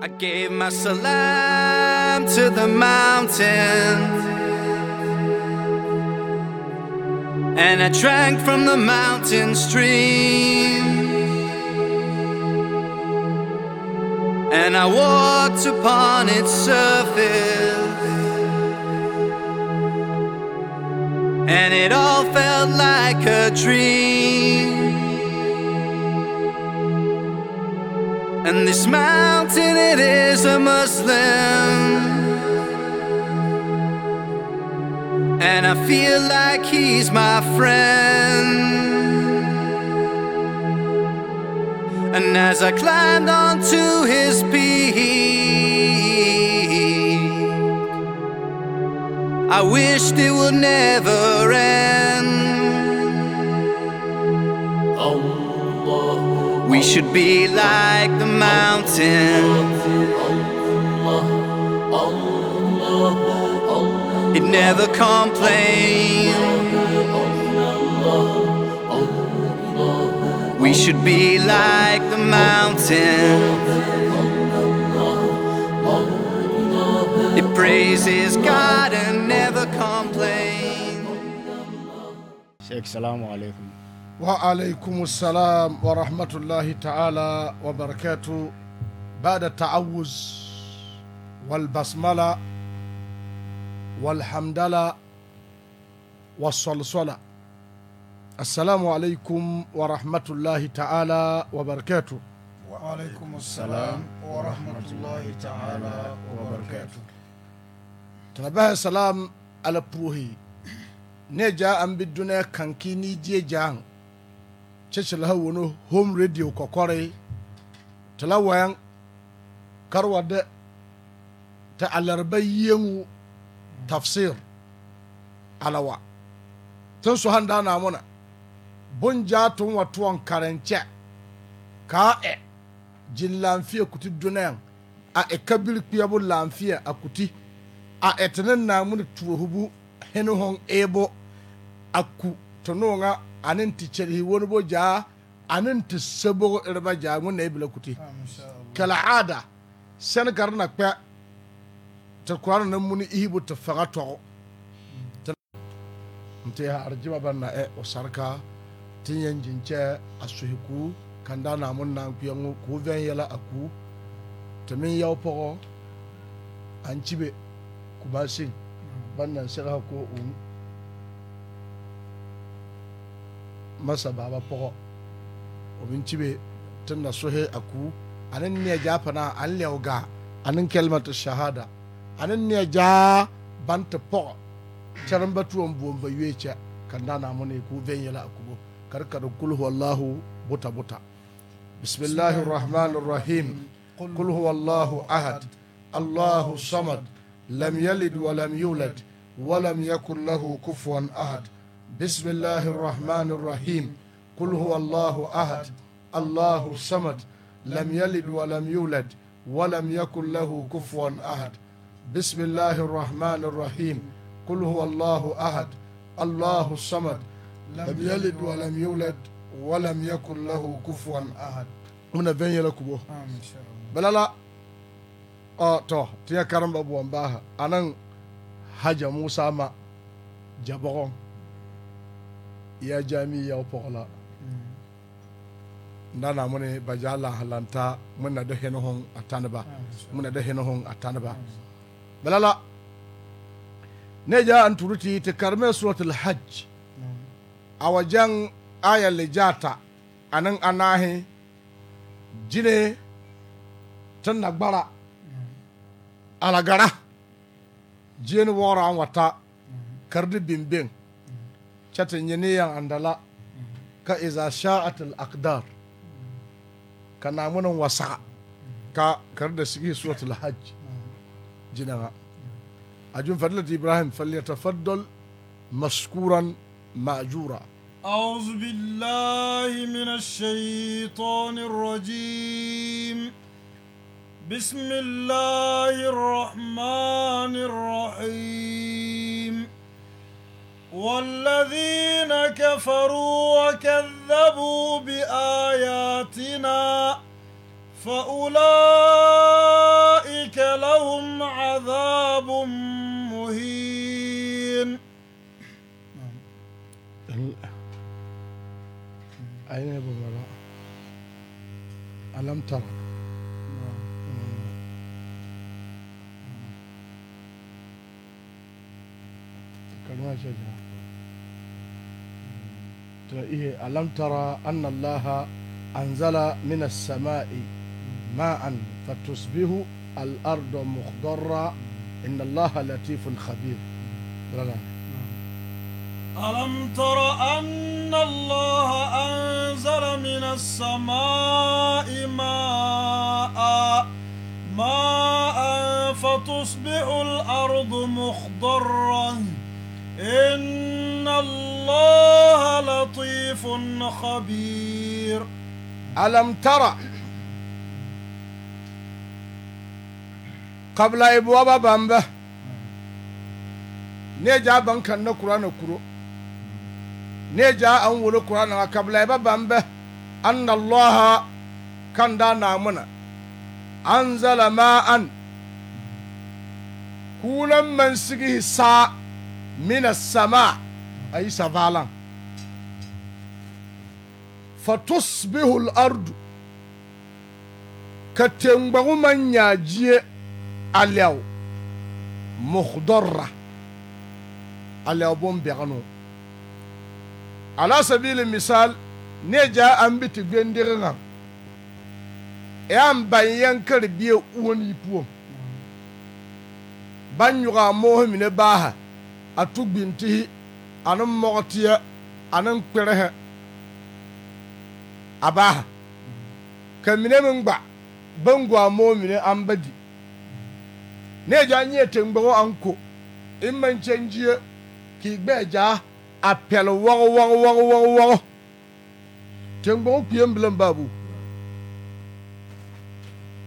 I gave my salam to the mountain and I drank from the mountain stream and I walked upon its surface and it all felt like a dream. and this mountain it is a Muslim, and I feel like he's my friend. And as I climbed onto his peak, I wished it would never end. Oh. We should be like the mountain. It never complains. We should be like the mountain. It praises God and never complains. Sheikh, Salaam Alaikum. وعليكم السلام ورحمة الله تعالى وبركاته بعد التعوز والبسملة والحمدلة والصلصلة السلام عليكم ورحمة الله تعالى وبركاته وعليكم السلام ورحمة الله تعالى وبركاته تنبه السلام على بروهي نجا أم بالدنيا كان كيني جيجان Cecil ha wɔ no home radio kɔkɔre tɛlɛ wɛn karwa da ta alɛrɛbɛ tafsir alawa tun su han daa naamu na bonjaa tun wa tuwɔn karenkyɛ kaa ɛ e, gyin laanfeɛ kuti dunɛn a e kabiri kpeɛbo laanfeɛ a kuti a ɛ e na mun ne tuohubu hene hɔn aku a ku anin ti cɛrisi wani bo jaa anin ti sebogo ereba ja ŋun ah, na ye bila kuti kala ada sɛni gari na kpɛ ta kɔrɔ na muni ihibu ti faŋa tɔgɔ nti arjiba ban na ɛ e o sarika ti yɛn jinkyɛ a suhiku kan da na mun na kuyɛ ŋo ku ven yala a ku min yɛo pɔgɔ an cibe kumasin hmm. ban na sɛgɛ ko um. masa baba pɔgɔ o ci be te sohe a ku. Ani neɛ gyaa fana aŋ leɛo gaa ane kɛlema te shahada Ani neɛ gyaa ban ta pɔgɔ kyɛreŋ ba tuoŋ buwon ba yue cɛ, ka naanaamo ne k'u veŋ yɛlɛ a kubo kar ka de buta buta bismillahi rahman rahim kul huwallahu ahad allahu samad lam yalid lam yulad walam yakun lahu kufuwan ahad بسم الله الرحمن الرحيم قل هو الله أحد الله الصمد لم يلد ولم يولد ولم يكن له كفوا أحد بسم الله الرحمن الرحيم قل هو الله أحد الله الصمد لم يلد ولم يولد ولم يكن له كفوا أحد من بين يلكبو بلا لا اه تو تيا كرم بابو امباها انا حاجه موسى ما جبرون ya jami ya hmm. nda na mune baja la halanta muna da hena hon atanba ah, muna da hena hon atanba ah, balala ne ja an turuti te karme suratul hajj hmm. a wajen le jata anan anahi jine tan nagbara gbara hmm. alagara jine wora an wata kardi bimbing chatin yiniyan andala ka iza sha'atul aqdar kana namunin wasa ka kar da su suratul hajj jinaga ajun fadilat ibrahim falyatafaddal mashkuran ma'jura أعوذ بالله من الشيطان الرجيم بسم الله الرحمن الرحيم والذين كفروا وكذبوا بآياتنا فأولئك لهم عذاب مهين أين يا أبو ألم ترى؟ كان شجرة إيه، ألم ترى أن الله أنزل من السماء ماء فتصبح الأرض مخضرة إن الله لطيف خبير ألم ترى أن الله أنزل من السماء ماء ماء فتصبح الأرض مخضرة إن الله لطيف خبير ألم ترى قبل إبوابا بامبا نجا بانكا نكرا نكرو نجا أنول كرا قبل إبوابا بامبا أن الله كان دانا منا أنزل ماء كولا من سقيه ساء من السماء أي سفالا فتصبح الأرض كتنبغ من يجي عليو مخضرة عليو بوم بيغنو على سبيل المثال نجا أم بتغندرنا أم بيان كربيه وني بوم بان يغاموه من باها atu gbintihi ane mɔgeteɛ ane kperehe a baaha ka mine meŋ gba baŋ go a moo mine aŋ ba di neɛ gyaa nyɛɛ teŋgbogo aŋ ko in maŋ kyɛngyie k'i gbɛɛ gyaa a pɛle wɔge wɔge wɔge wɔge wɔge teŋgbogo kpeɛŋ bilaŋ baabu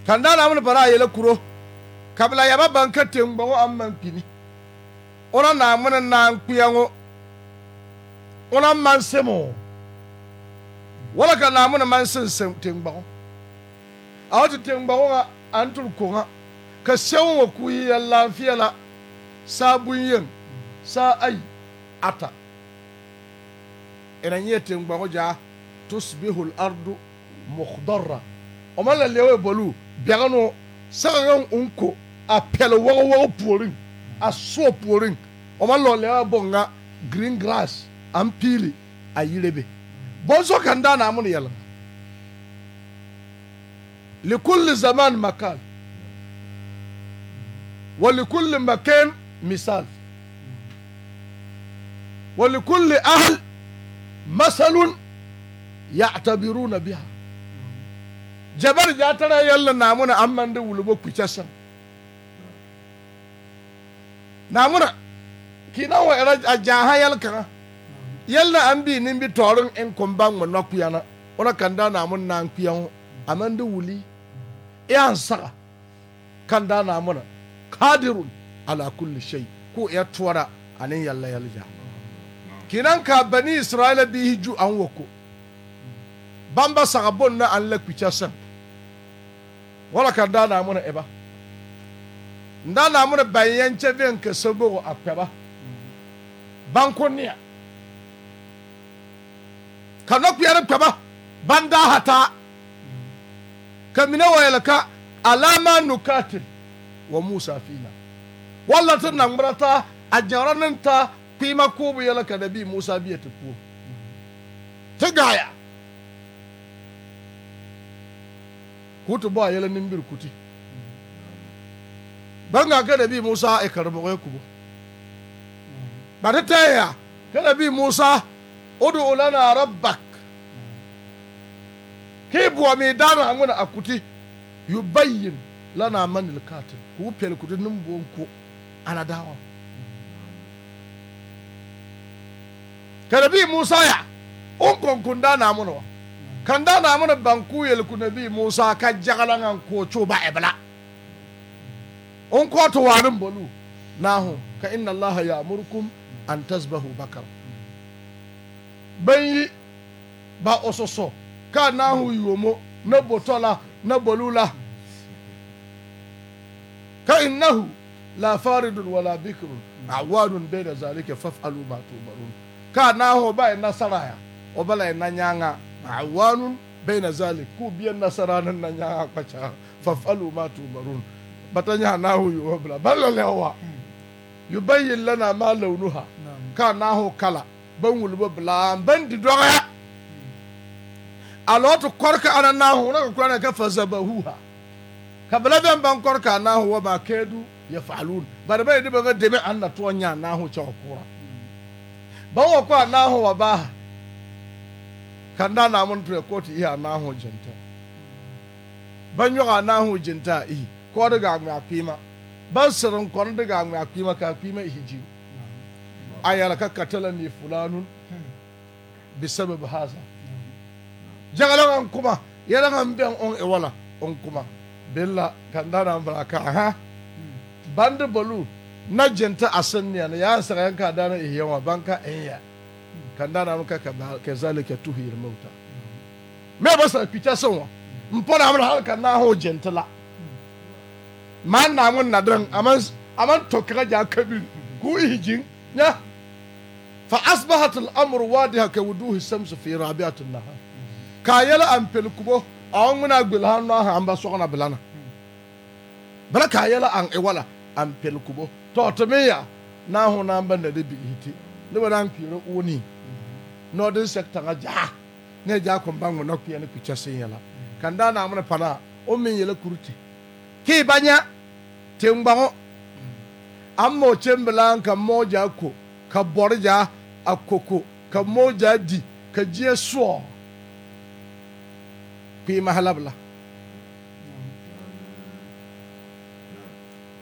kandaa naa mene paraa yɛlɛ kuro ka yaba baŋ ka teŋgbogo aŋ maŋ kpini ona naaŋmene naaŋ kpeɛŋo onaŋ maŋ semo wala ka naaŋmene maŋ sen sen teŋgbaŋo a wo te teŋgbaŋo ŋa aŋ tore koŋa ka seŋo ŋa kuu yɛ laafeɛ la saa bonyeŋ saa ayi ata ena nyɛ teŋgbaŋo gyaa tusbihu lardu mukhdara o maŋ la lewe bolu bɛgeno sɛgeŋaŋ oŋ ko a pɛle wɔgɔ wɔgɔ aso puoriŋ o ma lɔɔle a boŋ green grass aŋ piili a yire be bonso kaŋ daa naa mun yɛlɛ likulli zaman makan wa likulli makan misal wa likulli ahl masalun ya'tabiruna biha jabar ja tara yalla namuna amman da wulubo kuce namuna kina wa era ajaha yal kan yalla an bi nin bi torun in kun ba mu nakuya na ona kan da namun nan kuyan aman da wuli yan e saka kan da muna qadirun ala kulli shay ko ya tuwara anin yalla yalja kinan ka bani isra'ila bi hiju an wako bamba saka bon na an la kucha san wala kan da namuna eba nda lamuri ban yɛnkyɛ vɛn ka sobogo a kpɛba banko nia ka nɔkpeɛre kpɛba ban daa hataa ka mine wa yɛlɛ alama nukatin wa musa fina wala ti na ŋmɛrɛ taa a jɛnɛrɛ ne taa kpiima koobu yɛlɛ ka bi musa bie ti puo ti gaaya kuti bɔ a yɛlɛ nimbiri kuti bãnga gane nabi musa e karemɔgɔ kubo ba de tɛɛya ka nabi musa o de rabbak kii boɔ mi daana a ŋmene a kuti yubayin lana manil katin k'u pɛli kuti nimboon ko ana daawa ka nabi musa ya o kun daana a wa kan da a ŋmene ban k'u yɛli nabi musa ka jagala ŋan ko coba e bila. on kwato warin bolu nahu ka inna Allah ya murkum an tasbahu bakar bayi ba ososo ka nahu yomo na botola na bolula ka innahu la faridun wala bikrun awadun bayna zalika faf'alu ma tumarun ka nahu ba nasara ya obala na nyanga awanun bayna zalik ku biyan nasara nan nyanga kwacha faf'alu ma tumarun Bata bila batanya nahu yuwabla balalewa hmm. yubayyin lana ma launuha ka nahu kala ban wulbo bila ban di dogaya hmm. a lɔɔtu ka ana nahu ne ka ne ka ba fazabahuha ka bala bɛn ban kɔrka nahu wa ma kedu yafalun bari bai ba ka deme an na tuwa nya nahu cha kura hmm. ban wa kwa nahu wa ba kan da na mun tuya koti iya nahu jinta ban yoga nahu jinta iya kɔdiga ŋmɛ a kpiima ban sirin kɔdiga ŋmɛ a kpiima ka a kpiima ihi jiu a yɛli ka katala ni fulanun bisababu haza jagala ŋan kuma yɛla ŋan bɛn on e wala on kuma billa kan da na bara ka ha bandi balu na jinta a sanniya na yan saka yanka da na ihi yawa banka Ka kan da na muka ka zali ka zalika tuhir mauta me ba sa pita sanwa mpona amra halka na ho la. man na ngun nadran aman aman tokira ja kabi ku hijin ya fa asbahat al-amru wadiha ka wuduhi samsu fi al nahar ka yala an kubo awon muna gbel hannu aha an ba sokna bilana bala ka yala an am an kubo to to me ya na hu na ban da bi hiti ne ba an kire oni northern sector ga ja ne ja kon ban ngo nokia ne ku chasin yala kanda na amuna pana o min yala kurti ki banya tingbaŋo an mo chimbilan ka moja ko ka borja a koko ka moja di ka jie suɔ kpiima mahalabla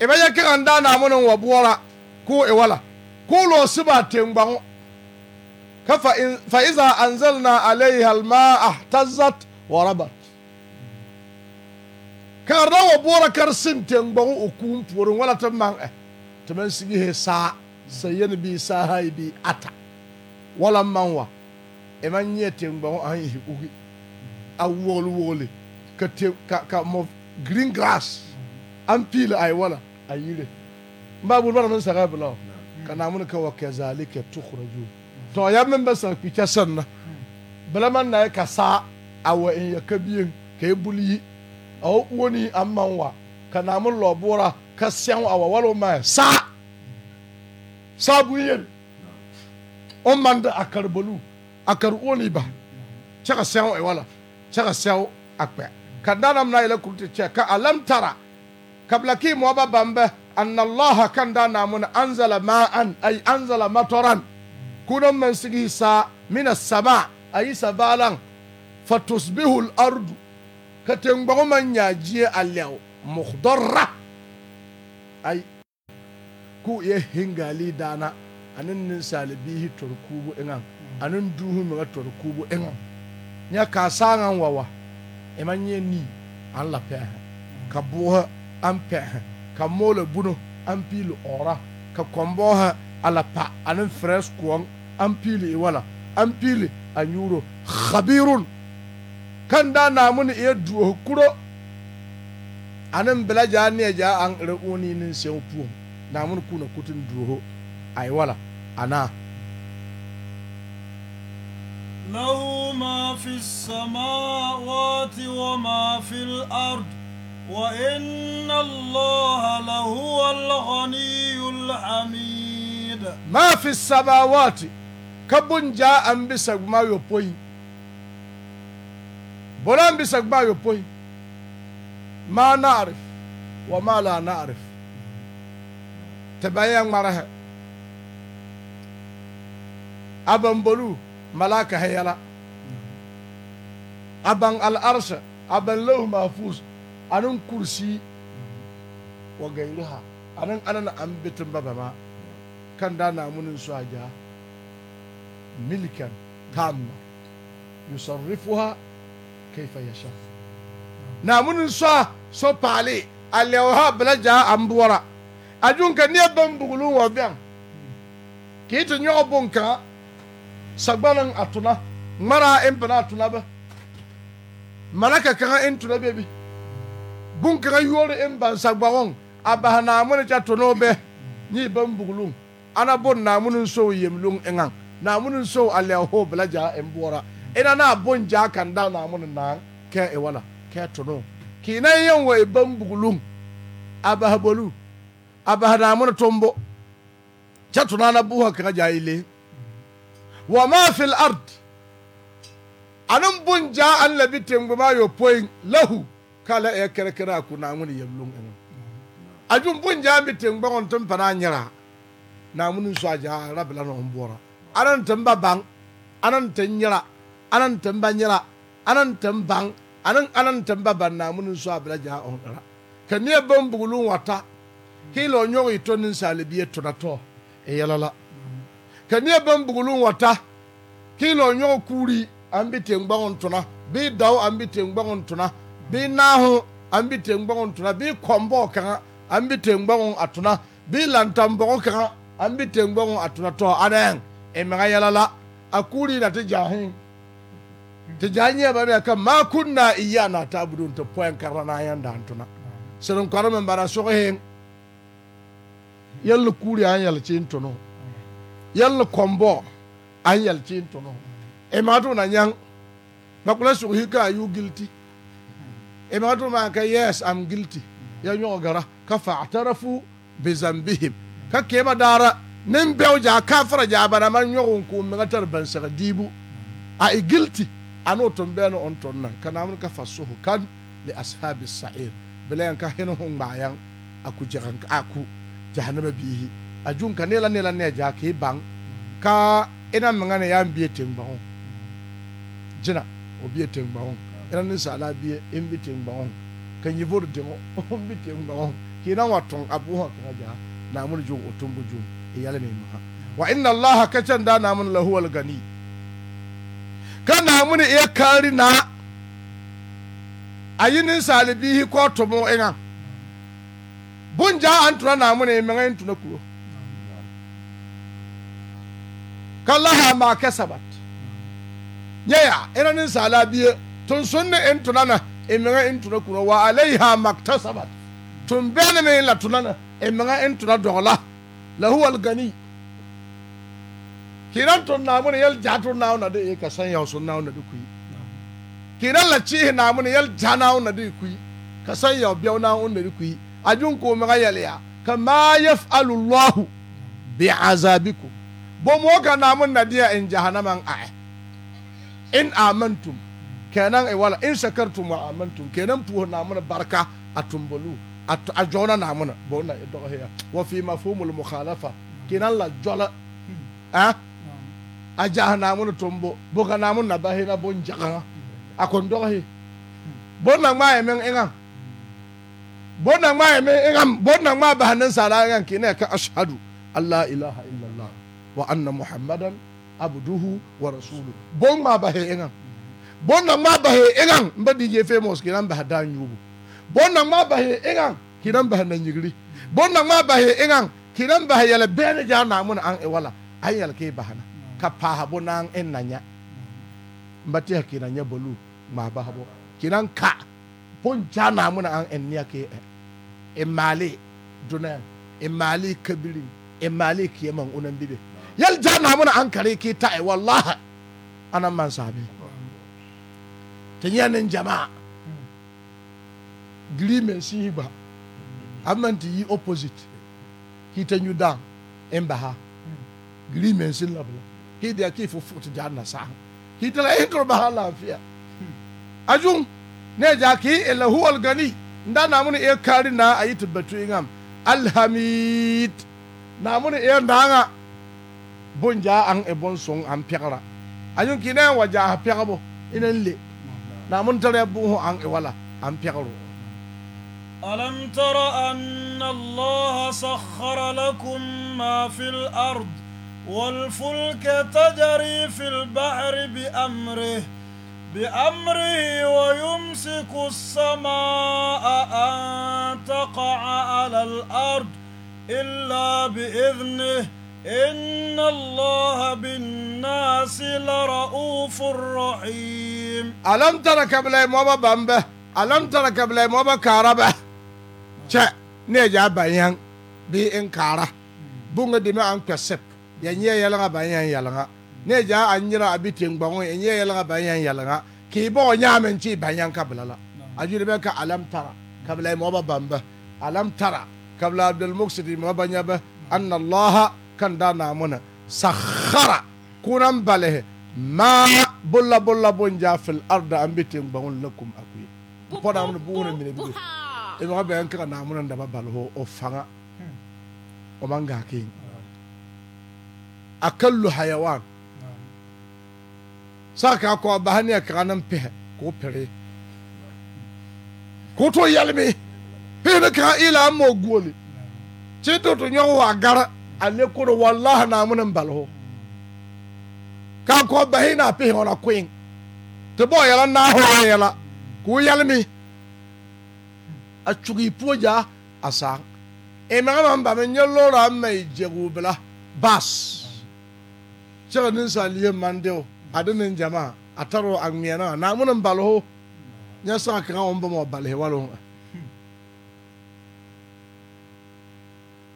i ba yɛ kɛŋa na naamu ne wa buwara ko e wala ko lo suba tingbaŋo ka fa iza anzalna alaiha almaa ihtazat wa rabat kaarda wa boora kar sin tɛngbɔŋ o kuun puorin wala ti maŋ ɛ eh, ti maŋ sigihe saa sayeni bii saaha yi bii ata wala maŋ wa ɛ e maŋ nyɛ tɛngbɔŋ an ihi uhi a wɔgli wɔgli ka te ka ka mo green grass an piili ayi wala a yire n baa buli bana meŋ saga bila o ka naamuni e ka wa kazalika tukhraju tɔ ya meŋ ba sãn kpi kyɛ sɛn na bala maŋ na ye ka saa a wa eŋ ya ka bieŋ ka ye buli yi a wo uoni a man wa ka naamu lɔbora ka sɛŋ a wa wala ma saa saa bu yel o man da a kari bolu a ba kyɛ ka sɛŋ e wala kyɛ ka sɛŋ a kpɛ ka danam na yɛlɛ kurute kyɛ ka alam tara kabila kii mɔba bambɛ anna allaha kan da naamu na anzala ma'an ay anzala matoran kunan man sigi mina sama ayi sabalan fatusbihul ardu katengbɔgu man nyaa gyie a lɛo mukdɔra ai ku yɛ hingali daana ane nensaale biihi tɔre kuubu eŋaŋ ane duuhu meŋa tɔre kuubu eŋaŋ nyɛ kaa saaŋaŋ wa wa ɛma e nyɛ nii an la pɛɛhɛ ka buuhɛ an pɛɛhɛ ka moola buno an piili ɔɔra ka kɔmbɔɔhɛ a la pa ane ferɛs koɔŋ an piili e wala an piili a nyuuro khabirun kan da na mun iya duo kuro nan bila ja ne ja an rukuni nin sen pu na mun kuna kutun duo ai wala ana له ما في السماوات وما في الأرض وإن الله لهو الغني الحميد ما في السماوات كبن جاء بسق ما يبوي Fulan bisa gbayo poi. Ma na'rif wa ma la na'rif. Tibayan maraha. Aban bolu malaka hayala. Aban al'arsha, aban lahu mafus, anan kursi wa gairuha. Anan anan an bitin baba ma. Kan da namunin su a ja. Milkan tamma. Yusarrifuha kaifa yasha na mun sɔ sɔ paale alɛwha belaja an boɔra a dun ka neɛ ban bugulu wa bɛn k'i ti nyɔge bon kaŋa sagbana a tuna ŋmara en pana a tuna bɛ malaka kaŋa en tuna bɛ bi bon kaŋa yuori en ban sagbawɔŋ a bahi naamuni kyɛ tono bɛ nyi ban bugulu ana bon naamuni sɔ yemluŋ eŋaŋ naamuni sɔ alɛwho ina na bon ja kan da na mun na ke e wala ke tuno ki na yin wai ban bugulum abahabolu abahada mun tombo cha tuna na buha kan jahile wa ma fil ard anan bon ja an labi tenguma yo point lahu kala e kerekera ku na mun yallun en ajun bon ja bi tengba on tum pana nyara na mun so aja rabla no mbora anan tamba bang anan tan nyara anan tin ba nyira anan tin baŋ anan anan tin ba banaamu ni so abira gyaa ɔn era ka neɛ ban bugulu wata hiila o nyɔge yi to nensaalebie tona tɔ e yɛlɛ la ka neɛ ban bugulu wata hiila o nyɔge kuuri an bi ten gbɔŋ tona bii dao an bi ten gbɔŋ tona bii naaho an bi ten gbɔŋ tona bii kɔmbɔɔ kaŋa an bi ten gbɔŋ a tona bii lantanbɔgɔ kaŋa an bi ten gbɔŋ a tona tɔ anɛɛŋ e meŋa yɛlɛ la a kuuri na te gyaa heŋ tijaniya bara ka ma kunna iyana tabudun to poen karana yanda antuna sirin kwarmin bara suhin yalla kuri an yalci tuno yalla kombo an yalci tuno e ma to na nyang ba kula suhi ka you guilty e ma to ma ka yes i'm guilty ya nyo gara ka fa'tarafu bi zambihim ka ke madara nin bewja kafara ja bara man nyo ko mi ngatar ban dibu a guilty ano ton bɛɛ on ton nan ka naam ka fa sohu kan li ashabi sa'ir bilayan ka hin hun ŋmaayan aku jahan aku jahannama bihi a jun ka nela nela ne ja ke ban ka ina mŋa ne yan biye ten gbaŋo jina o biye ten gbaŋo ina ne saala biye in bi ten gbaŋo ka nyivor deŋo on bi ten gbaŋo na wa tun abu ha ka ja naamun jun o tun bu jun e yala ne ma wa inna allaha kacan da naamun lahu al gani ghana mu ne ɛyɛ kaari naa ayi ne nsaale biihi kɔɔto mu ɛŋa bongyaa antona naa mu ne ɛmɛŋa ntona kuro kalaha maa kɛsabat nyɛya ɛna ne nsaale abie tonson ne ntona na ɛmɛŋa ntona kuro wa alayha maktasabat tumbɛɛ ne ne latona na ɛmɛŋa ntona dɔgla lahuwal gani kiran tun na mun yal jatun na na de ka san yau sun na na de kui kiran la chi na mun yal jana na de kuyi ka san yau biau na na de kuyi ajun ko ma yal ya kama yaf'alu Allah bi azabiku. bo mo ka na mun na dia in jahannaman a in amantum kenan e wala in shakartum wa amantum kenan puho na mun barka atumbulu a jona na mun bo na ido e ya wa fi mafhumul mukhalafa kenan la jola ah a jahanamun tumbo boka namun na bahe na bon jakaga a kon dogahe bon na ngmaye men enga bon na ngmaye men enga bon na ngma nan sala engam kine ka ashhadu alla ilaha illallah wa anna muhammadan abduhu wa rasuluhu bon ma bahe enga bon na ngma bahe enga mba je famous kinan bahada nyubu bon na ngma bahe engam kinan bahanan yigri bon na ngma bahe engam kinan bahe yale bene jahanamun an e wala ayal ke bahana kapahabo nan nanya mbati ya nya bolu mabahabo kinan ka ponja na muna an enniya ke imali eh, dunan imali kabiri imali kiyaman unan bibe yal ja na muna an kare ke ta e eh, wallahi anan man sabi tanyanin jama'a glimen si ba amma ti yi opposite dan en ba ha glimen sin labla hidi akifu futi janna hidi e la ikro bahala fiya ajung ne jaki ila e huwa gani nda namuni e kari na ayi tubbatu ingam alhamid namuni e ndanga bonja ang e bon song an pekra ajung kine waja pekabo inan le namun tare buhu ang e wala an pekro alam tara anna allaha sakhara lakum ma fil ard والفلك تجري في البحر بأمره بأمره ويمسك السماء أن تقع على الأرض إلا بإذنه إن الله بالناس لرؤوف رحيم ألم ترى قبل موبا بامبه ألم ترى قبل موبا كاربه شا نيجا بيان بي إنكاره بونغ دماء أنكسب ya nga ba ban yala nga ne ja anyira nyira a bi ten yala nga ba yɛlŋa yala nga k'i bo nya men chi ba kabila ka a ajire be ka alam tara kabila mo ba bamba alam tara abdul abdulmuksidi mo ba nya ba anna allaha kan da na mun sakhara kunan bale ma bulla bulla ja fil arda an lakum ten gbaŋo da mun pɔdaamuni buuni mine bi ba mɔgɔ ka na mun nda ba balihi o fanga hmm. o manga gaa akallu hayawan saka kɔ baha ne kaŋa naŋ pihɛ k'o pere k'o to yɛlemi pihi ne kaŋa ila an mɔɔ guoli kyɛ to to nyɔge waa gara a le koro wallahi naamu ne bali ho kaa kɔ bahi ona kuin te bɔɔ yɛlɛ naahe wa yɛla k'o yɛlemi a kyugi puo e meŋa maŋ ba meŋ nyɛ loori aŋ mɛ jɛgoo bila kyɛg ninsal yem man deo a di nin jamaa a taro a ŋmeɛ na naa ŋmene n baliho ka sãa kaŋa mo bama walo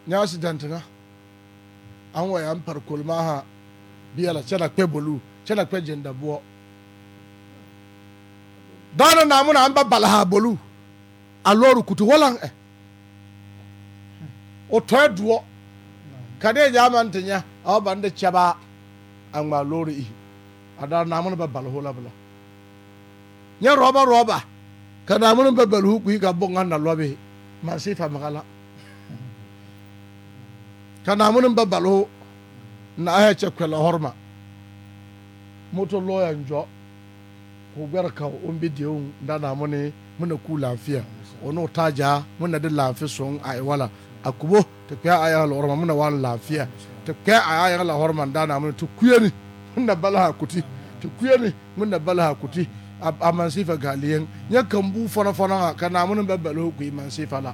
nyɛ asidɛnti ŋa an wa an pari kolimaaha biɛla kyɛ na kpɛ boluu kyɛ na kpɛ jinda buɔ daana naa ŋmene an ba bala a boluu a lɔɔre kuti walaŋ ɛ e. o tɔɛ duɔ ka ne jaman ti nyɛ a wa ban de a ŋmaa loori ihi a daa naamuni ba balihu la bila nyɛ rɔba rɔba ka naamuni ba balihu kui ka bo ŋa na lɔbihi mansi fa maga la ka naamuni ba balihu naahɛ kyɛ kpɛlɛ hɔrema moto lɔya njɔ ko gbɛre ka o bi deo da naamuni muna ku lafiya o n'o taa jaa muna de laafi sɔŋ a e wala a kubo te kpɛ a yaga lɔrɔma muna waa lafiya ta kɛ a y'a yɛrɛ lahɔrɔ man daa naamu kuye ni mun na bala hakuti kuti ti kuye ni mun na bala hakuti kuti a man si fɛ gaali kan b'u fɔnɔ fɔnɔ ha kana naamu ba bɛ bali o man si la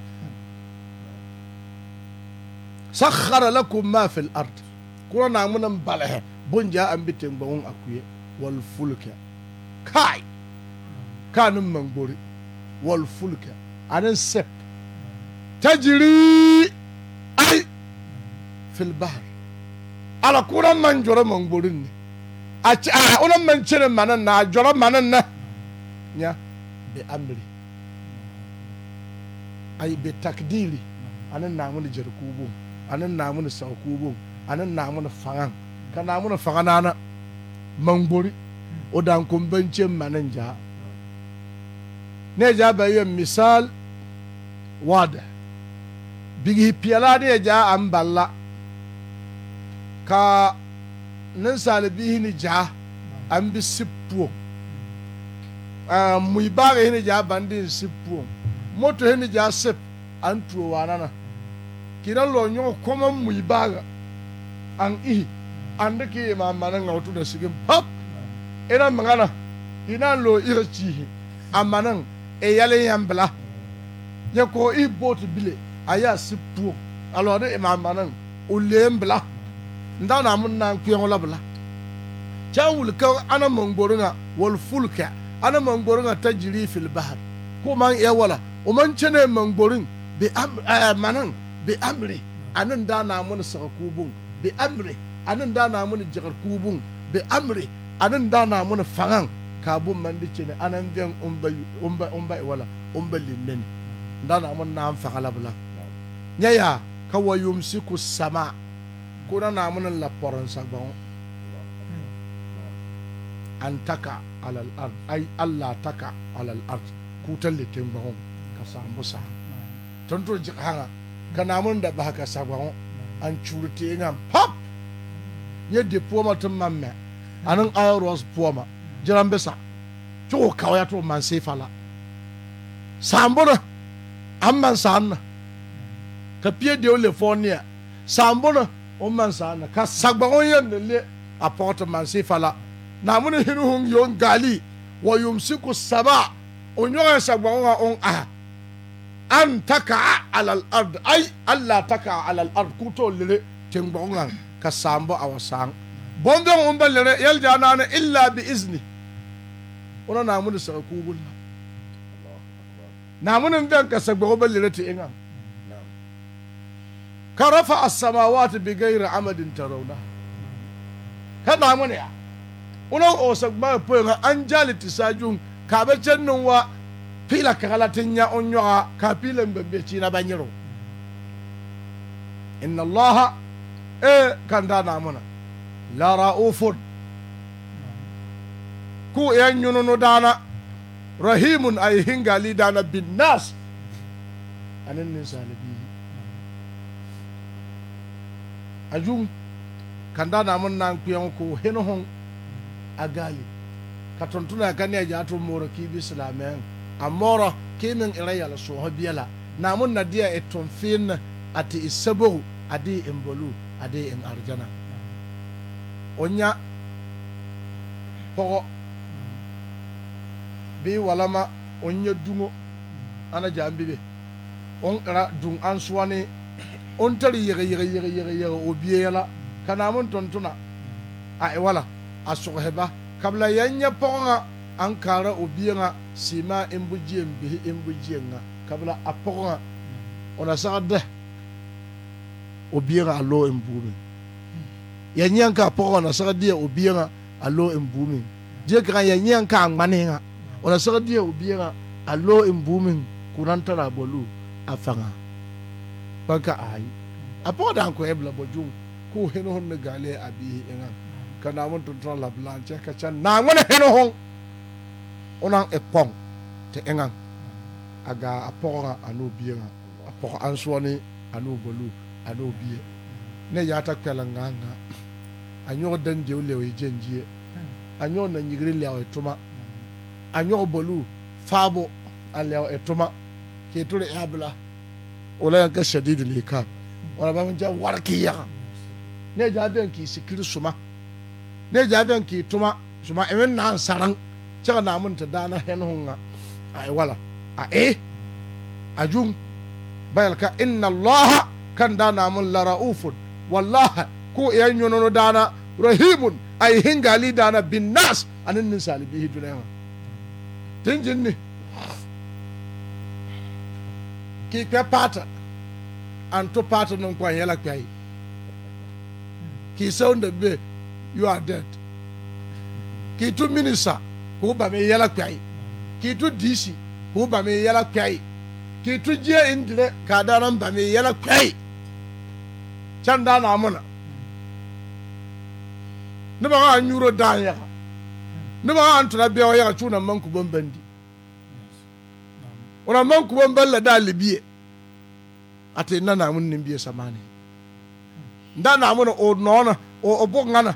sakhara lakum ma fil ard kura bala ni bun ja an bi ten gbɔngun a kuye wal fulka kai kanin mangori wal fulka anan sep tajiri ai fil bahar ala kura man jɔrɔ man gbori ni a cɛ a ona man cɛnɛ man na a jɔrɔ man na nya bi amiri ayi bi takidiri ani naamu ni jɛri kuubu ani naamu ni sawu kuubu ani naamu ni fanga ka naamu ni fanga naana man gbori o dan kun bɛ cɛ man ja ne ja bɛ ye misal waada bigihi peɛlaa ne ja an bala ka nensaalibihi ni gyaa an bi si poɔŋ mui baagihi ni gyaa baŋ de n si poɔŋ motohi ni gyaa sip an tuo waana na kina lɔ nyɔge kɔma mui baaga an ihi an de ke yema mana ŋa tu da sigin pap ina e maŋa na ina lɔ iri kyiihi a mana e yɛle yɛn bila nyɛ kɔɔ ihi booti bile a yɛ a si poɔŋ a lɔ de ema mana o leen bila. nda na mun na kuyan wala bala can wulka ana mangboringa wal fulka ana mangboringa ta jiri fil bahar ko man ya wala o man cene mangborin bi am manan bi amri anan da na mun sa kubun bi amri anan da na mun jigar kubun bi amri anan da na mun fangan kabun man di ne anan den umba umba umba wala umba linnen nda na mun na an fagala bala kawayum siku sama' kuna na munin lafarin sabon an taka alal ai Allah taka alal kutan litin bahon ka samu sa tuntun jihara ka namun da ba ka sabon an te yin pap nye di puoma tun man mɛ ani ayarwas puoma jiran bisa cikin kawai kawaya to man sai fala na an man na, ka fiye da yau lefoniya fɔ na o man sa na ka sagbaŋo yɛn ne le a pɔge te mansi fala hinu hun yon gaali wa yumsiku saba o nyɔgɛn sagbaŋo on aha an takaa alal ard ay alla takaa alal ard k'u lele teŋgbaŋo ŋa ka saambo a wa on ba lele yɛlijaa naani illa bi izni ona naamuni sɛgɛ kuubu la naamuni bɛn ka sagbaŋo ba lele te eŋa. ka rafa as ta bi ghairi amadin tarawna kada mun ya uno osak ba po jali anjali tisajun ka can cennun wa pila kalatin ya onyoa ka pila mbebe ci na banyiro inna allaha e da na na la raufun ku yan yununu dana rahimun ay hingali dana bin nas anan ne ajum kanda na mun nan kuyan ko hinu hon agali katontuna kan ya jato moro ki bi islamen amoro kimin iraya la so hobiyala na mun na dia eton fin ati isabu adi imbolu adi in arjana onya pogo bi walama onya dungo ana jambibe on kara dun ansuwani on tari yɛgɛ yɛgɛ yɛgɛ yɛgɛ yɛgɛ o biɛɛla ka mon mun tontona a e wala a ba kabila yɛn nyɛ pɔgɔ ŋa an kaara o bie ŋa bihi en nga. Kabla ŋa kabila a pɔgɔ ŋa o na sag dɛ o bie ŋa a loo en yɛn nyɛ ka a pɔgɔ ŋa na sag deɛ o bie ŋa a loo en die kaŋa yɛn nyɛ a o na sag deɛ o bie ŋa banka ayi a da bila bɔ bojum ko heno hon ne gale a abihi enan kana mun tuntun la blanche ka chan na ngone heno hon onan ekpong te a a enan aga apora anobia apora answani anobolu anobie ne yata kwela nganga anyo dan je ole we a anyo na nyigri le o e tuma anyo bolu faabo a fabo ale o tuma ke tore e abla wala ka shadidul iqab wala ba ja warkiya ne ja ben ki sikir suma ne ja ben ki tuma suma emen nan saran caka na mun ta dana hen hunga ai wala a e ajun bayal ka inna allaha kan dana mun lara ufun, wallahi ko e yan yonono dana rahimun ai hingali dana bin nas anin nin salibihi dunaya tinjin ni. kɩ kpɛ paata an tʋ paata ne kɔn yɛla kpɛi kɩ sɛwnda be you are dead kɩ tʋ minister kʋʋ ba me yɛla kpɛi kɩ tʋ diisi kʋʋ ba me yɛla kpɛi kɩ tʋ gie n dire kaa daana n ba me yɛla kpɛi kyɛn daa naa mona noba ŋa a nyuuro daan yaga noba ŋa a n tona bɛo yaga cuuna man ku bambandi wana mankuba mballa da libie ate nana mun nimbie samani ndana mun o nona o obongana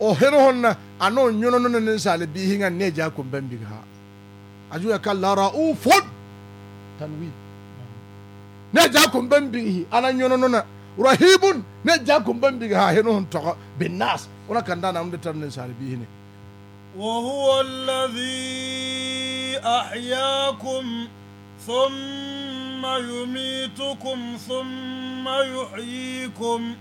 o hero honna ano nyuno no nin sale bi hinga ne ja ko bambi ha aju ya kala raufun tanwi ne ja ko bambi hi ana nyuno no na rahibun ne ja ko bambi ha hero hon to binas ona kanda na mun de tan nin sale bi hine wa huwa alladhi ahyaakum ثم يميتكم ثم يحييكم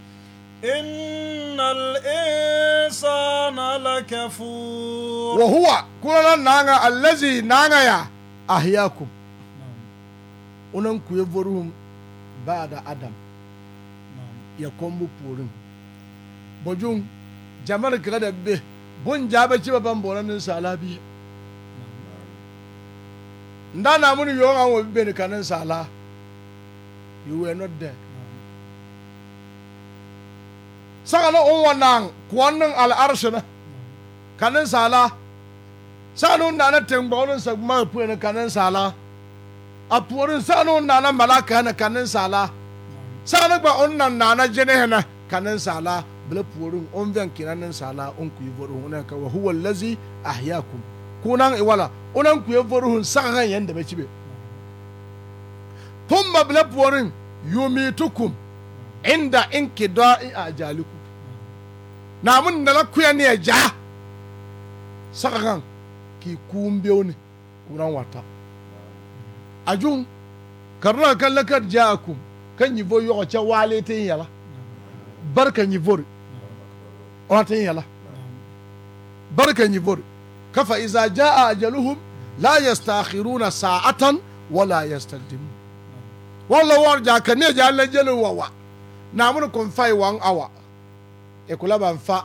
إن الإنسان لكفور وهو كلنا نانا الذي نانا يا أحياكم unanku ya vorum ba da adam ya kombu purin bojun jamar kada be bun jabe ci baban boranin salabi nda na mu ni yo an wo bɛ ni kan sala you were not there saka no on wannan kuwan nan al'arshi na kanin sala saka no nana na tengba on sa ma pu ni kanin sala a puori saka no nana na malaka na kanin sala saka no gba on nan na na jene na kanin sala bla puorin on ven kinanin sala on ku yi borin on ka wa huwa allazi ahyaakum kunan iwala unan kuye voruhun sakan yanda be cibe thumma bla porin yumitukum inda inkida'i ajalikum na mun da kuya ne ja sakan ki kumbew ne kuran wata ajun karna kan lakar ja'akum kan yi vo yoko cha wale tin yala barkan yi vori ona tin yala barkan yi vori kafa iza jaa ajaluhum la yastakhiruna sa'atan wala yastaqdimun wala war ja kan ne ja lan jelo wawa na mun kun fai wan awa e kula ban fa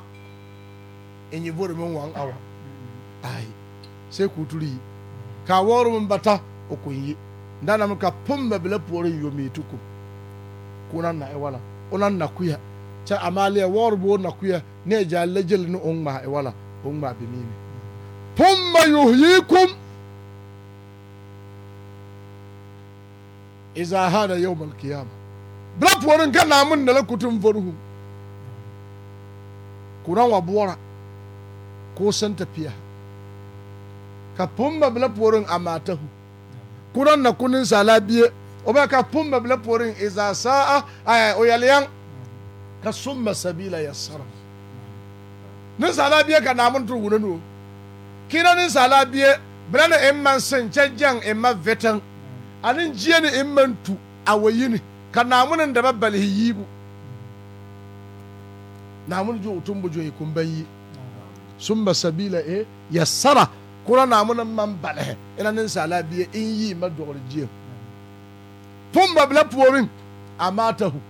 in e yi buru min wan awa ai sai ku turi ka waru mun bata o kun yi ndana mun ka pum ba bile porin yo mi tuku kunan na iwala wala onan na kuya ta amaliya waru bo na kuya ne ja lajel no on ma e wala on ma bi mimi thumma yuhyikum iza hana yawmal qiyamah bla puorin ka namun na la kutum forhu kuna wa ko san tafiya ka pumba bla puorin amatahu kuna na kunin sala biye o ba ka pumba bla puorin iza sa'a ay o yaliyan ka summa sabila yassara nin sala biye ka namun tu wunanu kina ne sala bie bra na emma nsenkyɛ gyɛn emma vetan ane gyie ne emma ntu awɔyini ka naamunen daba balihi yiibu naamun jo bu jo yi kumban yi sumba sabila e sara kura naamunen man balihi ina ne sala biye in yi ma jiye gyie pumba bila puorin hu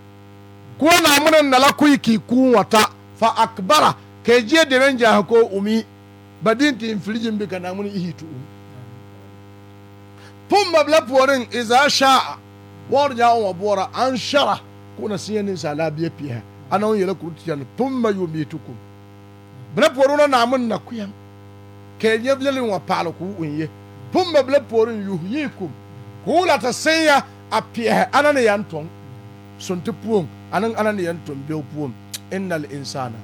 Kura naamunen nala kuyi k'i kun wata fa akbara jiye e demen jaha ko umi badinti infilijin bi kana mun ihi tu pum mabla puorin iza sha'a warja wa bora an shara kuna siyanin sala biya piya ana on yela kurti jan pum mayumitukum bla puorona namun na kuyam kenya bilin wa palo ku unye pum mabla puorin yuhyikum kula ta sanya a piya ana ne yan ton sun puon anan ana ne yan ton biyo puon innal insana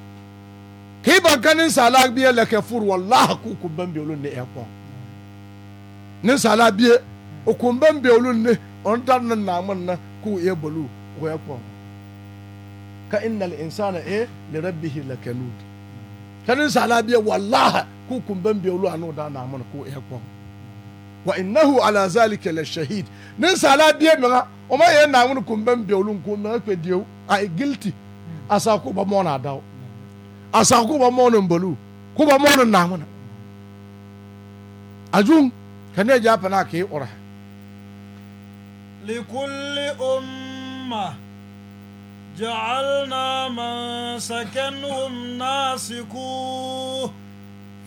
hiba ganin sala biye la ke fur wallahi ku kun ban be olun ne e ko ni sala biye o kun ban be olun ne on tan nan na man na ku e bolu ko e ko ka innal insana e li rabbihi lakanud kanin sala biye wallahi ku kun ban be anu da na man ku e wa innahu ala zalika la shahid nin sala biye mega o ma ye na mun kun ban be olun ku me pe dieu a guilty asa ko ba mo na dawo asag kuba monin bolu kuba monin namuna ajun kane ja pana ke ora لكل أمة جعلنا من سكنهم ناسكوه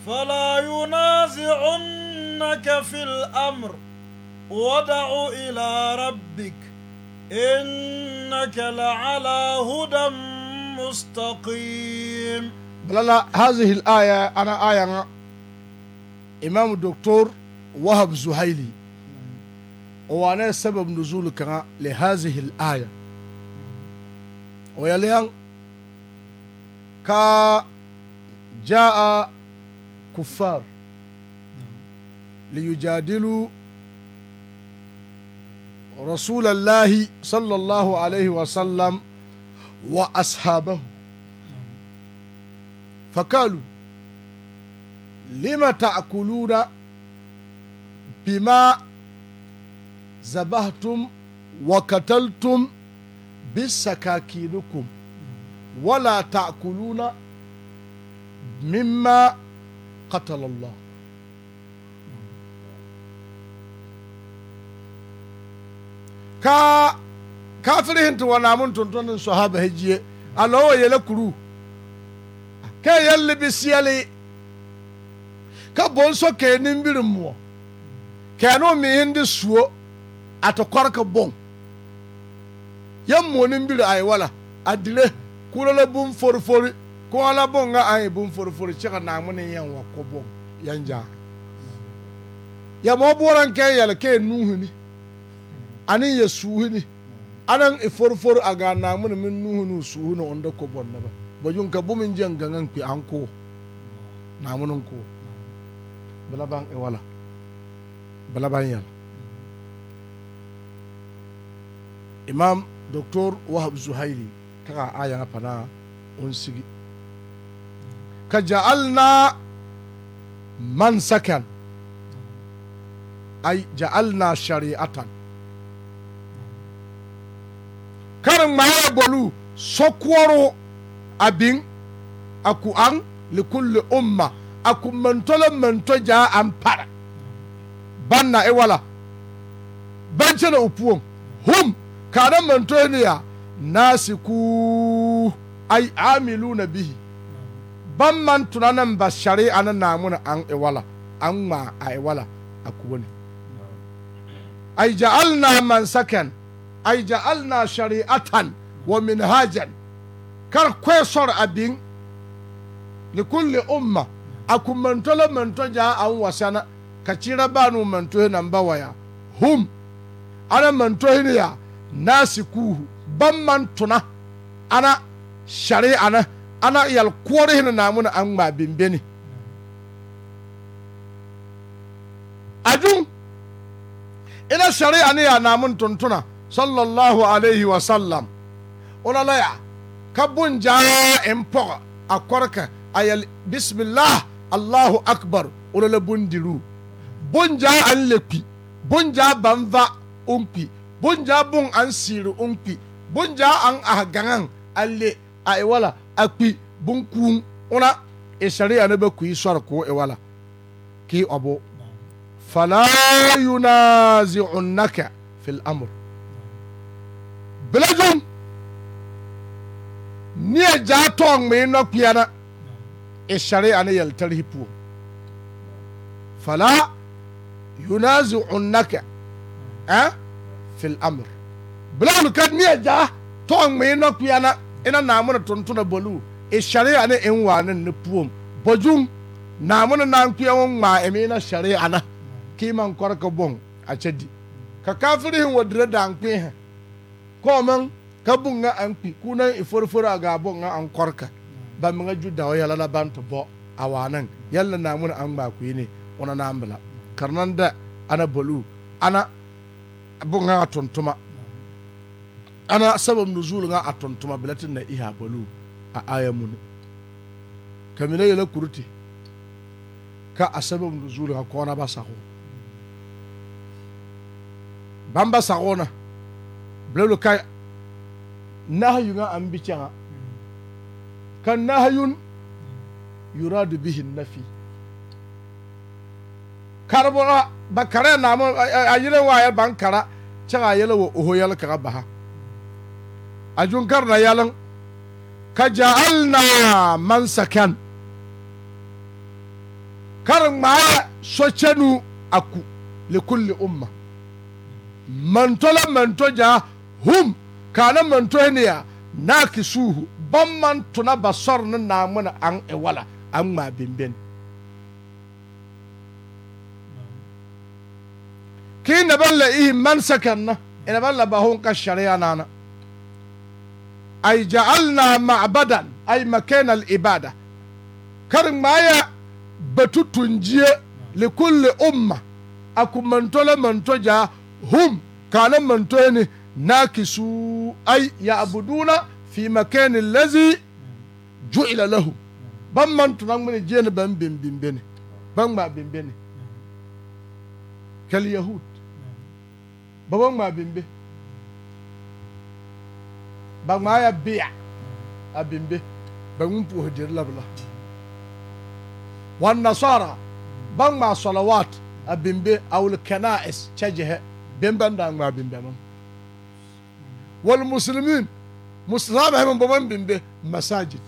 فلا ينازعنك في الأمر ودع إلى ربك إنك لعلى هدى مستقيم لا لا هذه الآية أنا آية أنا إمام الدكتور وهب زهيلي وأنا سبب نزولك لهذه الآية ويليان كا جاء كفار ليجادلوا رسول الله صلى الله عليه وسلم وأصحابه فقالوا لم تأكلون بما ذبحتم وقتلتم بسكاكينكم ولا تأكلون مما قتل الله كا kafiri hinti wɔnaamu ntonton ne nsɔha bahegyie alɔɔ wɔ yɛlɛ kuru kɛ yɛl libi seɛli ka bonsɔ kɛɛ nimbiri moɔ kɛɛno mihin de suo ate kɔre ka bon yɛn moɔ nimbiri ayi wala a dire kuro la bun forifori kɔɔ la bon ŋa ayi bun forifori kyɛ ka naamu ne yɛn wa ko bon yɛn jaa yɛ mɔɔ boɔra kɛɛ yɛlɛ kɛɛ nuuhini ani yɛ suuhini anan iforfor aga namun min su suhuna onda ko bonna ba bajun ka bumin jan gangan kwi an ko namunun ko balaban e wala balaban yal imam doctor wahab zuhairi kaka aya fana on sigi ka ja'alna man sakan ay ja'alna shari'atan kar ŋmaara bolu sokoɔro a aku a ku aŋ umma a ku manto ja manto gyaa para baŋ na e wala banche kyɛnɛ o hum kaana mento ne ya nasiku ay aamiluuna bihi bi ban tona ne ba shari'a na namuna an e wala aŋ ŋmaa a e wala a kuwo ne ay ja'alna man sakan ai ja'alna shari'atan wa minhajan kar sor abin kulli umma aku manto la manto ja an wasana ka cira banu manto na mbawaya hum ana manto ne ya nasikuhu ban mantuna ana shari'a na ana yal kuwari na namuna an ma bimbeni ajun ina shari'a ne ya namun tuntuna صلى الله عليه وسلم ولا لا كبون جاء امبغ اكورك اي بسم الله الله اكبر ولا لبون بونجا بون جاء انلبي بون جاء بانفا امبي بون جاء بون انسير امبي بون جاء ان اهغان اللي اي ولا اكبي بون كون ولا انا بكوي سركو اي ولا كي ابو فلا ينازعنك في الامر belejum neɛ gyaa tɔɔ ŋmee nɔkpea na e sharia ne yeltarihi puo fala yunazi'unnaka eh? fi lamr bilanu ka neɛ gyaa tɔɔ ŋmee nɔkpea na ina naamune tontona boluu e sharia ne en waanen ne puom bojum naamune naankpea wo ŋmaa emi na sharia na kiiman kɔrka boŋ a kyɛ di ka kafirihin wa dire daankpee koman ka bunga an kpi kunan iforforo a ga bunga an korka ba mi nga juda wa yala la ban to bo awanan yalla na mun an ba ku ne ona na ambla karnan da ana bolu ana bunga tontuma ana sabab nuzul nga atontuma bilatin na iha bolu a ayamun kamina yala kurti ka a sabab nuzul nga kona ba sago bamba sago na blabla ka nahayun an bi kyaŋa kan nahayun yuradu bihi nafi karbora ba kare na mu a yire waye ban kara kyaŋa yɛlɛ wa oho yɛlɛ kaŋa baha a junkar na yɛlɛŋ ka ja'alna man sakan kar ŋmaara sokyɛnu aku likulli umma mantola manto jaa hum kana manto ne na kisuhu ban man tuna basar na namuna an ewala an ma bimbin ki na balla ihi man sakan na ina balla ba ka shari'a na ay ja'alna ma'badan ay makana al-ibada karin maya batutunjiye li kulli umma manto ja hum kana manto ni. nakisu ai ya'buduna fi makanin lazi ju'ila lahu ban man tunan mini ban bin bin ban ma bin bene kal yahud ba ban ma ba ma ya biya a bin be ba mun puwa jeri labla wan nasara ban ma salawat a ban da wal muslimin musulman hɛmɛ bɔbɔ n bimbe masajid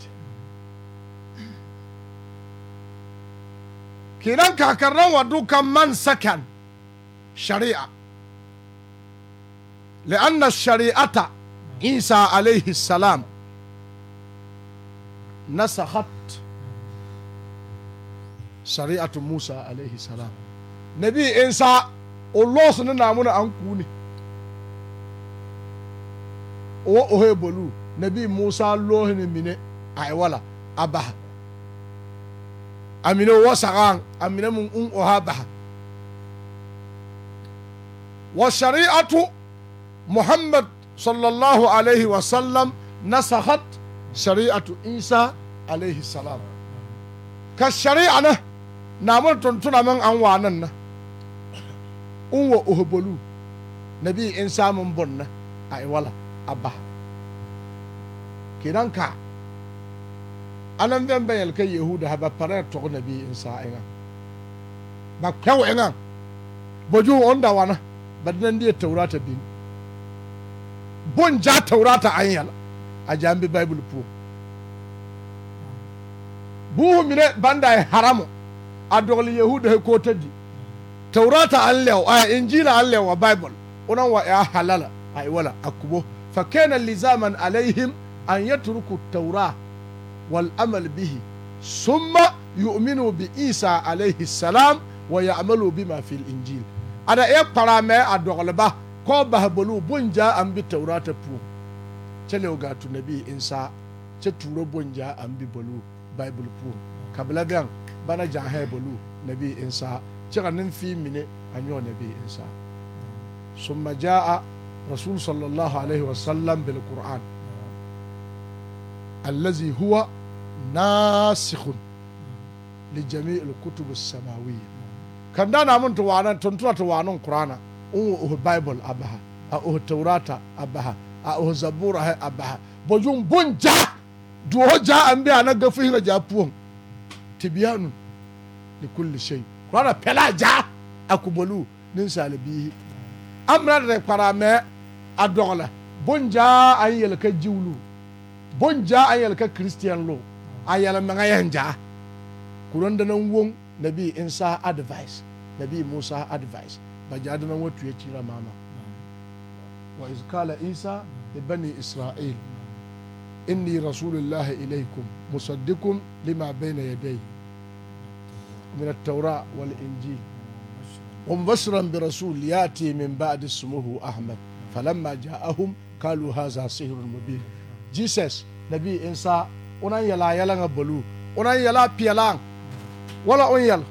kenan kakarnan wadu kan man sakan shari'a لأن الشريعة عيسى عليه السلام نسخت شريعة موسى عليه السلام نبي إنسى الله سننا من أنكوني wo ohe bolu nabi musa lohini mine ai wala abaha amine wo sagan amine mun un oha baha wa shari'atu muhammad sallallahu alaihi wa sallam nasakhat shari'atu isa alaihi salam ka shari'a na namun tuntuna man an wanan na un wa ohobolu nabi in samun bonna ai wala abba kidanka alan vɛn bɛ yɛlka yehuda ha ba parɛ tɔg na bi n saa eŋa ba kpɛw eŋa bojuu on da wana ba dinan die taurata bin bon ja taurata an yɛl a jan bi bible puo buhu mine banda e haramu a dɔgli yehuda he ko ta di taurata an lɛw a injila an lɛw a bible onan wa ya halala a wala a kubo فكان لزاما عليهم أن يتركوا التوراة والأمل به ثم يؤمنوا بإيسى عليه السلام ويعملوا بما في الإنجيل أنا إيه قرامة أدوغلبة كوبه بلو بونجا أم بالتوراة بو تلو غاتو نبي إنسا تتورو بونجا أم بلو بايبل بو kabila gan bana jan hai bolu nabi insa cika nin fi mine an yau nabi insa summa ja'a رسول صلى الله عليه وسلم بالقرآن الذي هو ناسخ لجميع الكتب السماوية كان دانا من توانا تنترا توانا القرآن أو بايبل أبها أو التوراة أبها أو زبورة أه أبها بجون بنجا دوه جاء أنبياء نغفه جابون تبيان لكل شيء القرآن بلا جاء أكبلو ننسى لبيه أمرا رقرامي a dɔgla bon jaa an yɛl ka jiwlu bon jaa an yɛl ka kristiyan lo a yɛl maŋa yɛn jaa kuron dana woŋ bi insa advice bi musa advice ba jaa dana wa tuye cira mama wa iz kala isa li bani isra'il inni rasulillah ilaykum musaddiqun lima bayna yadayhi من التوراة والإنجيل ومبشرا برسول يأتي من بعد اسمه Ahmad. falamma ja'ahum kalu haza sihrun mubin jesus nabi insa unan yala yalan abulu unan yala piyalan wala on yala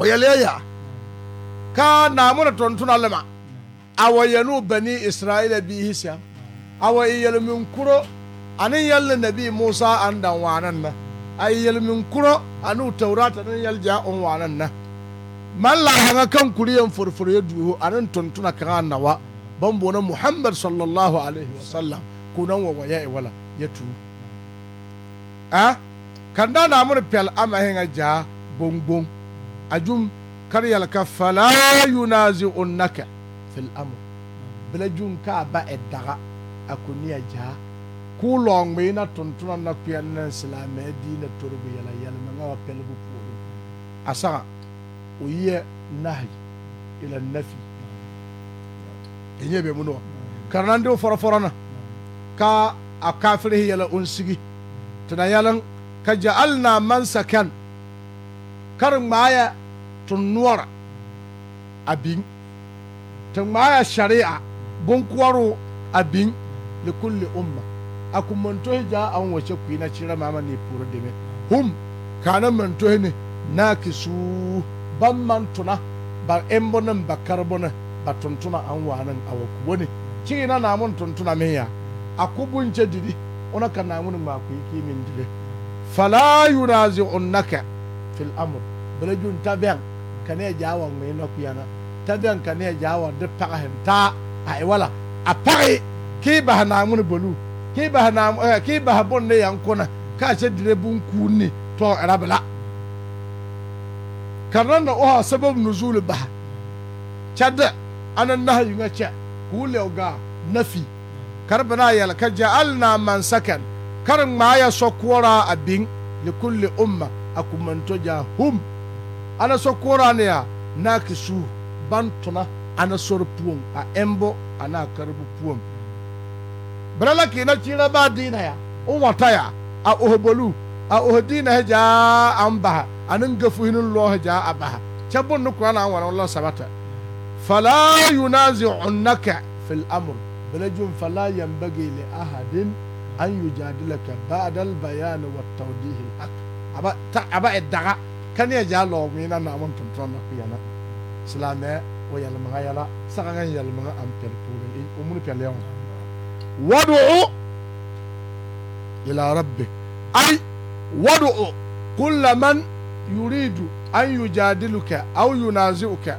o yaleya ka na mun tontuna lema awayanu bani isra'ila bi sam awa yala min kuro anin yalla nabi musa andan wanan na ay yala min kuro anu tawrata nan yal ja on wanan na man hanga kan kuriyan furfure duho anan tontuna kan nawa bambona muhammad sallallahu alaihi wasallam kunan wa waya wala ya tu a kan da na mun pel ama hinga ja bongbong ajum kar yalka fala yunazi'unaka fil amr bla jun ka ba edaga akuniya ja ku lɔŋmee na tontona na kpeɛne ne silaamɛɛ dii na torbo yɛlɛ yɛlɛmɛ ŋa wa pɛlebo puori a saga o yie nahi ila nafi ɲɛ bɛ mun dɔ karanandenw fɔrɔ fɔrɔ na ka a kafiri yɛlɛ on sigi tana yɛlɛn ka ja hali na man sakan kar ŋmaaya tun noɔra a biŋ te ŋmaaya shari'a bonkoɔroo a biŋ le kulli umma a kun mantohi jaa an wa kyɛ kuina kyerɛ maama ne puori deme hum kaana mantohi ne kisuu ban man tona ba embo ne ba karbo ne a tuntuna an waanan a wa wani ci na namun tuntuna min ya a kubun ce didi ona ka namun ma ku yi min dile fala yunazi unnaka fil amr bala jun tabian ka ne jawa mai na ku yana tabian ka ne jawa da pagahin ta a wala a fahi ki ba namun balu, ki ba namun eh, ki ba bon ne yankuna ka ce dire bun ku ne to arabla karnan da oha sabab nuzul ba chadda anan nahyu nga cha kulewga nafi karbana yal ka na man sakan karin ma ya sokora abin li kulli umma akumanto ja hum ana sokora ne ya na kisu bantuna ana sor a embo ana karbu puon. brala ke na ba dina ya on wata ya a ohbolu a ohdina ha ja amba anan gafuhin lo ja abaha chabon no na an Allah sabata فلا ينازعنك في الأمر بلجم فلا ينبغي لأحد أن يجادلك بعد البيان والتوضيح الحق أبا إدعاء كان يجعل من أن أمن تمترنا سلامة ويلمغا يلا سغان يلمغا أم تركولي في اليوم وادعو إلى ربك أي وادعو كل من يريد أن يجادلك أو ينازعك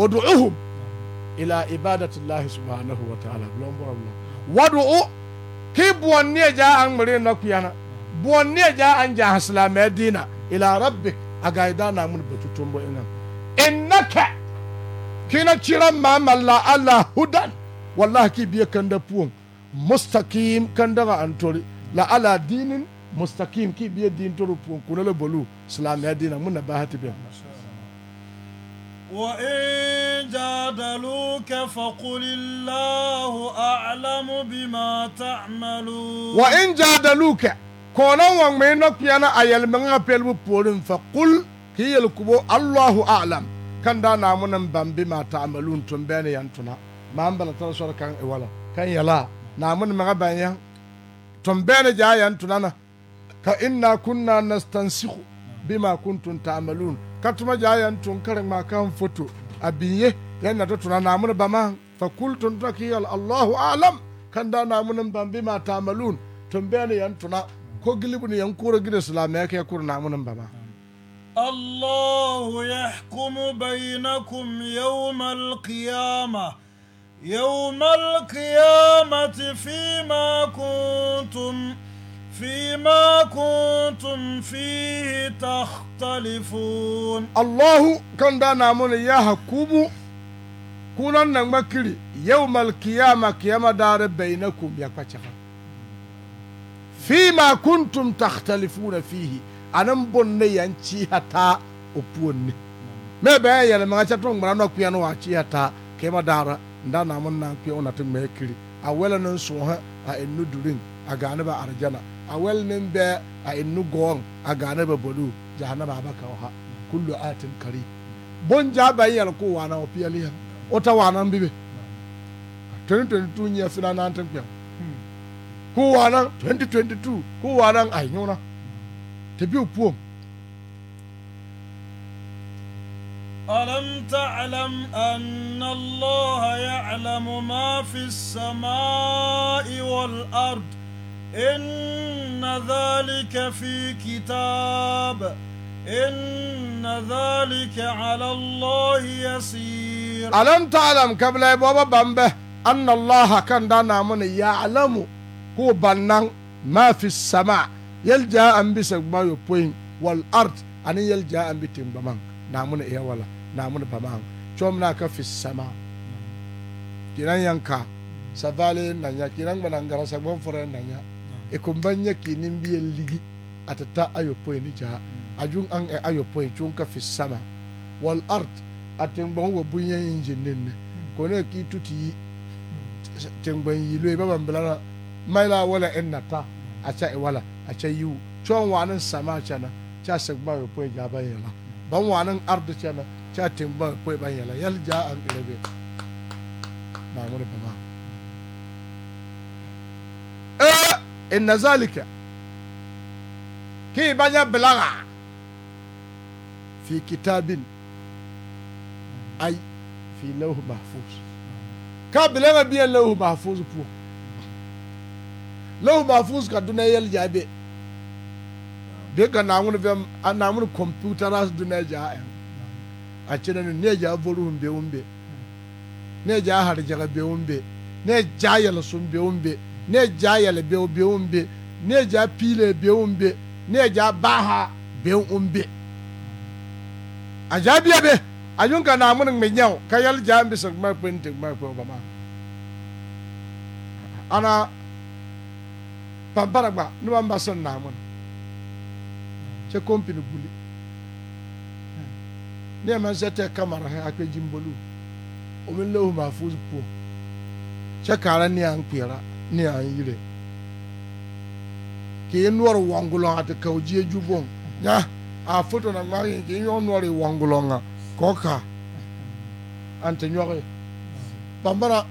ادعوهم الى عباده الله سبحانه وتعالى بلون بلون ودعو كي بوني جا ان مري نكيانا بوني جا ان جا اسلام دينا الى ربك اغايدانا من بتوتومبو ان انك كنا تشيران ما ملا الله هدى والله كي بيكن دبون مستقيم كندغا انتوري لا ala dinin mustaqim كي biye din turu kun kunele bolu islam ya dina mun na وإن جادلوك فقل الله أعلم بما تعملون وإن جادلوك كونا ومين نقيانا أيال من أبيل بولن فقل كي يلكبو الله أعلم كان دا نامنا بمبي بما تعملون تنبيني ينتنا ما أنبلا ترسول كان إولا كان يلا نامنا مغا بانيا تنبيني جايا ينتنا كإنا كنا نستنسخ bima ta ta'malun katuma jayan tun karin ma kan foto abiye yana ta tuna namun bama fakultun takiyal allahu alam kan da namunin ban bima ta'malun tun bene yan tuna ko ne yan kura gida islamiyya kai kura namunin bama الله يحكم بينكم يوم ma يوم fi ma kuntum فيما كنتم Allahu تختلفون الله كان دانا من يا حكومه kunan nan makiri yau malkiyama kiyama dare bainakum ya kwace fa fi ma kuntum ya ma cha tong mara no na mun nan kuya ona tun makiri a wela nan arjana a wel bɛ a innu gɔɔn a gaana bɛ bolu jahana a ba ka ha kullu atin kari bon ja ba yɛl ko waana o peɛli ya o ta waana bibe 2022 twenty two nyɛ fila na tin kpɛm ko waana 2022 ko waana ayi nyɔna te bi o puom. ألم تعلم أن الله يعلم ما في السماء والأرض إن ذلك في كتاب إن ذلك على الله يسير ألم تعلم قبل بابا بامبه أن الله كان دانا من يعلم هو بنان ما في السماء يلجا أن بسك ما يبوين والأرض أن يلجا أن بتم بمان نامون إيه ولا نامون بمان شومنا في السماء كنا ينكا سفالي نانيا كنا بنانغرا سبون فرن نانيا e kun banya kinin biyan ligi atata ayopoi ni jaha ajun an e ayopoi chun ka fi sama wal ard atin bon wo bunya injinin ne ko ne ki tuti tengban yilo e baba mblana maila wala en nata acha e wala acha yu chon wanan sama chana cha segba ayopoi jaba yela ban wanan ard chana cha tengban ayopoi ban yela yal ja an elebe ma ngore baba inna zalika kí ìbáyẹ bilaga fi kitabin ay fi lawhu mahfuz ká bilaga bíyẹn lawhu mahfuz poɔ lawhu mahfuz ka dunɛ yɛl jaa be de ka naaŋmene vɛm a naaŋmene kɔmpiuta naa dunɛ jaa ɛŋ a kyɛnɛ ne neɛ jaa voruhum be um be neɛ jaa harjaga be um be neɛ jaa yɛlsum be um ne gyaa yɛle beo beo n be ne gyaa piile beo n be ne gyaa baaha beo n be a gyaa bia be a yun ka naamu ni ŋmɛnyɛw ka yɛle gyaa n be kuma kpɛ n te kuma kpɛ o ba ma ana pampara gba noba n ba sɛn naamu ni kyɛ kɔmpini guli ne yɛ mɛn sɛ tɛ kamara hɛ a jimbolu o mi lehu maafuzi poɔ kyɛ kaara ne yɛ n Nia an yire ke nuor wongulong at ka ujie jubong ya, a foto na ngari ke yo nuor wongulonga koka ante nyore pambara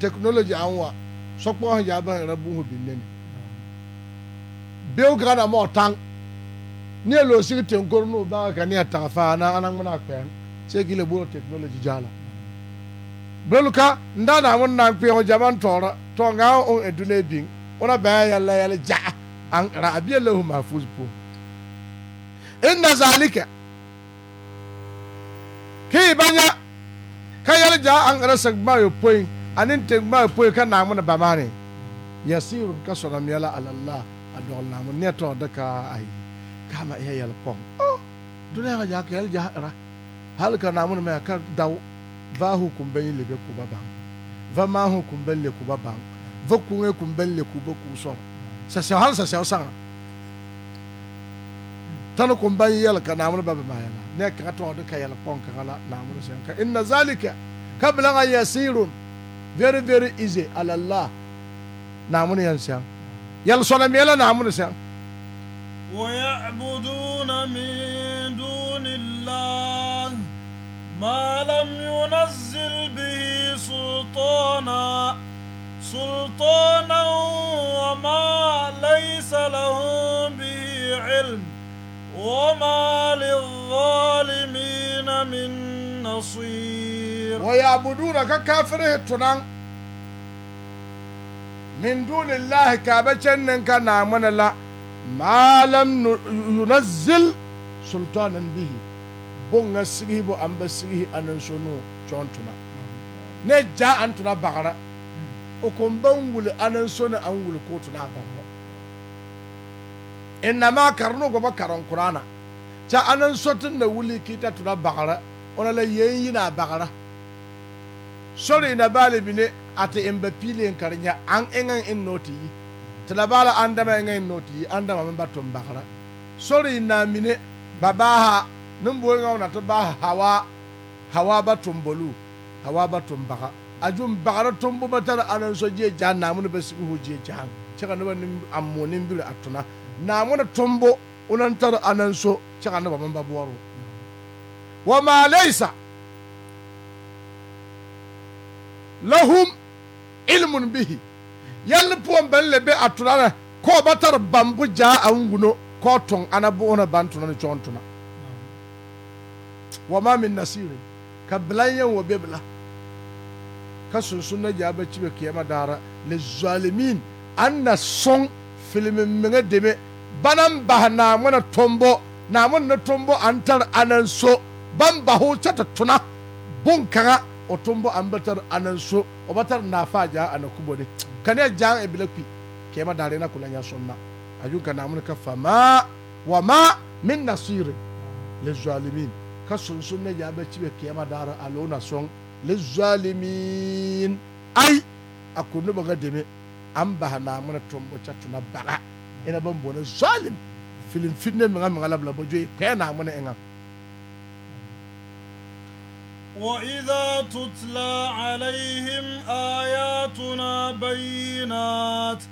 technology anwa sokpo ya ban rabu hu binene beu grana mo tang ni lo te ngor no ba ka ni ata ya fa na anan muna kwen se gile buro technology jala beluka ndana wonna kwen jaman tora tɔngaa o eduna ebien wɔn abɛn yɛlɛ yɛlɛ gyaa ankara abia lehu mahfuz po inna zalika kii banya ka yɛlɛ gyaa ankara sɛgbaa yɛ poin ani ntɛgbaa yɛ poin ka naamu ne bamaani yasiru ka sɔrɔ miɛla alala a dɔgɔ naamu neɛ tɔɔ de ka ayi kama eɛ yɛlɛ pɔn ɔ dunaya ka gyaa ka yɛlɛ gyaa ara hali ka naamu ne mɛ a ka daw vaahu kun bɛ yi lebe kuba baamu. vamahu ho kum bɛn leku ba ban va kun e kum bɛn leku ba kun sɔn sɛsɛ hali ka ba ne kaŋa tɔŋ de ka yɛli la naamuni sɛn ka inna zalika ka bila yasirun very very easy ala la naamuni yɛn sɛn yɛli sɔna miɛ la naamuni sɛn ويعبدون من min الله ما لم ينزل به سلطانا سلطانا وما ليس له به علم وما للظالمين من نصير ويعبدون كافره تنان من دون الله كابتن كان من الله ما لم ينزل سلطانا به bon nga sigi bo amba sigi anan sonu chontuna ne ja antuna bagara o kon ban wuli anan sonu an wuli ko tuna bagara innama karno goba karan qur'ana ta anan sotin na wuli kita tuna bagara ona la yeyi na bagara sori na bale bine ate emba pile karnya an engan en noti tila bala andama engan en noti andama mba tum bagara sori na mine babaha nembore ŋa na ti baasi hawa hawa ba tumbolu hawa ba tun baga a jun bagara tumbu ba tara anan so jiye jahan na ni bɛ sigi hu jiye jahan kyɛ ka noba a mo nimbiri a tona naamu ni tumbu onan tara anan so kyɛ ka noba meŋ ba boɔroo wa maa laysa lahum ilmun bihi yɛlli puan ban le be a tona na kɔɔ ba tara bambu jaa a wuno kɔɔ tun ana buuna ban tona ni kyɔŋ tona wama min nasiri ka bilan yɛn wa bebla ka sunsun na gyaa bɛ kyibɛ kiyama daara le zalimin an na sɔŋ filimi meŋɛ deme banan bahi naaŋmene tombo naaŋmene ne tombo an tari anan so ban baho kyɛ te tona bonkaŋa o tombo an ba tari anan so o ba tari naafaa gyaa ana kubo de ka neɛ gyaaŋ e bila kpi kiyama daara na kula nyɛ sɔŋna a yun ka naaŋmene ka fama wa ma min nasiri le zalimin ka sunsun ne ya bɛ ci bɛ kiyama daara a lona sɔŋ le zalimin ai a ko noba ŋa deme an baha naaŋmene tumbo kyɛ tona baga ina e baŋ boɔna zalim filim finne meŋa meŋa la bla bɔjoi kpɛɛ naaŋmene eŋa وإذا تتلى عليهم آياتنا بينات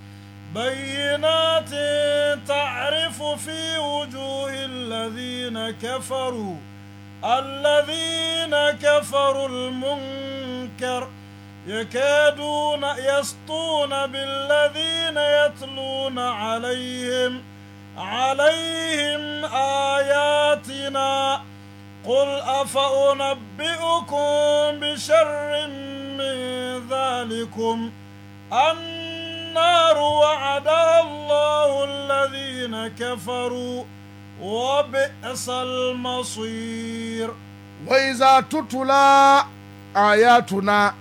بينات تعرف في وجوه الذين كفروا الذين كفروا المنكر يكادون يسطون بالذين يتلون عليهم عليهم آياتنا قل أفأنبئكم بشر من ذلكم النار وعدها الله الذين كفروا وبئس المصير وإذا تتلى آياتنا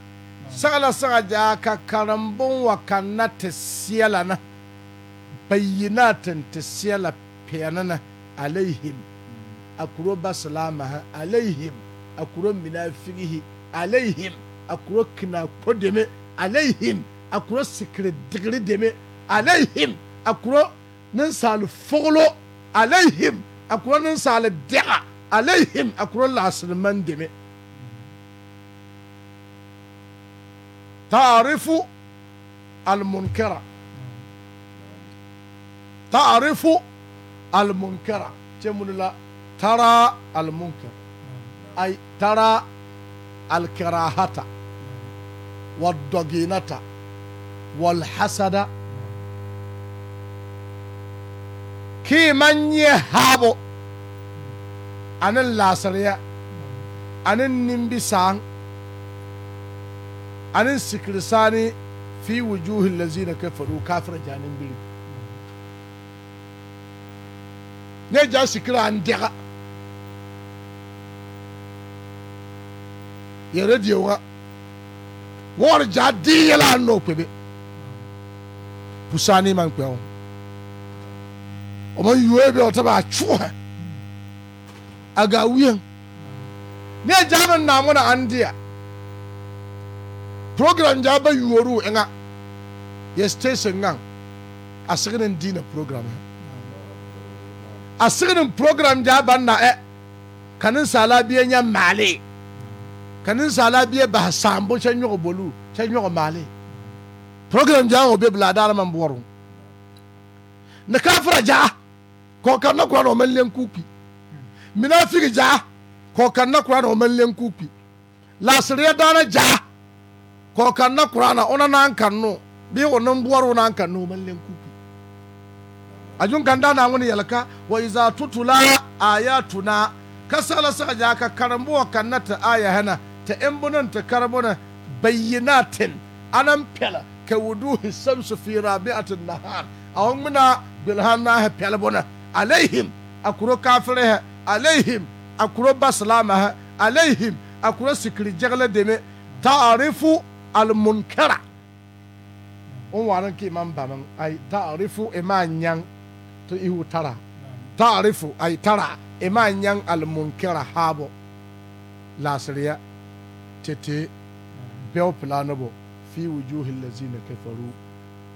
sagala saga ka karambun wa kanna te seɛla na bayyinatin te seɛla pɛɛna na alayhim a kuro basilamaha alayhim a kuro minafigihi alayhim a kuro kina ko deme alayhim a kuro sikiri digiri deme alayhim a kuro ninsaal foglo alaihim akuro ne nsaale dɛga alaihim akuro laasilman deme taarifu almunkara taarifu almunkara kyɛ mun la tara almunkar ay tara alkarahata والضغينة والحسد kii maŋ nyɛ haabo ane laasareɛ ane nimbisaaŋ ane sikiri saani fi wujuhi lazina kafaru kafira jaanin bili nyɛ jaa sikiri an dɛga yɛrɛ die wa wɔɔre jaa diiyɛlɛ an nɔ kpɛbe pusaani man kpɛ o ɔmayiwa bi a ɔtɛ baatwo ha aga wian ne agya no nnamo na andea program gya ba yuoru ɛŋa yɛ station ŋaŋ asege di na program ha asege ne program gya ba na ɛ ka ne nsaala bie nyɛ maale ka ne nsaala bie ba sambo kyɛ nyɔge bolu kyɛ nyɔge maale program gya ŋa o bɛ bila adaara man bɔrɔ ne ka fara gyaa kɔkan na kora na ɔman lɛ nkupi mina firi gyaa kɔkan na kora na ɔman lɛ nkupi laasereɛ daana gyaa kɔkan na kora na ɔna na nkan no bi ɔno mboɔro na nkan no ɔman lɛ nkupi ajunkan daana ŋun yɛlɛka wa iza tutula tuna, kasala saka gyaa ka karambo wa kan na ta aya hana ta embunan ta karambo na bayyinatin anan pɛla ka wudu wuduhi samsu fi rabi'atin nahar a wɔn muna bilhan na ha pɛla bɔna alaihim akuro kafiri hɛ alaihim akuro basilama hɛ alaihim akuro sikiri jɛgɛlɛ deme taarifu almunkara n warin ki man ba man ay taarifu ima nyan to ihu tara taarifu ay tara ima nyan almunkara haabo laasiriya tete bel pilaanabo fi wujuhil lazina kafaru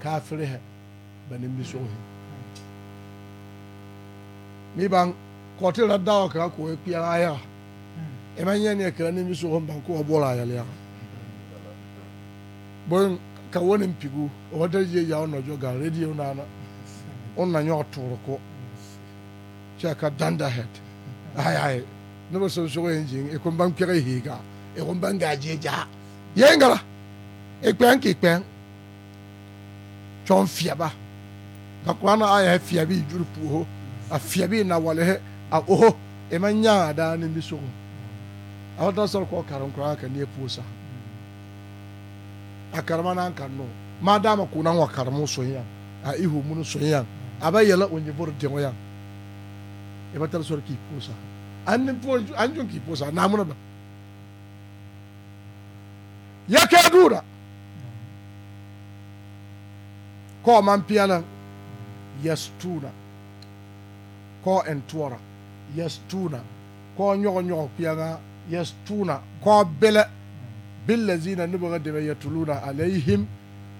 kafiri ha ba nimbisohi miban kɔte la daa kaŋa ka o kpeɛŋ a yaa hmm. e maŋ nyɛ neɛ kaŋa nimisogɔ baŋ ka o bɔlɔ a yɛlɛyaga bon ka wo neŋ pigu o ba tara yie yaa o nɔjɔ gaa redio nana o na hmm. nyɔge toore ko kyɛ ka dandahead hmm. ai ai noba sonsogɔ yeŋ gyeŋ e kon baŋ kpɛge hee gaa e kon baŋ gaa gyie gyaa yeŋ gala e kpɛŋ ki kpɛŋ kyɔŋ fiɛba ka kuran na ayɛ fiɛbi juru juri afia bi na wɔlehɛ oho ɛma nya ada ne bi so ho awɔtena sɔre kɔ ɔkare nkoraa aka ne apuo saa akarama no anka no maadaama ko na wa akaramo so ya a ihu mu no so yela onye bor de ho yan an sɔre kii puo saa anjon kii puo saa naamono ba yɛkɛ ma kɔɔ man piana yɛstuna ko en tuora yes tuna ko nyogo nyogo kiyanga yes tuna ko bele lazina nuba ga deme yatuluna alayhim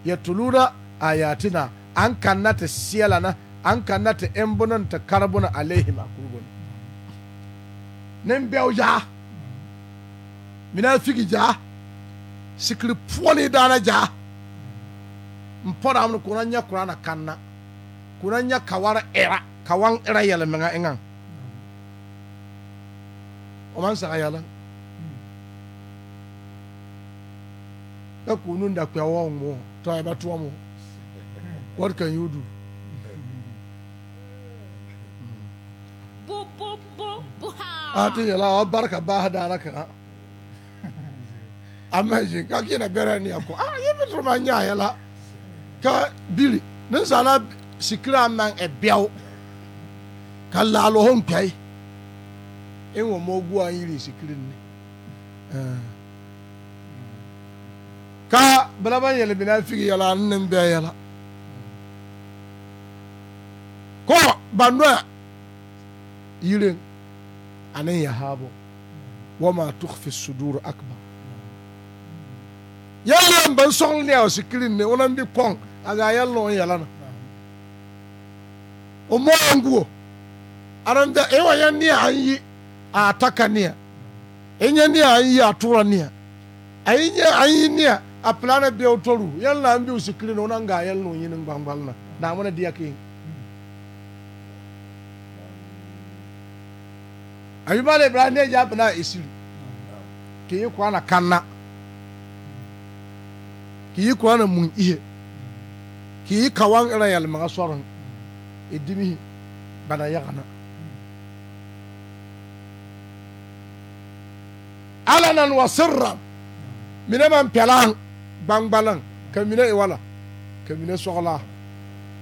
yatuluna ayatina an kanna ta siyala na an kanna ta embunan ta karbuna alayhim akurbun nem bɛo ja mina gyaa ja sikri poli dana ja mpora amnu kunanya kurana kanna kunanya kawara era Kawang wan ira yɛlɛmɛŋa eŋaŋ o man saga yɛlɛŋ ka k'o nu da kpɛ wɔn mo tɔ ɛ bɛ mo what can you do. bo bo bo bo haa. a ti yɛlɛ awɔ barika baaha daara kaŋa a ka k'i na bɛrɛ ni a Ah, aa i bɛ sɔrɔ ma nyɛ a yɛlɛ ka biri ninsala sikira man ɛ e bɛɛw kalaalo ho mpiae ɛwɔ ma ɔgu a yere sikiri nne ka balaba yɛlɛ bina figi yɛlɛ ani ne bɛɛ yɛlɛ kɔ bandoɛ yiren ani yahaabo wama tukfi sudur akbar yɛlɛ ban sɔgli ne a sikiri nne wɔn bi kɔn a gaa yɛlɛ o yɛlɛ na o mɔɔ nguo. aranta ewa ya ne an yi a ataka ne in yan ne an yi a tura ne a yi an yi ne a plana biyu toru yan la an biyu sikiri na unan ga yan nun yinin gbangban na na mana diya ke ayuba le bra ne ja bana isiru ke yi kwa na kanna ke yi kwa na mun ihe ke yi kawan ira yalma soron edimi bana yagana Ala nan wa sirra mine man pɛlan gbangbalaŋ ka mine e wala ka mine sɔgla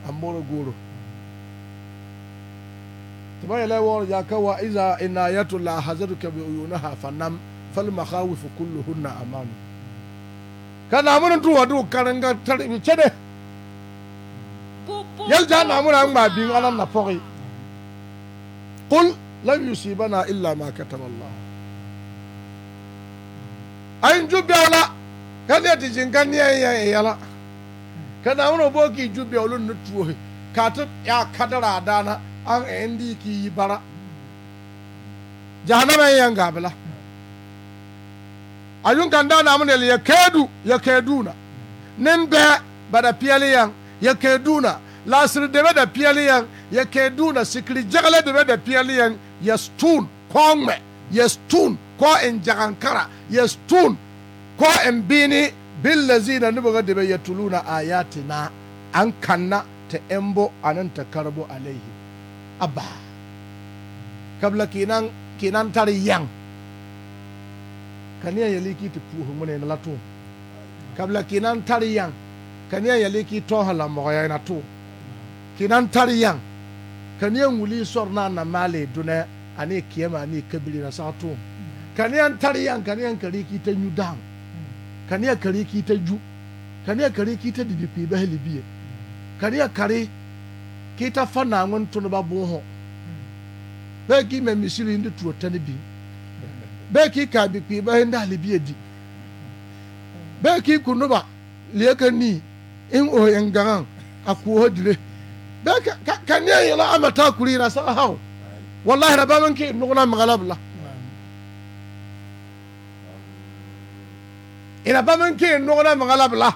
a morɔ goro. tɩ ba yɛlɛ wɔɔrɔ yaa ka wa iza inayatu la hazaduka bi uyunaha fanam falmakhawifu kulluhunna amanu ka naamuni tɩ wa de o karenga tare kyɛde yel daa naamuni a ŋmaa biŋ ala na pɔge qul lan yusibana illa ma kataba allah an jubɛo la ka neɛ te gyeŋ ka neɛ yɛn e yɛlɛ ka naawuna boo k'i jubɛolu nu tuohi ka te yaa kadaraa daana an ɛn k'i yi bara jahanama yɛn gaa bila ayun kan daa naamu ne ya kedu, ya na nembɛɛ ba da peɛle yan, ya keeduna laasere deme da peɛle yan, ya keeduna sikiri jɛgele deme da peɛle yan, ya stuun kɔɔŋmɛ ya stuun ko in jagankara yastun ko in bini billazina nubuga da bai yatuluna ayatina an kanna ta embo anan ta karbo alaihi abba kabla kinan kinan tari yang kaniya liki ta puhu mune na latu kabla kinan tari yang kaniya liki to hala ya na tu kinan tari yang kaniya nguli sor na na male dune ani kiyama ani kabili na sa tu kaneɛ ntare yɛ nkaneɛ nkare ki ta nyu dam kaneɛ kare ki ta ju kaneɛ kare ki ta didi pii bɛhɛ libie kaneɛ kare ki ta fa naaŋo nto no ba bon ho bɛɛ ki mɛ misiri ndi tuo tɛne bi bɛɛ ki kaa bi pii bɛhɛ ndi alibie di bɛɛ ki ku noba lie ka nii in o yɛn gaŋaŋ a kuo ho dire bɛɛ kaneɛ yɛlɛ ama taa kuri yɛlɛ sɛ ahaw walahi rabaa meŋ ki nugna maŋa la bila ina bamin ke nogna magala bla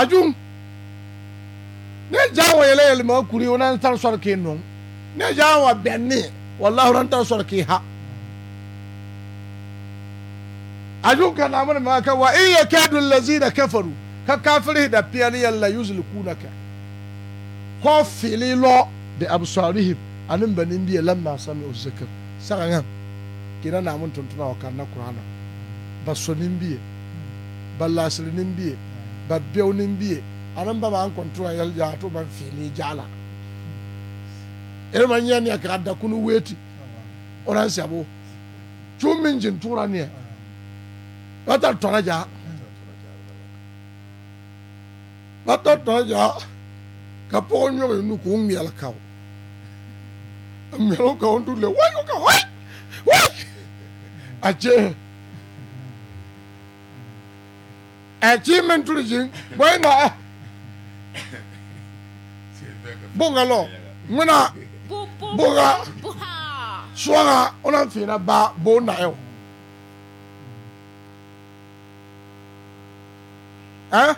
ajung ne jawo yele yele ma kuri ona tan sor ke non ne jawo benni wallahi ran tan sor ke ha ajung kana mun ma ka wa iya kadu allazina kafaru ka kafiri da piyani yalla yuzlikunaka ko fili lo bi absarihim anin banin biya lamma sami uzzakar sagan kina na tuntuna wa kan na qur'ana baso nembie balasere nembie babɛo nembie ane ba baa kɔntoro a yɛl yaa to ba fiili gyaala erema nyɛ neɛ kaa da kunu weeti ɔna sɛbo tuu min gyin tuura neɛ bata tɔra gyaa bata tɔra gyaa ka pɔgɔ nyɔba nu k'o ŋmeɛl kao a ŋmeɛl kao tu le wai o ka wai wai a kyee achievement tu jing boy na, bunga lo nguna bunga suanga onan fina ba bo na eo eh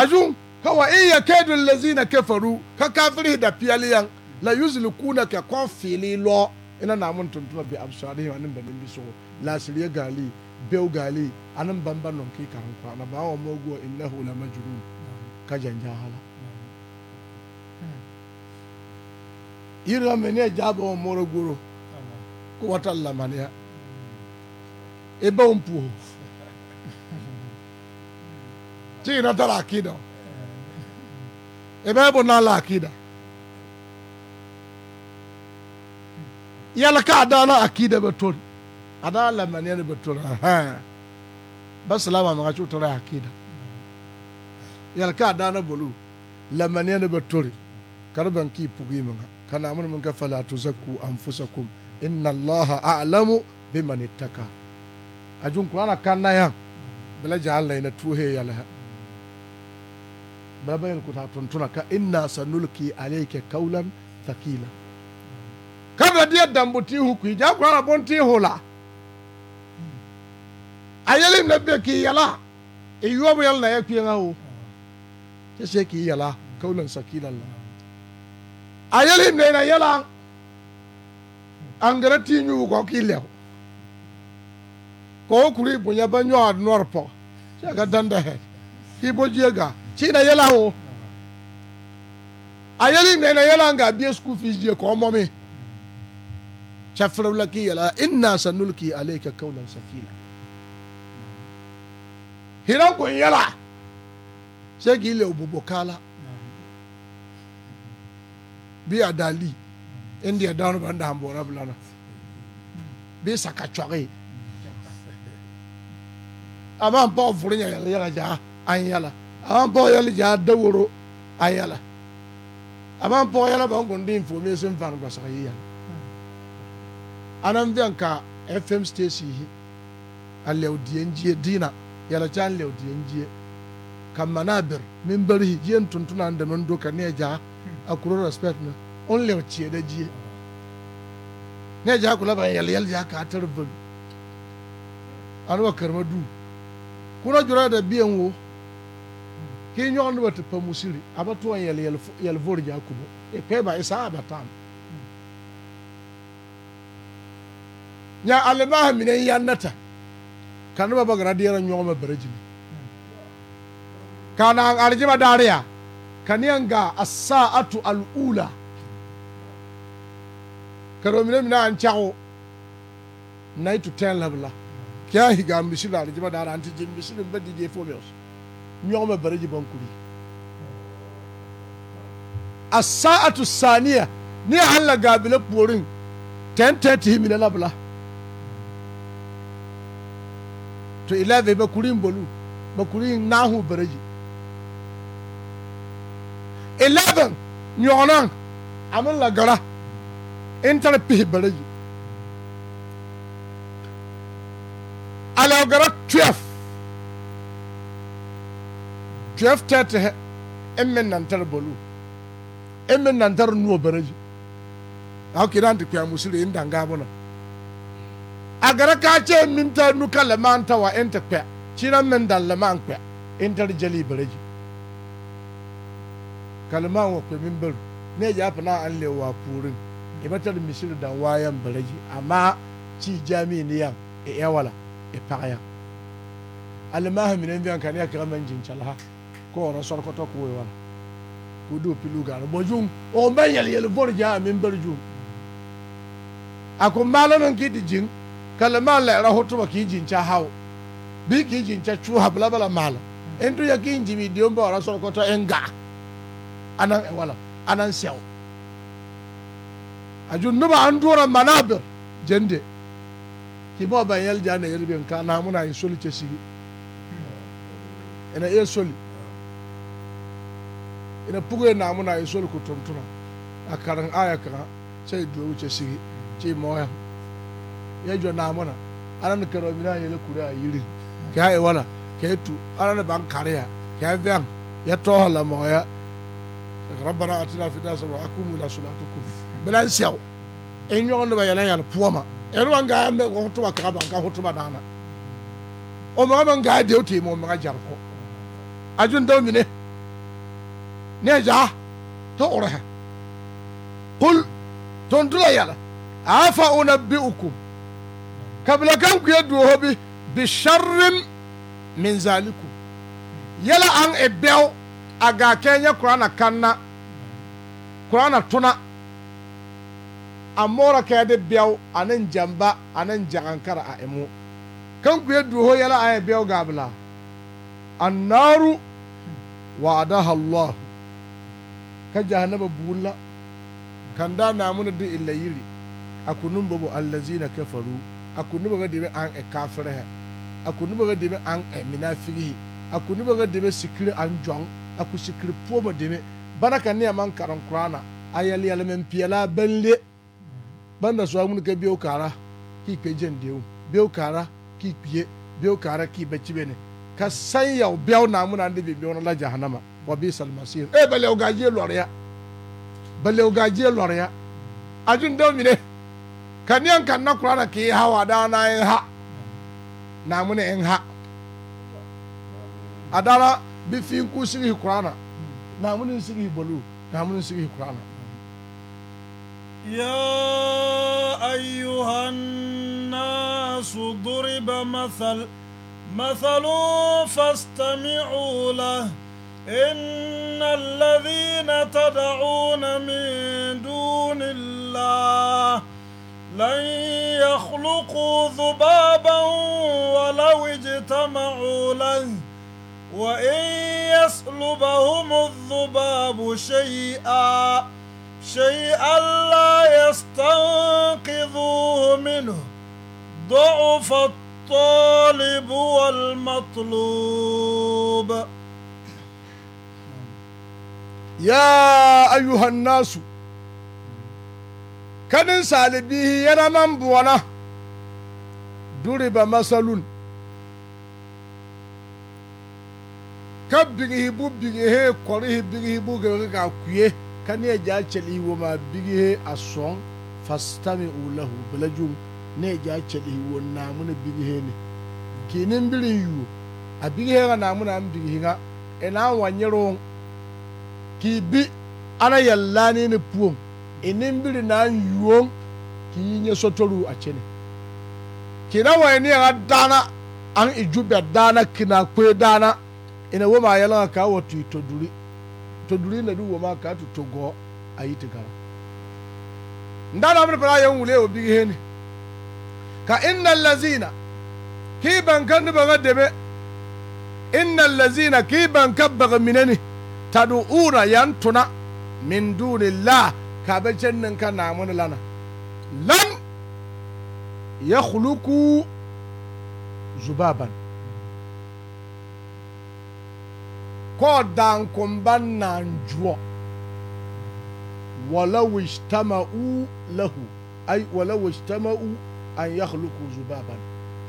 ajung kawa iya kedu lazina kafaru ka kafiri da fiyaliyan la yuzlikuna ka kon fili lo ina namun tuntuna bi absarihim anin banin biso la siriya gali belgale anan bamba non ki karan kwa na ba wa mogo innahu la ka janja hala yira mene jabo wa moro guro ko wata lamaniya e ba un puo ti na tara akida e ba bo na la akida yala ka dana akida هذا لما نيني بتولا ها بس لما ما شو ترى عقيدة يلقى دانا بلو لما نيني بتولي كربن كي بوغي منها كان أمر منك فلا تزكوا أنفسكم إن الله أعلم بمن اتقى أجون قرانا كان نيا بلا جعلنا ينتوه يلها بلا بين كتا تنتنا كإنا سنلقي عليك قولا ثقيلا كما دي الدنبتي هكي جاء قرانا بنتي هلا ayelim na bɛ k'i yala iyɔbu e yɛlɛ na yɛ kuyɛŋa o kyɛ sɛ k'i yala kaulan sakila la ayelim na na yala angɛrɛ tii nyuu kɔ k'i lɛw kɔɔ kuri bonya bɛ nyɔɔ nɔre pɔg kyɛ ka dandahɛ k'i bɔ gie ga kyi na yala o ayelim na na yala nga bie school fees die kɔɔ mɔmi kyɛ firɛw la k'i yala inna sanulki alayka kaulan sakila hirankunyala ṣé kì í lè òbòbò kala bi adali india dáhùn bá ń dà ń bọ̀ rábìlà náà bí sakatsɔge a b'an baw furu ɲɛ jaa an yala a jaa daworo an yala a b'an baw yala b'an kun den fo min sen yi yala an fɛn ka fm station yi a lɛw diɛ diina. yɛla chan lɛu diɛn jie ka manabir min bari hi jien tuntuna da min doka ne ja a kuro respect na on lɛu cie da jie ne ja kula ban yɛl yɛl ja ka tar bari an wa karma du kuna jura da biyan wo ki nyɔg noba ti pa musiri a ba tuwa yɛl yɛl vor ja kubo e pɛ ba isa e a ba alibaha mine yan nata ka noba ba gara deɛrɛ nyɔgema beregini ka naaŋ aljima daaria ka neɛŋ gaa a saa'atu al ula ka do mine mine aŋ kyɛgo nai tu tɛn la bela kɛ a higaa misi la aljima daara aŋ ti gyin misi ba dije fo meos nyɔgema ban bankuri a saa'atu saaniya ne aŋ la gaa bela puoriŋ tɛntɛn tihi mine la bela to ilave ba kurin bolu ba kurin nahu baraji Eleven 11 nyɔnan amin lagara intara pihi baraji alagara 12 12 twelve hɛ in min nantar bolu in min nantar nuwa baraji hau an ti kpɛ a musu musiri in danga bana A agara ka ce min ta nuka leman ta wa enta kpe cinan min da leman kpe intar jali bareji kalman wa kpe min baru ne ya fi na an lewa purin imatar misir da wayan bareji amma ci jami ni yan e yawala e pagya alimahi mine biyan kan ya kira man jincala ha ko wani sorkoto ko wala ko do pilu gar bojum o man yel yel borja min barju akon malanon kiti jing kala maala era hotuba ki jincha hau bi ki jincha chu habla bala mala entu ya ki injimi diomba eh, ora soro koto enga anan wala A ju ajun an andura manabir jende ki bo ban yel jana yel ben ka na muna yi soli ce shi ina iya soli ina pugo na muna yi soli ku tuntuna a karan aya kan sai duwo ce shi ce mawaya yɛdwa naamo na ana ne kɛra ɔmina yɛlɛ kuri a yiri kɛa ɛwala kɛa tu ana ne bankare kare a kɛa vɛŋ yɛ tɔɔhɔ la mɔgɔya rabbana atina fi dasa wa akumu la sulatu akukum bila n sɛw in nyɔgɔ noba yɛlɛ yɛlɛ poɔ ma ɛnu wa ngaa mɛ wɔn tuma kaŋa ba nka hotuma daana o mɔgɔ mɛ ngaa deɛ o tɛ mu o jari kɔ a jun dɔw mine ne zaa tɛ ɔrɔ hɛ kul tontula yɛlɛ a fa o na bi o kun kabila kanku ye duwo bi bi sharrin min zaliku yala an e bɛw a gaa kɛ kurana kanna kurana tuna a mɔra kɛ de bɛw ane jamba ane jagankara a emu kanku ye duwo yala an e bɛw bila annaru wa'adaha allah ka jahannama buulla kan da namuna de illa yiri a kunun babu allazina kafaru aku noba ŋa deme aŋ e kaafirehi aku noba ŋa deme aŋ e minaafigihi aku noba ŋa deme sikiri aŋ gyɔŋ aku sikiri poɔ ba deme bana ka neɛ maŋ kareŋ koraana a yɛle yɛle meŋ peɛlaa baŋ le baŋ da soa ŋmene ka beo kaara kii kpe gyeŋ deu beo kaara kii kpie beo kaara kii ba kyibe ne ka sãn yao bɛo naa ŋmenaa de bibɛona la jahanama wa biisal masir e ba lɛo gaa gyie lɔreya ba lɛo gaa gyie lɔreya a gyun dɛo mine kaneɛ nka nna koraa na kee ha wɔ adaana nha na amuna nha adaana bi fi nku siri koraa na na amuna nsiri bolo na amuna nsiri koraa na. يا أيها الناس ضرب مثل مثل فاستمعوا له إن الذين تدعون من دون الله لن يخلقوا ذبابا ولو اجتمعوا له وإن يسلبهم الذباب شيئا شيئا لا يستنقذوه منه ضعف الطالب والمطلوب يا أيها الناس kanin salibihi yana nan buwana duriba masalun ka bigihi bu bigihe kɔrihi bigihi bu gɛrɛ ka kuye ka ne ja cɛlihi wo ma bigihe a sɔn fasitami u lahu bɛlɛjum ne ja cɛlihi wo naamu ne bigihe ne gini biri yu a bigihe ka naamu na an bigihi ka ina wa nyɛrɛw k'i bi ana yɛlɛ ni ne puom inimbiri na nyuom ki nye sotoru a kyene kina wani ne ya dana an iju dana kina kwe dana ina woma yɛlɛŋa ka wa tu toduri na du woma ka tu togo a yi ndana amri pala ya wule o bigi heni ka inna lazina ki ban kan baga debe inna lazina ki ban baga mineni tadu'una yan tuna min duni la ka bɛ kyɛn ne ka naamu ne lana lam yɛ kuluku zubaban kɔɔ daankunba naanjuɔ wala wajtama'u lahu ay wala wajtama'u an yakhluqu zubaban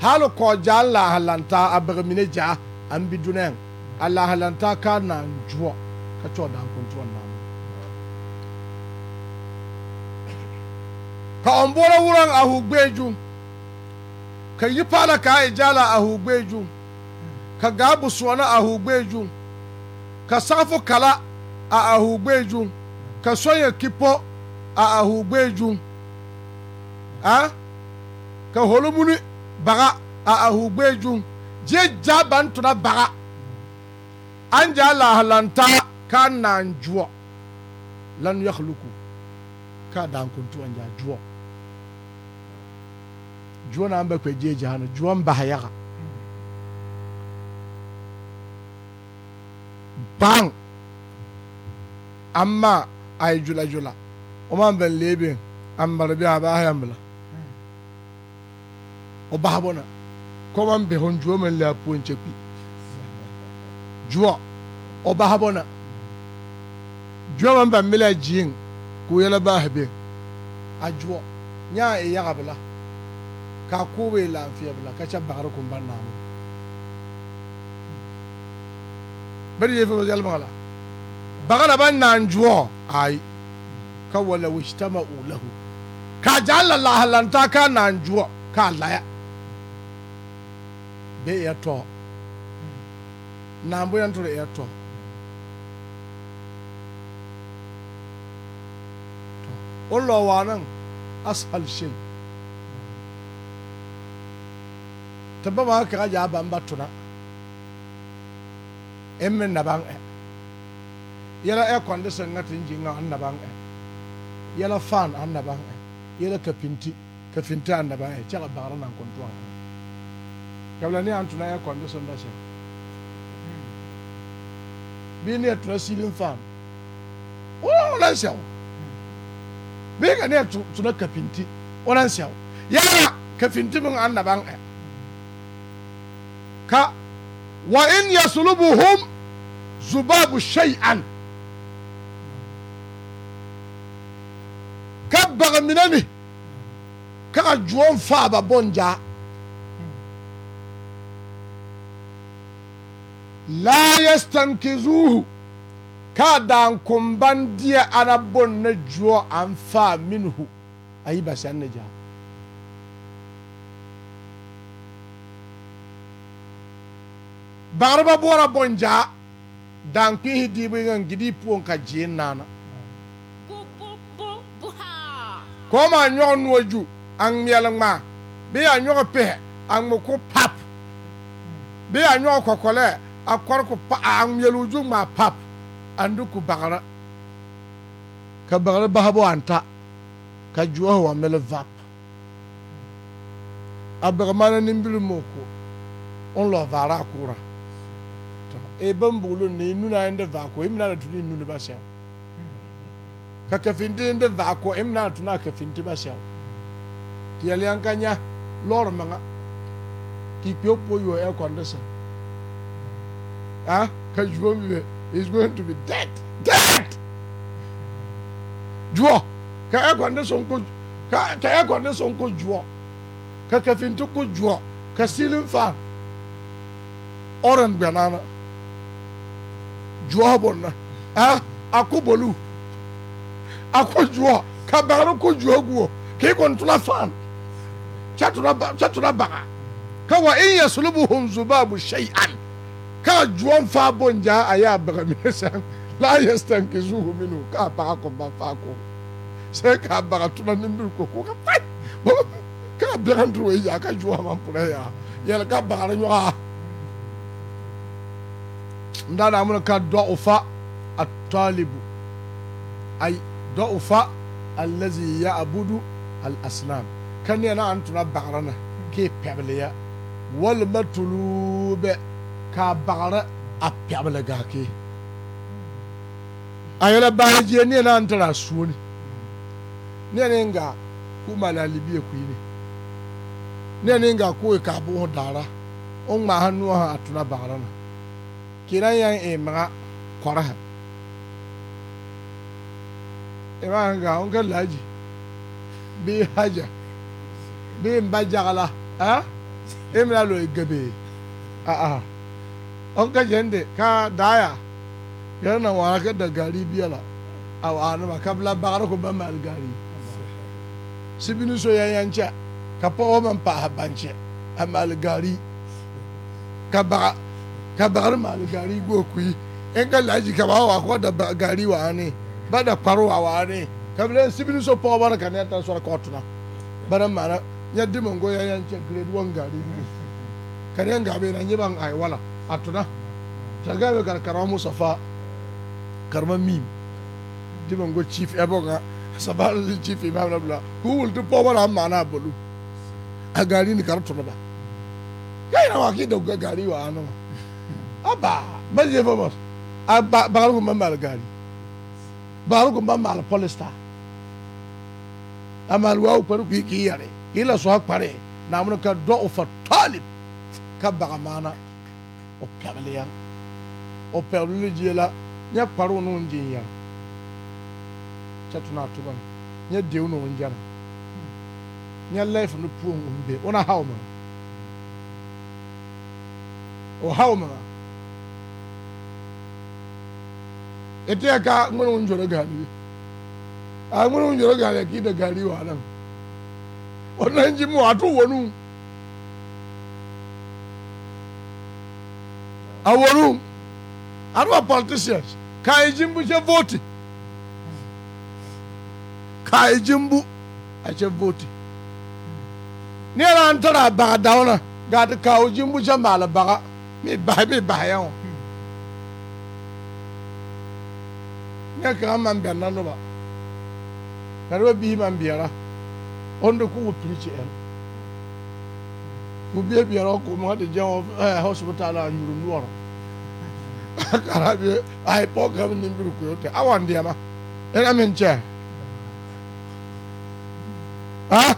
hal ko jalla halanta abar mine ja an biduneng ala halanta ka nan juwa ka cho dan kun tuwan ka on bora wuran a hugbeju ka yi fara ka ijala ka gabu suwana a ka safu kala a ahugbeju ka soya kipo a ahugbeju a ka holumuni baga a ahugbeju je jaban tuna baga an ja lahalanta ka nan juwa lan yakhluku ka dan an ja juwa juo na mba kpɛ gyeegi ha no juo n bahi yaga amma a yi jula jula o maŋ bɛn lee beŋ a mare bee a baahi o bahabo na ko maŋ bihun juo meŋ le a puon kyɛ kpi juo o bahabo na juo maŋ ba mila gyiin ko o yɛlɛ baahi a juo ya e yaga ka lafiya bila ka ca bagara kun ba naamu bari ye fɛn yalima la bagara ba na juwɔ ayi ka wala wuce ta ma'ulahu ka ji la lahalanta ka na juwa ka laya be ya tɔ na mbu tɔrɔ eɛ tɔ o lɔ nan asal shi ti baba kaŋa yaa baŋ ba tona eŋ meŋ na baŋ e yɛlɛ air condition ŋa teŋ gyiŋ ŋa aŋ na baŋ e yɛlɛ fan aŋ na baŋ e yɛlɛ kapinti kapinti aŋ na baŋ e kyɛ ka bagera naŋ kontoŋ ka bela ne aŋ tona air condition da sɛ bii neɛ tona ceiling fan wọ́n wọ́n sẹ́ o bii ka neɛ tona kapinti wọ́n sẹ́ o yɛlɛ kapinti meŋ aŋ na baŋ e ka wa in yaslubuhum zubabu shay'an ka baga mine ni ka ka juwon faaba bonjaa la yastankizuhu kaa daankumban deɛ ana bon na juo anfaa minhu ayi ba sɛn na bagriba bora bonja dan kpihi diibu ŋan gidi puon ka jeen naana kɔma a nyɔge noɔ ju a ŋmeɛle ŋmaa bee a nyɔge pihɛ a ŋme pap bee a nyɔge kɔkɔlɛɛ a kɔre pa a ŋmeɛle o pap aŋ de ku ka bagera bahabo anta. ta ka juɔhe wa mele vap a bɛgɛ mana nimbiri on lɔ vaara a e ban bugulun ne nuna inda vako imna da tuni nuna ba sha ka kafinti inda vako imna tuna kafinti ba sha ti yaliyan kanya lor manga ki pyo po yo air condition ah ka juo mi is going to be dead dead juo ka air condition ko ka ka air condition ko juo ka kafinti ko juo ka ceiling fan orange banana juɔ bɔ na ɛ a ko bolu a ko juɔ ka bagari ko juɔ guɔ k'i kɔni tora fan cɛ tora ba cɛ tora baga ka wa e yɛ sulubu hunzuba bu sɛyi an k'a juɔ fa bɔ nja a y'a baga minɛ sɛn la yɛ sɛn kisu minnu k'a baga kɔ ba fa kɔ sɛ k'a baga tuna ni biri ko ko ka fayi k'a bɛn an turu o a ka juɔ ma pɔrɔ yan yɛlɛ ka bagari ɲɔgɔn. ndana mun ka da'ufa at-talibu ay da'ufa allazi ya'budu al-asnam kan yana an tuna bagrana ke pebleya wal matlub ka bagra a peble ga ke ayala bahajiye ne na an tara suoni ne ne nga ku libiye ku ne ne ne nga ku ka bu dara on ma hanu ha atuna bagrana yang e eh, kora ha eh, e ma kan ka laji bi haja bi mba jagala ah eh, e mla lo e a a ah jende ka daya yana ka daaya yɛrɛ na waara ka da gaari biya la a waara ma ka bla bagara ko ba maali gaari sibini so ya yancha ka po man pa ha banche a ka baga ka bagari maali gari go kui en ka laji ka ba wa ko da gari wa ne ba da kparo wa wa ne ka bile sibiri so po ba ka ne ta so ko tuna bara mara ya di mon go ya yan che grade 1 gari ni ka ne ga be na nyi ban ai wala atuna ga be kar karamu safa karma mim di mon go chief eboga di chief imam bla bla ku wul to po ba mana bolu a gari ni kar tuna ba kai na wa ki da gari wa anu haba maji famous bagaru kun bɛ maali gaari bagaru kun bɛ maali polista a maali waawu kpari k'i k'i yɛrɛ k'i la sɔn a kpari naamuna ka dɔ o fa tɔɔli ka baga maana o pɛgɛliya o pɛgɛlili jie la nyɛ kpariw n'o jin yɛrɛ kyɛ tuna a tuba nyɛ dew n'o jɛra nyɛ lɛɛf ne puo n'o be o na haw mɛna o haw mɛna. ita ya ka ŋmɛrɛŋ jɔrɔ gari a ŋmɛrɛŋ jɔrɔ gari ka da gari wa nan o nan ji mu a tu wonu a wonu a tu politicians ka yi jimbu cɛ voti ka yi jimbu a cɛ voti ne yɛrɛ an taara a baga daw ka o jimbu cɛ maali baga mi bahi mi bahi yan nyɛ kaŋa maŋ bɛnna noba ka noba bihi maŋ beɛra on de k'o pirikyi ɛn k'o bie beɛra o k'o maŋ de gyɛŋ o ɛɛ eh, hɔsipitaali a nyuri noɔre a kara bie ayi pɔge kaŋa nimiri koyo tɛ a wɔn deɛma ɛna meŋ kyɛ ha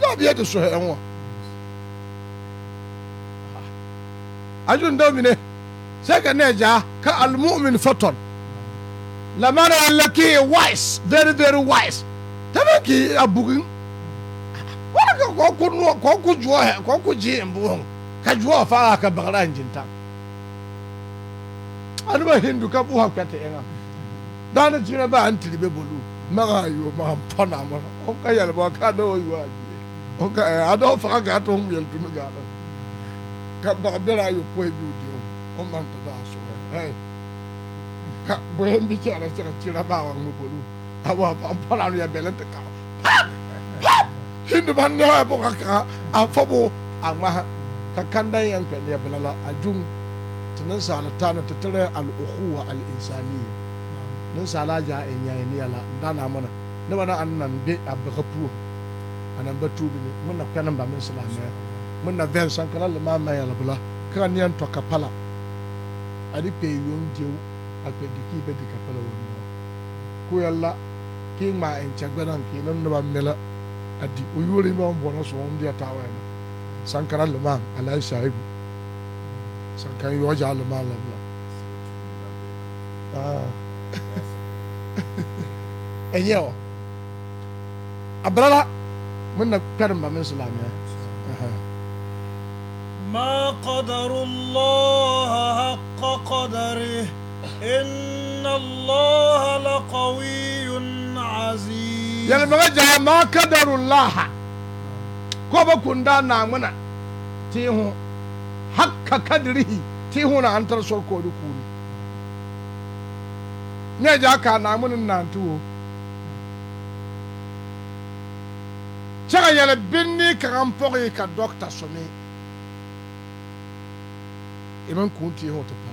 nyɛ bie te sɔhɛ ɛn wa a dun dɔw mine sɛ ka ne jaa ka alimumin fɔtɔn lamara alaki wise very very wise tẹbi kì í abugi wọn kà kọkọ nù kọkọ ju ọhẹ kọkọ jí mbuhun ka ju ọhẹ fara ka bagara njinta anuba hindu ka buha kpẹtẹ yẹn na daani tinubu bá a ntiri bẹ bolo mẹka ayo ma pọ na mọ ọ ka yẹlẹbọ ọ ka dọwọ yi wa jẹ ọ ka ẹ adọwọ faga gaa tó ń yẹn tunu gaa dọ ka bàbá bẹrẹ ayo pọ ebi o di o ọ ma n tọ da a sọrọ ẹ. Eh boye mbi ci ala ci ci la bawa mu ko lu awa am pala ya belen te ka hindu ban ne ha boka ka a fobo amma ka kanda yan pe ne bela ajum tunan sala tana tattare al ukhuwa al insaniyya nan sala ja en yayi ne ala dana mana ne bana annan be abaka puo anan batubi ne mun na kanan ba min salama mun na ven sankala le mama ya la bula kan yan to kapala adi pe yon jewu alpendi ki bedi kapala wonno ku yalla ki ma en chagbanam ki non no mela adi o yori ma bono so on dia tawena sankara lumam alai shaibu sankara yoja lumam lamla ah, ah. enyewa abrala mun na karin ba min sulamiya ما قدر الله حق قدره إن الله لقوي عزيز يعني بقى ما قدر الله كوبا كندا نامنا تيهو حق قدره تيهو نانتر سول كودو كوني نجا كان نامنا نانتو kyɛga yɛlɛ binni kaŋa pɔge ka dɔkta some e meŋ kuu tie ho te pa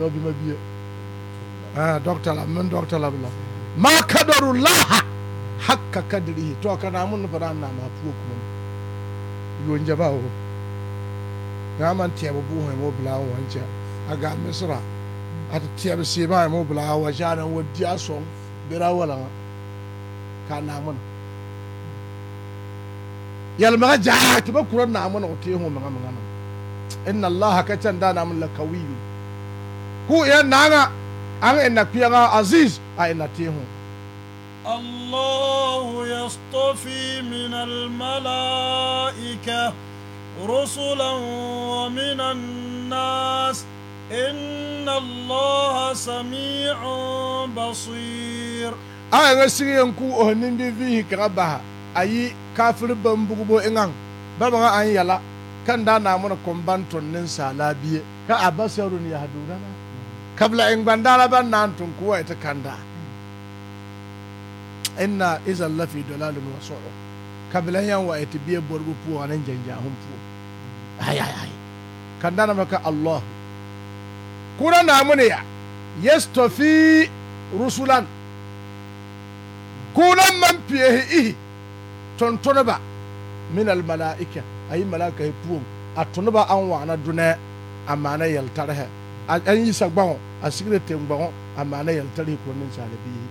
dɔw bi ma biye ɛɛ dɔkta la min dɔkta la bila ma kadaru laha hakka kadirihi tɔ kana mun fana na ma puo kuma yo njaba o na man tiɛ bu buhɛ mo bila an wan cɛ a ga misira a ti tiɛ bi se mo bila a wa sha na wa diya sɔn bira wala ka na mun yalmaga jaa ti ba kura na o te ho maga maga na inna allaha ka canda na mun la kawiyun Ku ya nanga an enna pianga aziz a enna tihu الله يصطفي من الملائكة رسلا ومن الناس إن الله سميع بصير أنا سيرين كو أهنين دي فيه كربها أي كافر بمبوبو إنان بابا أن يلا كان دانا من كومبانتون ننسى لابيه كأبا يهدوننا kabla in gbandara ban nan tun kuwa ita kanda inna izan lafi dalalun wasu'u kabla yan wa ita biye borgo puwa nan janjahun puwa ay ay ay kanda na maka Allah kuna na mune ya yastafi rusulan kuna man piye ihi ba min al malaika ayi malaika puwa a tunaba an wa na dune amana yaltarhe an yi sagbaŋo a sigire ten gbaŋo a maana yeltare ko ninsaalibiihi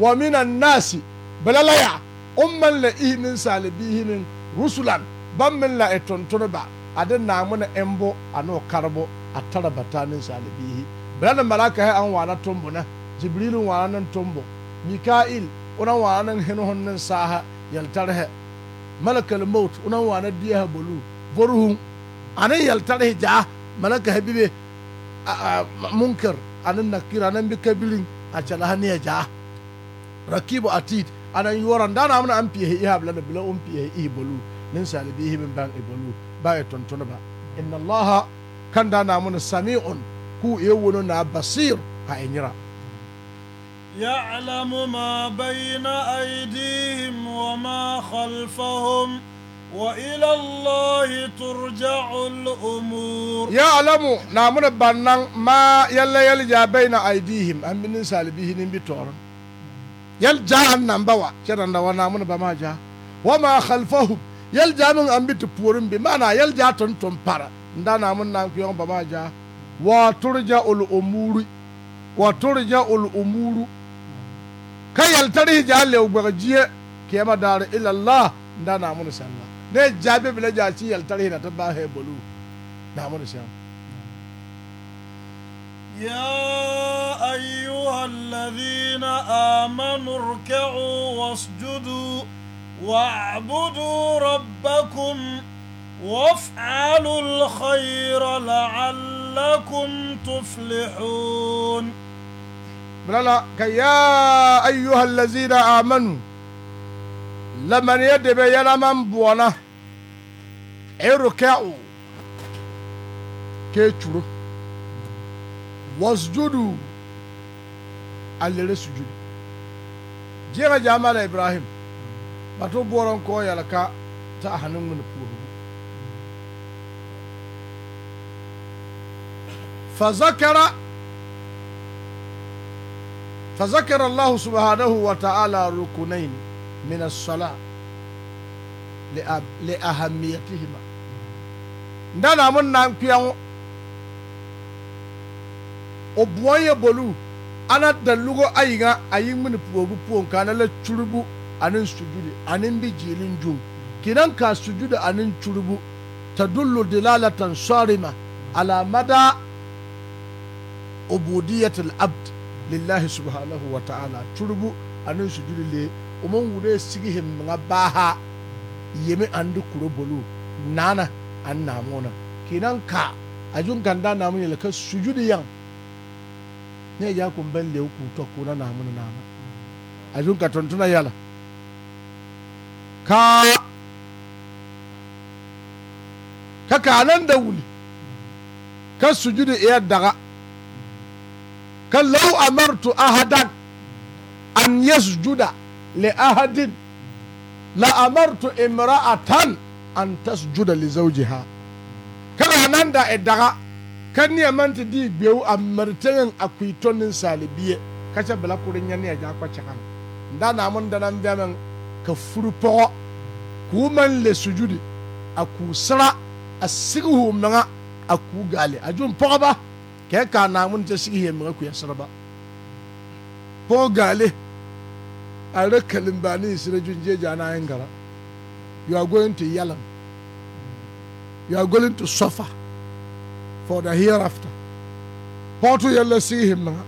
wa min nasi, balalaya, la ya un maŋ la ihi ninsaalibiihi niŋ rusulan ban min la e tontoneba a de naamu ne embo ane o karibo a tara bataa ninsaalibiihi bala malaka malakahi an waana tombo na, jibril waana nan tombo mikail una waana neŋ henihun neŋ saaha yeltarehe malakal maut una waana diyaha bolu voruhun ane yeltarehe jaa malakahi bibe munkar anan nakira nan bika bilin a ya ja rakibu atid anan yoran dana amna an piye iha blana bila um piye i bolu nin salibi min ban i ba ya tuntuna ba inna allaha kan dana mun sami'un ku yawunu na basir a enyira ma bayna aydihim wa ma khalfahum وإلى الله ترجع الأمور يعلم نامنا بانان ما يلا يلجا بين أيديهم أم من سالبيهن بتور يلجا النبوا شرنا ونامنا بما جاء وما خلفهم يلجا من أم بتبورن بمعنى يلجا تنتم برا ndana mun nan kuyon bama ja wa turja ul umuri wa turja ul umuru kayal tarihi jalle ubajiye kiyama dar ila allah ndana mun sallah ne jaabi bila jaasi yɛltare يا أيها الذين آمنوا اركعوا واسجدوا واعبدوا ربكم وافعلوا الخير لعلكم تفلحون يا أيها الذين آمنوا lamani yadda yɛla man buɔna irkau kee curo wasjudu a lere sujudi jeeŋa jaamala ibrahim ba to buɔrɔn kɔɔ ka ta a hane ŋmene puorugu fazakara fazakara allahu subhanahu wa ta'ala rukunaini من الصلاة لأهميتهما ndana mun nan kuyan obuwan ya bolu ana dalugo ayiga ayi mini puogu puon kana la curubu anin sujudi anin bi jilin jun kinan ka sujudi anin churubu tadullu dilalatan sarima ala mada ubudiyatul abd lillahi subhanahu wa ta'ala curubu anin sujudi le ɔmo nwura esigi him nga baaha yemi andi kuro bolu naana an naamu na kenan ka ajun kan da naamu yɛlɛ ka sujudi yan ne ya kun bɛn lewu k'u tɔ ko na naamu na naamu ajun ka tontona yala ka ka kaalan da wuli ka sujudi iya daga ka lau amartu ahadan an yasjuda li'ahadin la'amartu imra'atan an tasjuda li zawjiha kana nan da edaga kan ne man ti di gbewu amartin akwito nin salibiye kace bala kurin yan ya ja kwace kan da na mun da nan biya men ka furu pogo ku man le sujudi aku sara asigu manga aku gale ajun pogo ba ke ka na mun ta sigi he manga ku ya sara ba pogo gale ara kalimbani isira junje jana ingara you are going to yell him. you are going to suffer for the hereafter pɔɔto yɛlɛ sigi him naŋa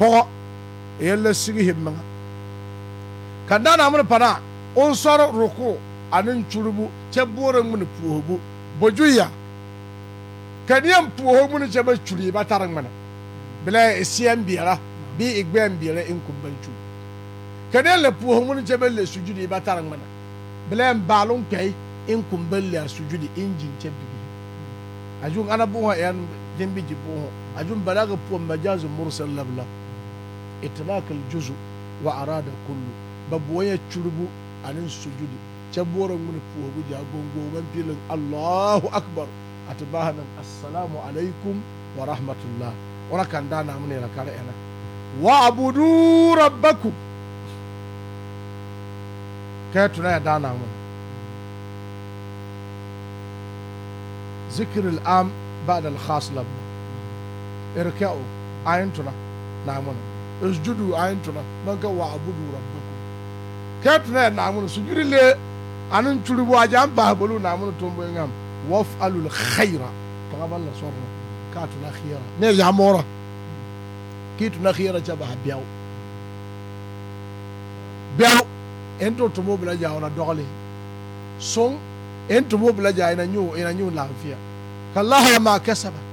pɔgɔ yɛlɛ sigi him naŋa ka daa naa mine panaa on sɔre ruku ane kyurubu kyɛ boɔrɔ ŋmene puohobu boju ya ka neɛ puoho ŋmene kyɛ ba kyuri ba tare ŋmene belɛ e seɛn beɛra bii e gbɛɛn beɛra eŋ kene le puohi ŋuni je ben le sujudi ba tari ŋmana bilen baalum in kun ben sujudi in jin che a ana buho yan din bi ji buho a balaga puo majazu mursal labla itlaq al juzu wa arada kullu ba waya churbu anin sujudi che boron ŋuni puohi bu ja gongo ban pilin allahu akbar atbahana nan assalamu alaikum wa rahmatullah wana kan da na mun ne la kare ena wa abudu الحكاية tunayodana humu ذكر الام بعد الخاص لب اركعوا عينتنا نعمنا اسجدوا عينتنا نقا واعبدوا ربكم كاتنا نعمنا سجد لي أنا نتولي واجام بابلو نعمنا تومبينغام وافعلوا الخير تقبل الله صورنا كاتنا خيرا نيجي عمورة كيتنا خيرا جبه بيو بيو en to tumo bila ja ona dogli son en tumo bila ja ina nyu ina nyu lafiya kallaha ya ma kasabat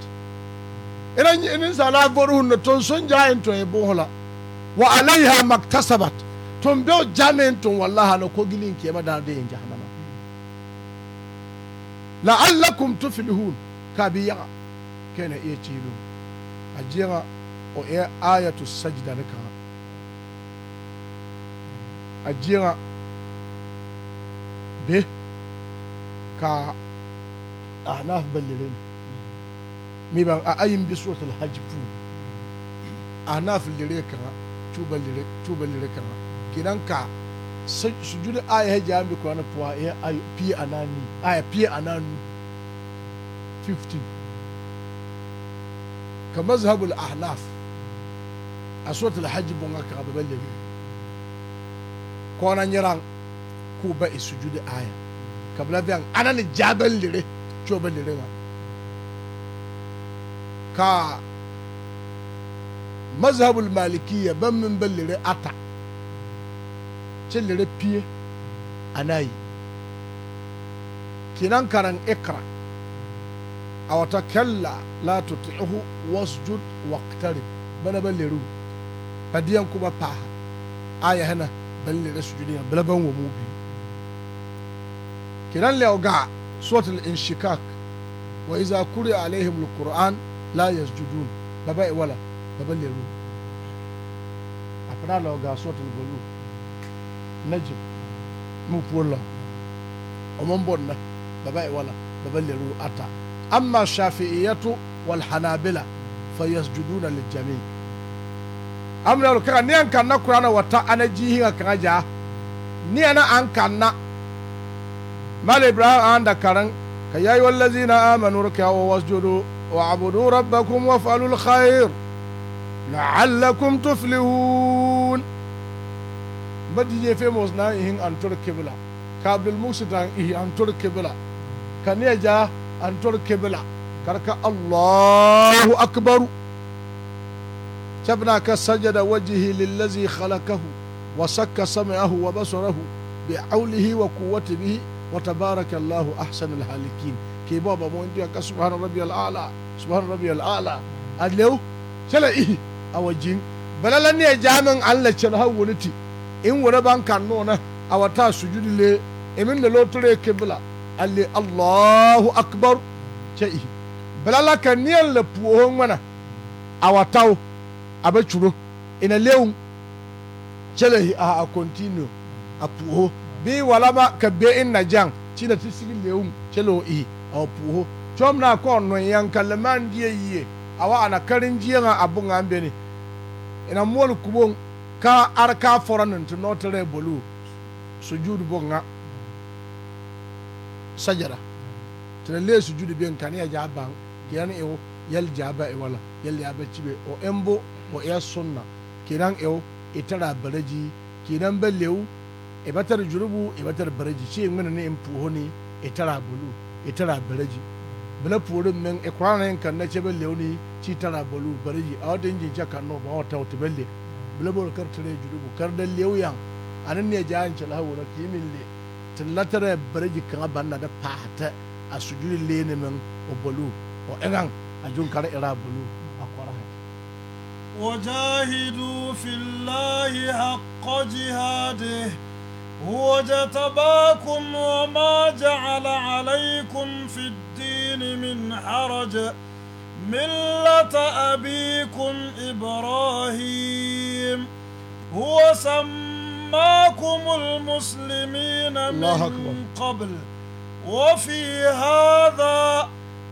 ina ina sala boru no ton son ja en to e bohola wa alaiha maktasabat ton be jamen ton wallahi no kogilin ke madar de en jahannama la'allakum tuflihun kabiya kana iya tilo ajiya o e ayatu sajda ne kan A jira be ka ahnaf mi miban a ayin bi suratul hajj fu ah, na lire kana tuba tu tuba lire kana kidan ka sujudu aya hajj an bi kwana puwa ya ay pi anani aya pi ananu 15 ka mazhabul ahnaf a suratul hajj bunga ka ballirin kɔnɔ nyɛraŋ k'o ba e sujudi aya kabila bɛ yan ana ni ja bɛ lere kyɛ o bɛ lere ma ka mazhabul malikiya bɛ min bɛ lere ata kyɛ lere pie yi kinan karan ikra a wata kalla la tuti'hu wasjud waqtarib bana bɛ leru padiyan kuma paha aya hana balle na sujudi balaban wa mubi kiran le oga surat al-inshikak wa iza kuri alaihim al-qur'an la yasjudun baba wala baba le ru afara le oga surat al-bulu najm mu pola ọmọ n bọ nna baba wala baba le ru ata amma shafi'iyatu wal hanabila fa yasjuduna lil jami' amna ka ne an kan na kura na wata ana jihi ka kan ja ni ana an kan na mal ibrahim an da karan ka yayi wallazina amanu wa wasjudu wa'budu rabbakum waf'alul khair la'allakum tuflihun badi je famous na ihin an tur kibla ka abdul muksidan ihi an tur kibla ka ne ja an tur kibla karka allahu akbaru شبنا كسجد وجهه للذي خلقه وسك سمعه وبصره بعوله وقوته به وتبارك الله أحسن الحالكين كي بابا مو انت سبحان ربي الأعلى سبحان ربي الأعلى أدلو سلا إيه أوجين بلا لن يجامن الله شنها ونتي إن وربان كانونا أو تا سجود لي إمن لو تري كبلا اللي الله أكبر شيء بلا لك نيال لبوهن أو تاو abɛtwuro ina lewu kyɛlɛ a a ah, ah, continue a puho bi walaba ka be in na jan ci na tisigi lewu kyɛlɛ i a puho twɔm na kɔ nɔn yan ka lɛman die yie awa ana karin die ŋa a bon an bene ina mɔl kubon ka ar ka fɔra nin ti nɔtere bolu sujud bon ŋa sajara tina lee sujud ben kani ya jaa ban kiyan ewo yɛl jaa ba ewala yɛl yaa ba cibe o embo wa ya sunna kenan yau itara baraji kenan bellew ibatar e jurubu ibatar e baraji ce mana ne in puho ne itara bulu itara baraji bala purin men ikrana e yin kan na ce bellew ni ci tara bulu baraji a wata injin ce kan no ba wata wata belle bala bora kar tare jurubu kar da lewu yan nan ne jahan ce lahawu na kimin le tallatar baraji kan banna da fata a ne min obalu o ɗan a kar ira bulu وجاهدوا في الله حق جهاده هو جتباكم وما جعل عليكم في الدين من حرج ملة أبيكم إبراهيم هو سماكم المسلمين من قبل وفي هذا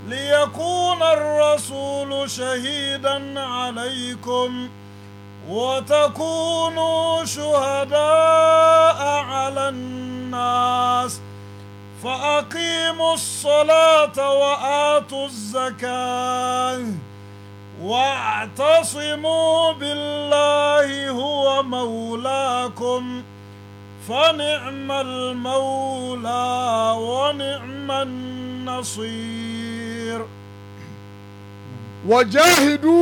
ليكون الرسول شهيدا عليكم وتكونوا شهداء على الناس فأقيموا الصلاة وآتوا الزكاة واعتصموا بالله هو مولاكم فنعم المولى ونعم النصير biyar wajahidu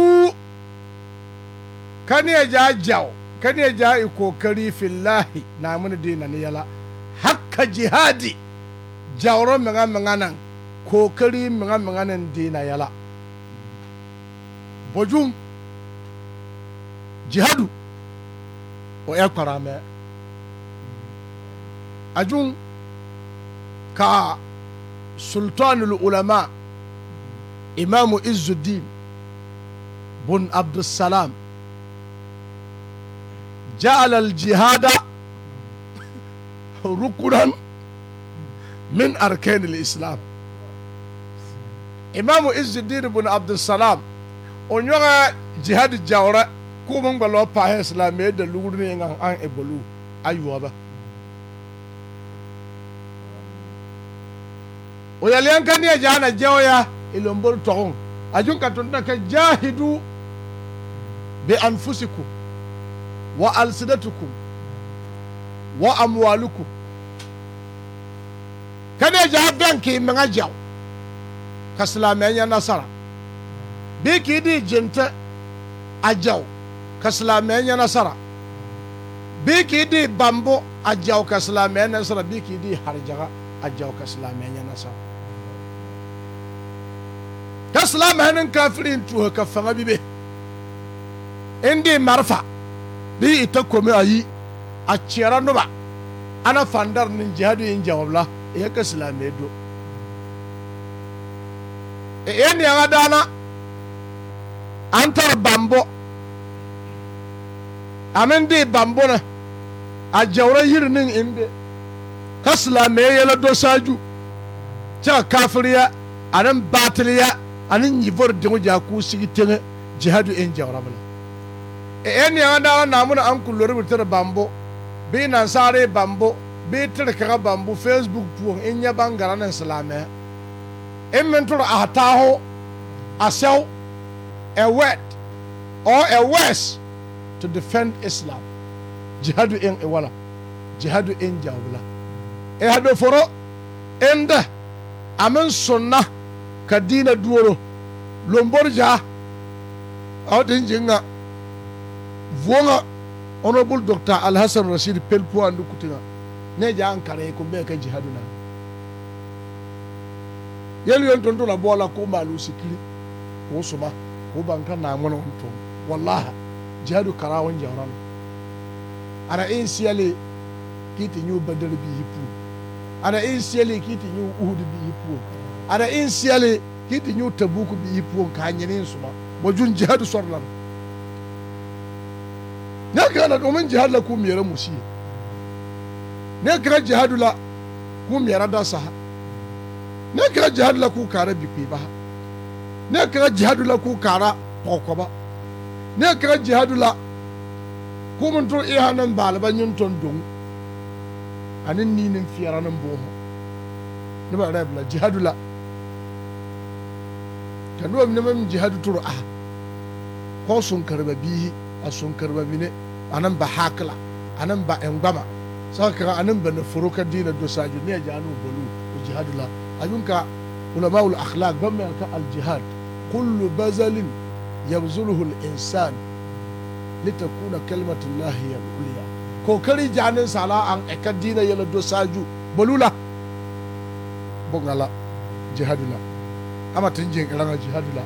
kane ja jaw ya ja i kokari fillahi na mun dina ne yala hakka jihadi jawro manga manga nan kokari manga manga nan dina yala bojum jihadu o ya kwara me ajun ka sultanul ulama imaamu izudin bun abdulsalam jaala aljihada rukunan min arkani lislam imaamu izudin bun abdulsalam o nyɔge jihadi jawre kuu meŋ gba lɔɔ paahɛ islaamee da lugri ne eŋa aŋ e boluu ayuoba o yɛlɛn ka neɛ gyaa na jɛo ya ilombol togon a jon ka ton ka jahidu bi anfusikum wa alsidatukum wa amwalukum kada ja yang ki manga jaw ka nasara bi ki di jinta a jaw ka nasara bi ki di bambo a jaw ka nasara bi ki di harjaga a jaw ka nasara ka silamahi ni kafiri n tuho ka faŋa bibe n de marifa di ita komi ayi a kyeɛra noba ana fandar ni jihadu yin jawabla iya ka silamahi do e, iya niyaŋa daana an tara bambo amin de bambo na a jawra yiri nin inde ka silamahi yɛlɛ do saaju kyɛ ka kafiriya ane baatiliya ane nyibor deŋo gyaa k'o sigi teŋɛ jihadu en jawrabla e en yaŋa daala naamuna an ku lori tere bambo bee nansaare bambo bee tere kaŋa bambo facebook puoŋ en nyɛ baŋ gara ne silaamɛɛ en meŋ tore aha taaho a sɛo a word or a words to defend islam jihadu en e wala jihadu en jawbla e hado foro en de amen sunna Ka kadina duoro ja, lomborja awtin jinga vuonga honorable dr alhassan rashid pelpo andu kutinga ne ja an kare ko be ka jihaduna yelu yon tonto la bola ko malu sikiri ko suma ko banka na ngwana onto wallahi jihadu karawon jawran ana in siyale kiti nyu badar bi hipu ana in siyale kiti nyu uhud bi hipu Ada in siyale kiti nyu tabuku bi ipuon kanyenin suma jun jihadu sorlan ne kana domin jihad la ku miyara musi ne kana jihadu la ku miyara da saha ne kana jihadu la ku kara bikwi ba ne kana jihadu la ku kara poko ba ne kana jihadu la ku mun tur iya nan balban nyun ton don anin ni nin fiyara nan boho ne ba rabla jihadu la ka noba mine maŋ gyihadi toro aha kɔɔ sonkareba biihi a sonkareba mine anaŋ ba haakila anaŋ ba ɛŋgbama saka kaŋa anaŋ ba naforo ka diina do saajo neɛ gyaa ne o boluu o gyihadi la a yuŋ ka ulamaul akhlaq ba mɛŋ ka aljihad kullu bazalin yabzuluhu linsan litakuna kalimatullahi hiya luliya kokari gyaa nensaala aŋ ɛ diina yɛlɛ do saaju bolu la boŋa la jihadi la ama tin je garan jihadu la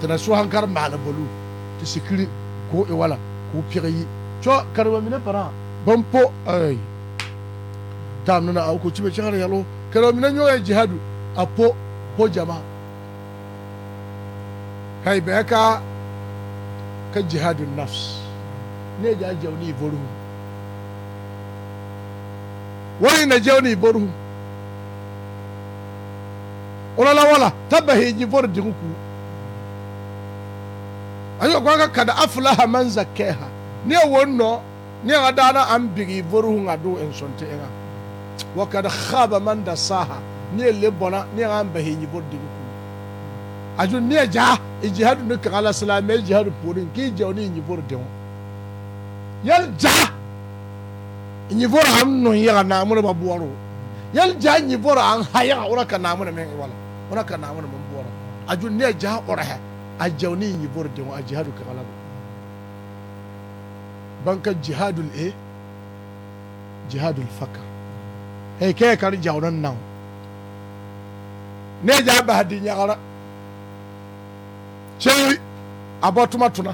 tɩ na so sãn ka d bolu tɩ sikiri k'o e wala k'o pɛg yi karwa karema mine parã bãn po ay taam na a ko tɩ be chara yalo karwa mine yõga e jihadu apo po jama hay bɩa ka ka jihadu nafs ne ja jawni boru wani na jɛu ne y boruhu wala wala tabahi jibor dinku ayo kwa ka kada aflaha man zakkaha ne wonno ne ada na an bigi boru hunga do en sonte ha. wa kada khaba man da saha ne le bona ne an bahi jibor dinku ajo ne ja ijihadu ne kala salame ijihadu porin ki je oni jibor dinku yal ja nyibor ham no yaga na amuna babuwaro yel ja nyi bora an ha ya ora ka namu ne men wala ora ka namu ne men bora aju ne ja ora ha ajau ni nyi bora de wa jihadu ka wala banka jihadul e jihadul faka he ke kar jawran nan ne ja ba di nyagara chewi abotuma tuna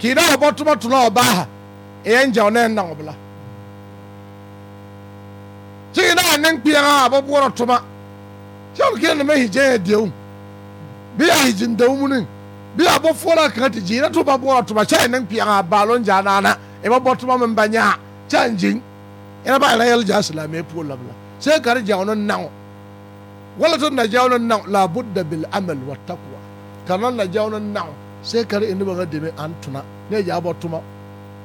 kida abotuma tuna oba ha e njaw nan obla nenkpeɛŋa a ba boɔrɔ toma kyɛl kɩ neme sɩ gyɛyã deou bɩ yaa sɩ gyim deu munin bɩ yaa bɔ fuola kaŋa tɩ gyiinã tɩ ba boɔrɔ toma kyɛ y nenkpeɛŋa a baaloŋ gyaa naana y ba bɔ toma meŋ ba nyãa kyɛ n gyiŋ yẽna ba yɛra yɛl gyaa silaamɛ puo la bla sẽn ka tɩ gyao ne naŋo wala tɩ na gyao ne naŋo la budda bil amal wa taqwa ka na na gyao ne naŋo sẽn deme an ne y yaa toma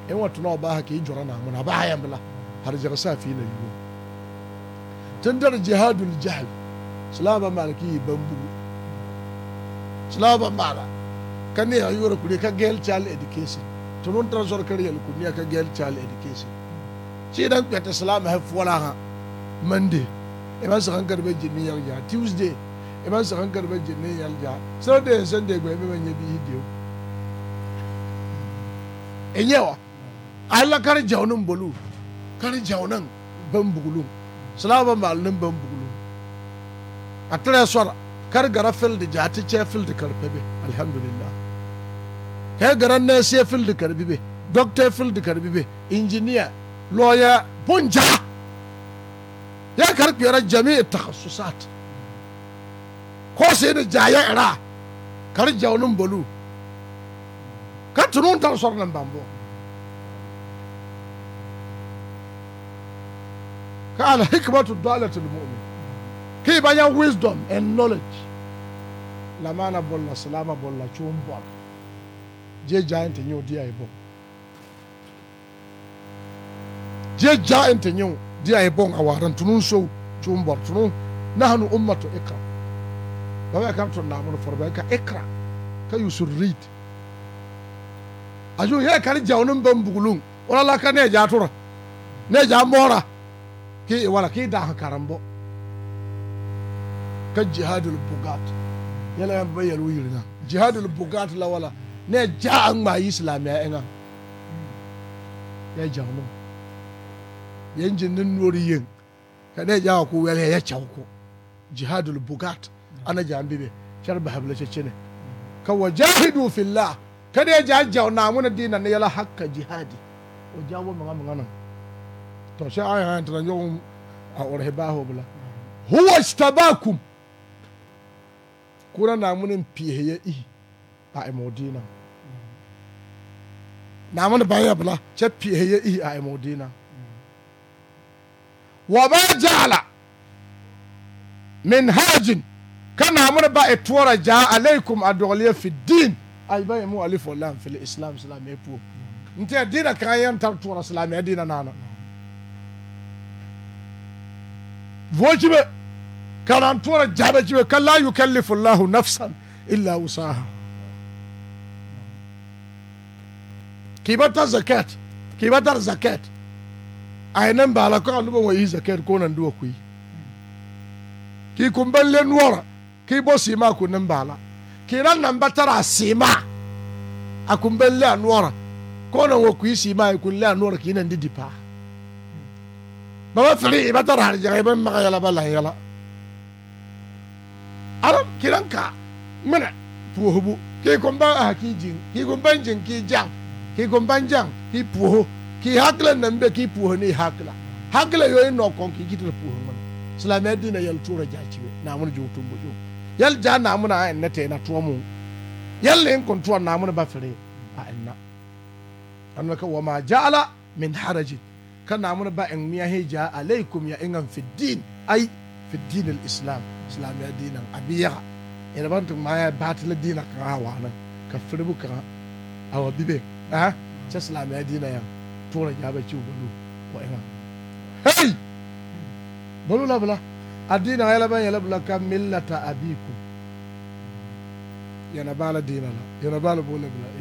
y wa tʋna wa baasa kɩ y jɔra naaŋmena a baasa yãmb la har yuo dar jihadul jahl silaba maliki bambu silaba mara kan ya yura kuri ka girl child education tunun tarzor sor kar yel kunya ka girl child education shi dan ka silama ha fuwala ha monday iman su kan karbe jinni yalja tuesday iman su kan karbe jinni yar ya saturday and sunday gbe biyu manye bi in yawa a kar jaunin bolu kar ban bambulun silaba maal nin ban bugulu a tira sɔra kar gara fildi jaati cɛ fildi karpe be alhamdulillah kɛ gara nɛɛsiɛ fildi karbi be dɔkta fildi karbi be injiniya lɔya bonjaga ya kar kpɛra jami'i takhasusat kɔɔsi ni jaaya era kar jawnin bolu ka tunun tar sɔr nan ban bɔ kala hikmatu dalat almu'min k'i ba ya wisdom and knowledge lamana bolla salama bolla chum bolla je giant nyu di ay bon je giant nyu di ay bon awaran tunun so chum bor tunun nahnu ummatu ikra baba kam tun na mun forba ka ikra ka you should read ajo ya kar jawnun ban bugulun wala la ka ne ja tura ne ja ke wala ke da ha karambo ka jihadul bugat yana yan bayyal wuyirna jihadul bugat la wala ne ja an ma islamiya ina ya jamu yan jinnin nori yin ka ne ja ko wala ya chauko jihadul bugat ana jambi be sharba habla cece ne ka wajahidu fillah ka ya ja jaw na mun dinan ne yala hakka jihadi o jawo mun mun to sai aya nan tana yau a urhibahu bula huwa istabakum kuna na munin piheye i a imodina na mun baya bula ce piheye i a imodina wa ba ja'ala min hajin kana mun ba e tuwara ja alaikum adogaliya fi din ay ba mu alif wallam fil islam islam e pu ntia dina kan yan tar tuwara islam e dina nana vojibe karantuwar jaɓe jibe kan la yukallifu llahu nafsan illa wusaha kibatar zakat kibatar zakat ayenan baala ko anuba wa yi zakat ko nan duwa kuyi ki kumban len wora ki bo sima ku nan baala ki ran nan batara sima a kumban le ko nan wa kuyi sima ku le anuwara ki nan didi paa baba fili iba tara harjaga iba magayala ba lahyala aram kilanka mana puohobu ki kumban aha ki jin ki kumban jin ki jang ki kumban jang ki puoho ki hakla nambe ki puoho ni hakla hakla yoyi nokon ki kitar puoho mana islamiyya dina yal tura jaciwe na mun jo tumbo jo yal ja na mun a enna te na tuomu yal kun tuwa na ba fili a enna annaka wa ma ja'ala min harajin kana mun ba in miya heja alaikum ya ingan fi din ai fi din islam islam ya dinan abiya ina ban tun ma ya batila dinan kan hawa nan ka firbu kan awa bibe ha ta islam ya dinan ya tura ya ba ci bulu wa ina hey bulu la bula adina ya laban ya labula ka millata abikum yana bala dinala yana bala bula bula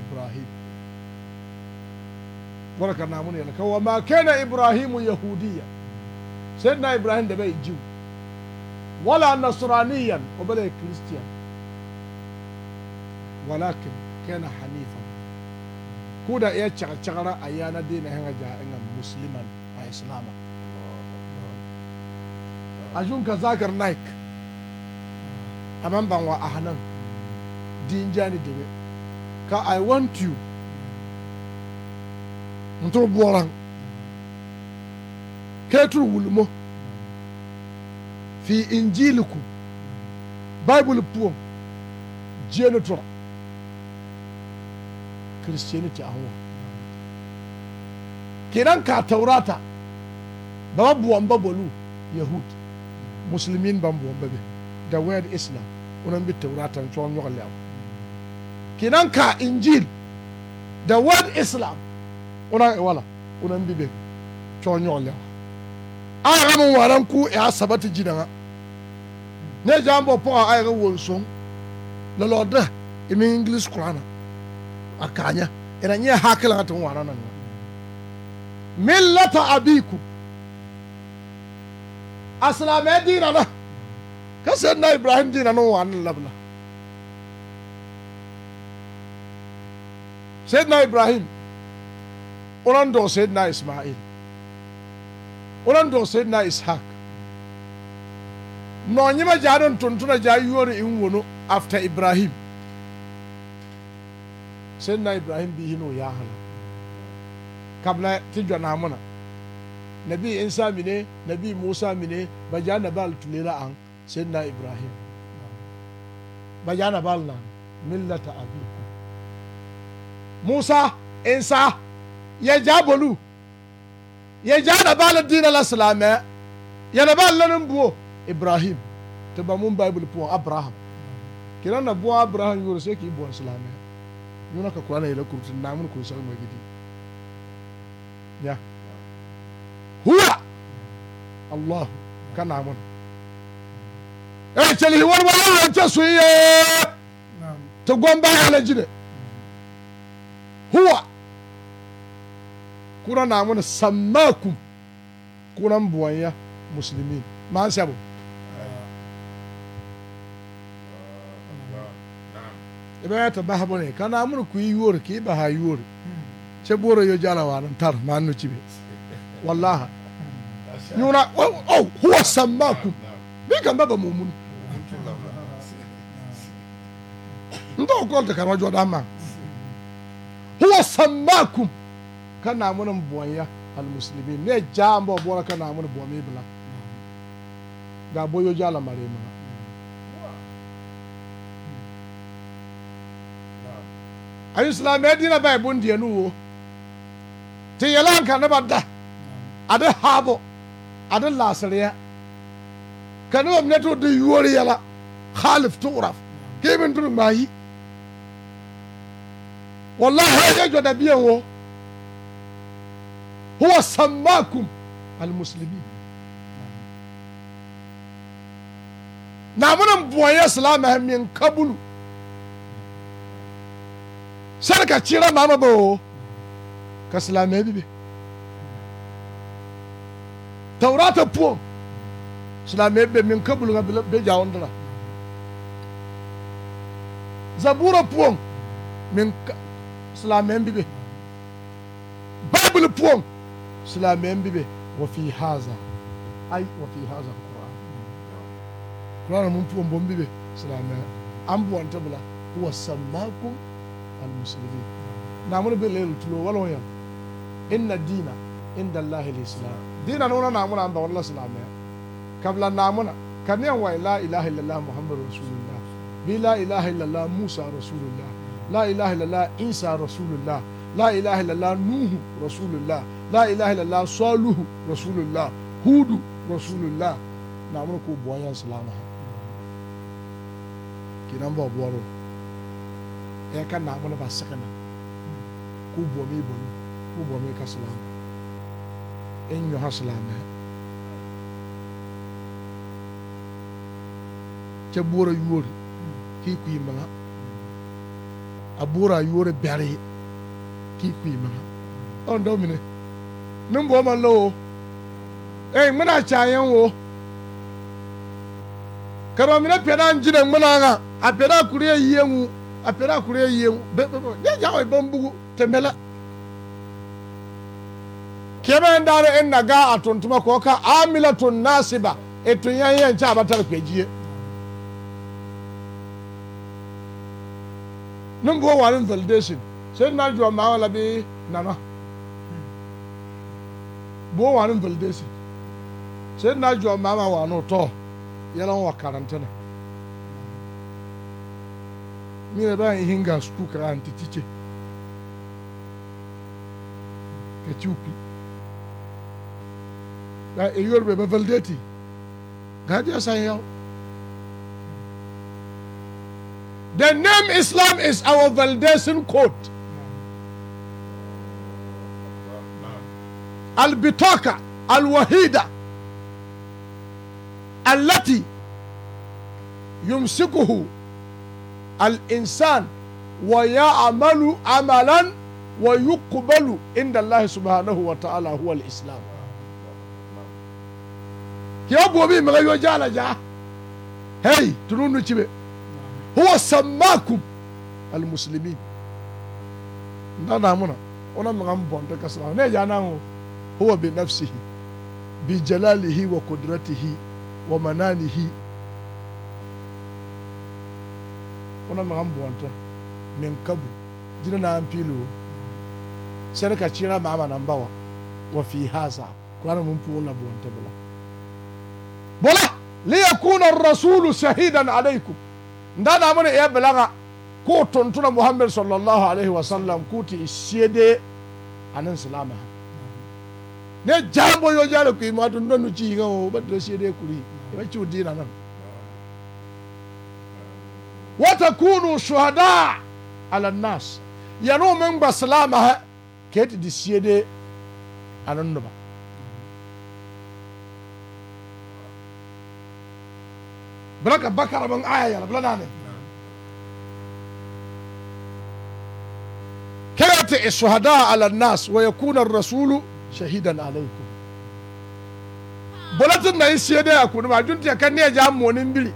baraka na mun yana kawo ma kana ibrahimu yahudiyya sayyidina ibrahim da bai jiw wala nasraniyan wa bala christian walakin kana hanifan ko da iya cakacara a yana dina hanga ja ina musliman a islama ajun ka zakar nike amman ban wa ahnan din jani debe ka i want you ntoro boɔraŋ keeturu wulmo fii injiiliku baibul puo gyie ne tora christianity ahoɔ kenan ka ba baba buwan ba bolu yahud musulmin ban buwan ba be da wayar islam unan bi taurata tsohon yawon kenan ka injil da wayar islam ona e wala ona mbibe cho nyonya aga mun waran ku e asabati jidanga ne jambo po aga wonson la loda imi english qur'ana akanya ina e nye hakila atun waran nan millata abiku aslame nana na kasan na ibrahim dina no wan labna sayyidina ibrahim Oran dɔɔ na Ismail. Oran na Ishak na Nɔɔnyima gyaa ne tontona gyaa yuori in wono after Ibrahim. na Ibrahim bihi ne o yaahana. Kabla na jɔ naamuna. Nabi Insa mine, na Nabi Musa mine, ba na tule la an, aŋ na Ibrahim. Ba gyaa Nabal naŋ millata abikum. Musa, Insa, yɛgyaa bolu yɛgyaa na baala diina la silaamɛ yɛna baala la nin buo ibrahim ti ba mun bible poɔ abraham kina na buo abraham yoro se k'i bɔn silaamɛ yɔrɔ ka kura na yɛlɛ kurutu naamu kuru sɛbɛn ma gidi ya huwa allah ka naamu ɛ kyɛlihi wari wari wari kyɛ sun yɛ ti gɔn baa yɛ ji dɛ huwa kuna na mun sammakum kuna buwanya muslimin ma sabu ibe ya ta baha bone kana mun ku yiwor ki baha yiwor ce boro yo jala wa nan tar ma nu cibe wallahi yuna oh, oh huwa sammakum bi kan baba mumun ndo ko ta karajo dama huwa sammakum ka naamuni n bɔnya almuslimin ne jaa n bɔ bɔra ka naamuni bɔmi bila daa bo yoja la mare ma ayi silamɛ dina ba ye bondiɛnu wo te yɛlɛn ka noba da ade haabo ade laasiriya ka noba mine te de yuori yɛla halif tugraf kee meŋ turu ŋmaa yi wallahi ye jɔ da biyen wo huwa samakum almuslimin na muna buwanye silama min kabulu sani ka cira mama ba o ka silama bibe taurata puo silama bibe min kabulu ka be jawon dira zabura puo min silama bibe bible puo silamɛn bebe wa fi haza ai wa fi haza qur'an qur'an mun puwan bon bebe silamɛn an buwan ta bula huwa sammakum almuslimin muslimin na mun be lelu tulo wala ya inna dina inda allah al dina nona na mun an ba wala silamɛn kabla na mun kan yan wa la ilaha illallah muhammadur rasulullah bi la ilaha illallah musa rasulullah la ilaha illallah isa rasulullah la ilaha illallah nuhu rasulullah la ilaha illallah salihu rasulullah hudu rasulullah na amuna ko bua yɛ silama kinan bɔ bɔro yɛ ka na amuna ba sɛgɛna ko bua mi bɔ mi ko bua mi ka silama e nyɔ ha silama kyɛ buoro yuori k'i kui maŋa a yuori bɛri k'i kui maŋa ɔn dɔ nimbo man lo eh muna chayen wo kaba mina pena njine muna nga apena kuriye yengu apena kuriye a be be ya jawe bambugu temela kebe ndare en a atontuma ko ka tun nasiba etun yan a cha abatar kwejie nimbo warin validation sai na juwa mawala bi nana boo waanu validation sayyidina John maama waanu tɔ yɛlɛn wa karantɛna mi yɛrɛ bɛn hinga sukuu kan an ti ti tse ka tiw pi nka eyi yɛrɛ bɛ bɛ validate gaajiya san yaw. The name Islam is our validation code. البطاقة الوحيدة التي يمسكه الإنسان ويعمل عملا ويقبل عند الله سبحانه وتعالى هو الإسلام يبو بي مغا يوجانا جا هاي تنونو تشبه هو سماكم المسلمين نانا منا ona mga mbonde kasra ne jana ngo huwa binafsihi bijalalihi wa kudratihi wa mananihi ona maga bõonta meŋ kabu dina na n piilo ka kyeera mama naŋ wa wa fii haza kurana mun puun la bala bela bola liyakuna rasulu shahidan alaykum nda naamune eɛ belaga k'o tontuna muhammad sallallahu alaihi wasallam k'u ti i siede ne jambo yo jalo ki ma tun donu ci ga o baddo shi de kuri e ba ci udina nan wa takunu shuhada ala nas ya no men ba salama ha ke ti shi de anan ba blaka bakara ban aya ya blana ne kagata shuhada ala nas wa yakuna ar-rasulu shahidan alaikum bulletin na sie dɛ akunu ma adwene teɛ kɛ ne agya mmonin biri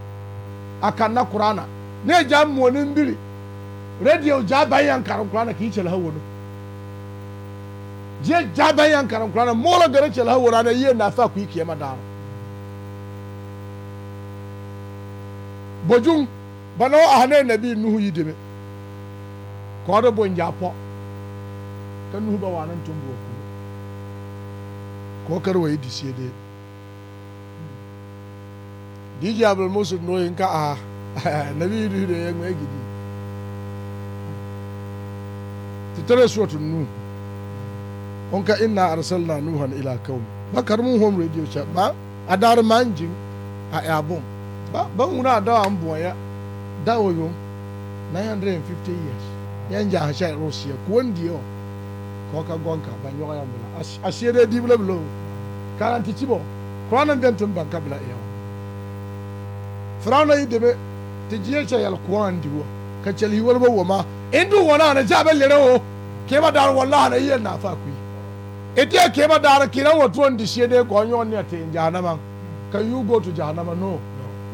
akanna kurana ne agya mmonin biri radio gya ban yɛ nkara kurana k'i kyɛlɛ ha wɔ no gye gya ban yɛ nkara kurana mɔɔlɔ gɛrɛ kyɛlɛ ha wɔ no ana yie nafa k'i kiyɛ daara bojum bana wɔ ahane nabi nuhu yi deme kɔɔ de bo nyaapɔ ka nuhu ba waa ne ntombo. kɔɔkare wɔ yi disie dai dj abdulmusud musul yi ka a nabi yi duhi de yɛ ŋmɛ gidi su suwatu nu onka inna na nuhan ila kawmi bakar mun hom radio cha ba adar manjin a yabon ba ban wuna adawa an buwaya dawo yo 950 years yan jahashai rossiya. kuwan diyo k'o ka gɔn k'a ban ɲɔgɔnya mun na a seere di bile bile o k'an ti ci bɔ kuranɛ den tun ban ka bila e yɛrɛ firawuna yi dɛmɛ ti diɲɛ cɛ yɛlɛ kuran di wa ka cɛli walima wo ma in dun wɔna ani jaa bɛ lere o k'eba daara wala ani i ye nafa kun ye i tɛ k'eba daara k'ira wɔ tuwon di de k'o ɲɔgɔn ne ten jahanama ka you go to jahanama no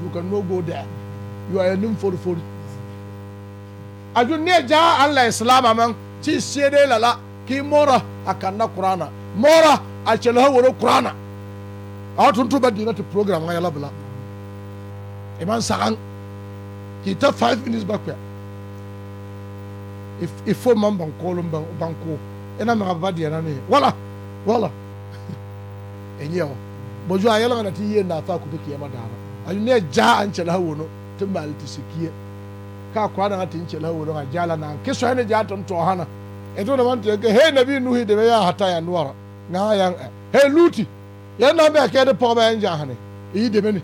you can no go there you are a nimforifori a dun ne jaa an la islam a man ci seere la la kii mora a kanna mora a kyɛlɛ ha woro qur'ana a wa tuntum ba diina ti program ŋa yɛlɛ bila i man sagan k'i ta five minutes ba kpɛ i fo man ban koolum ban ban ko i na maga ba deɛna ne wala wala e nyɛ wa bojo a yɛlɛ ŋa na ti yie naafa kutu kiyɛma daara a yi ne jaa an kyɛlɛ ha wono ti maali ti sikie kaa qur'ana ŋa ti n kyɛlɛ ha wono ŋa jaa la naan kisɔɛ ne jaa tontɔɔ hana ɛnti na wante ɛnka hei nabi nuhi de bɛyɛ ahata yɛ noɔra ŋaa yɛn ɛ hei luti yɛn na bɛɛ kɛɛ de pɔgɔ bɛɛ ŋgyaa hane eyi deme ni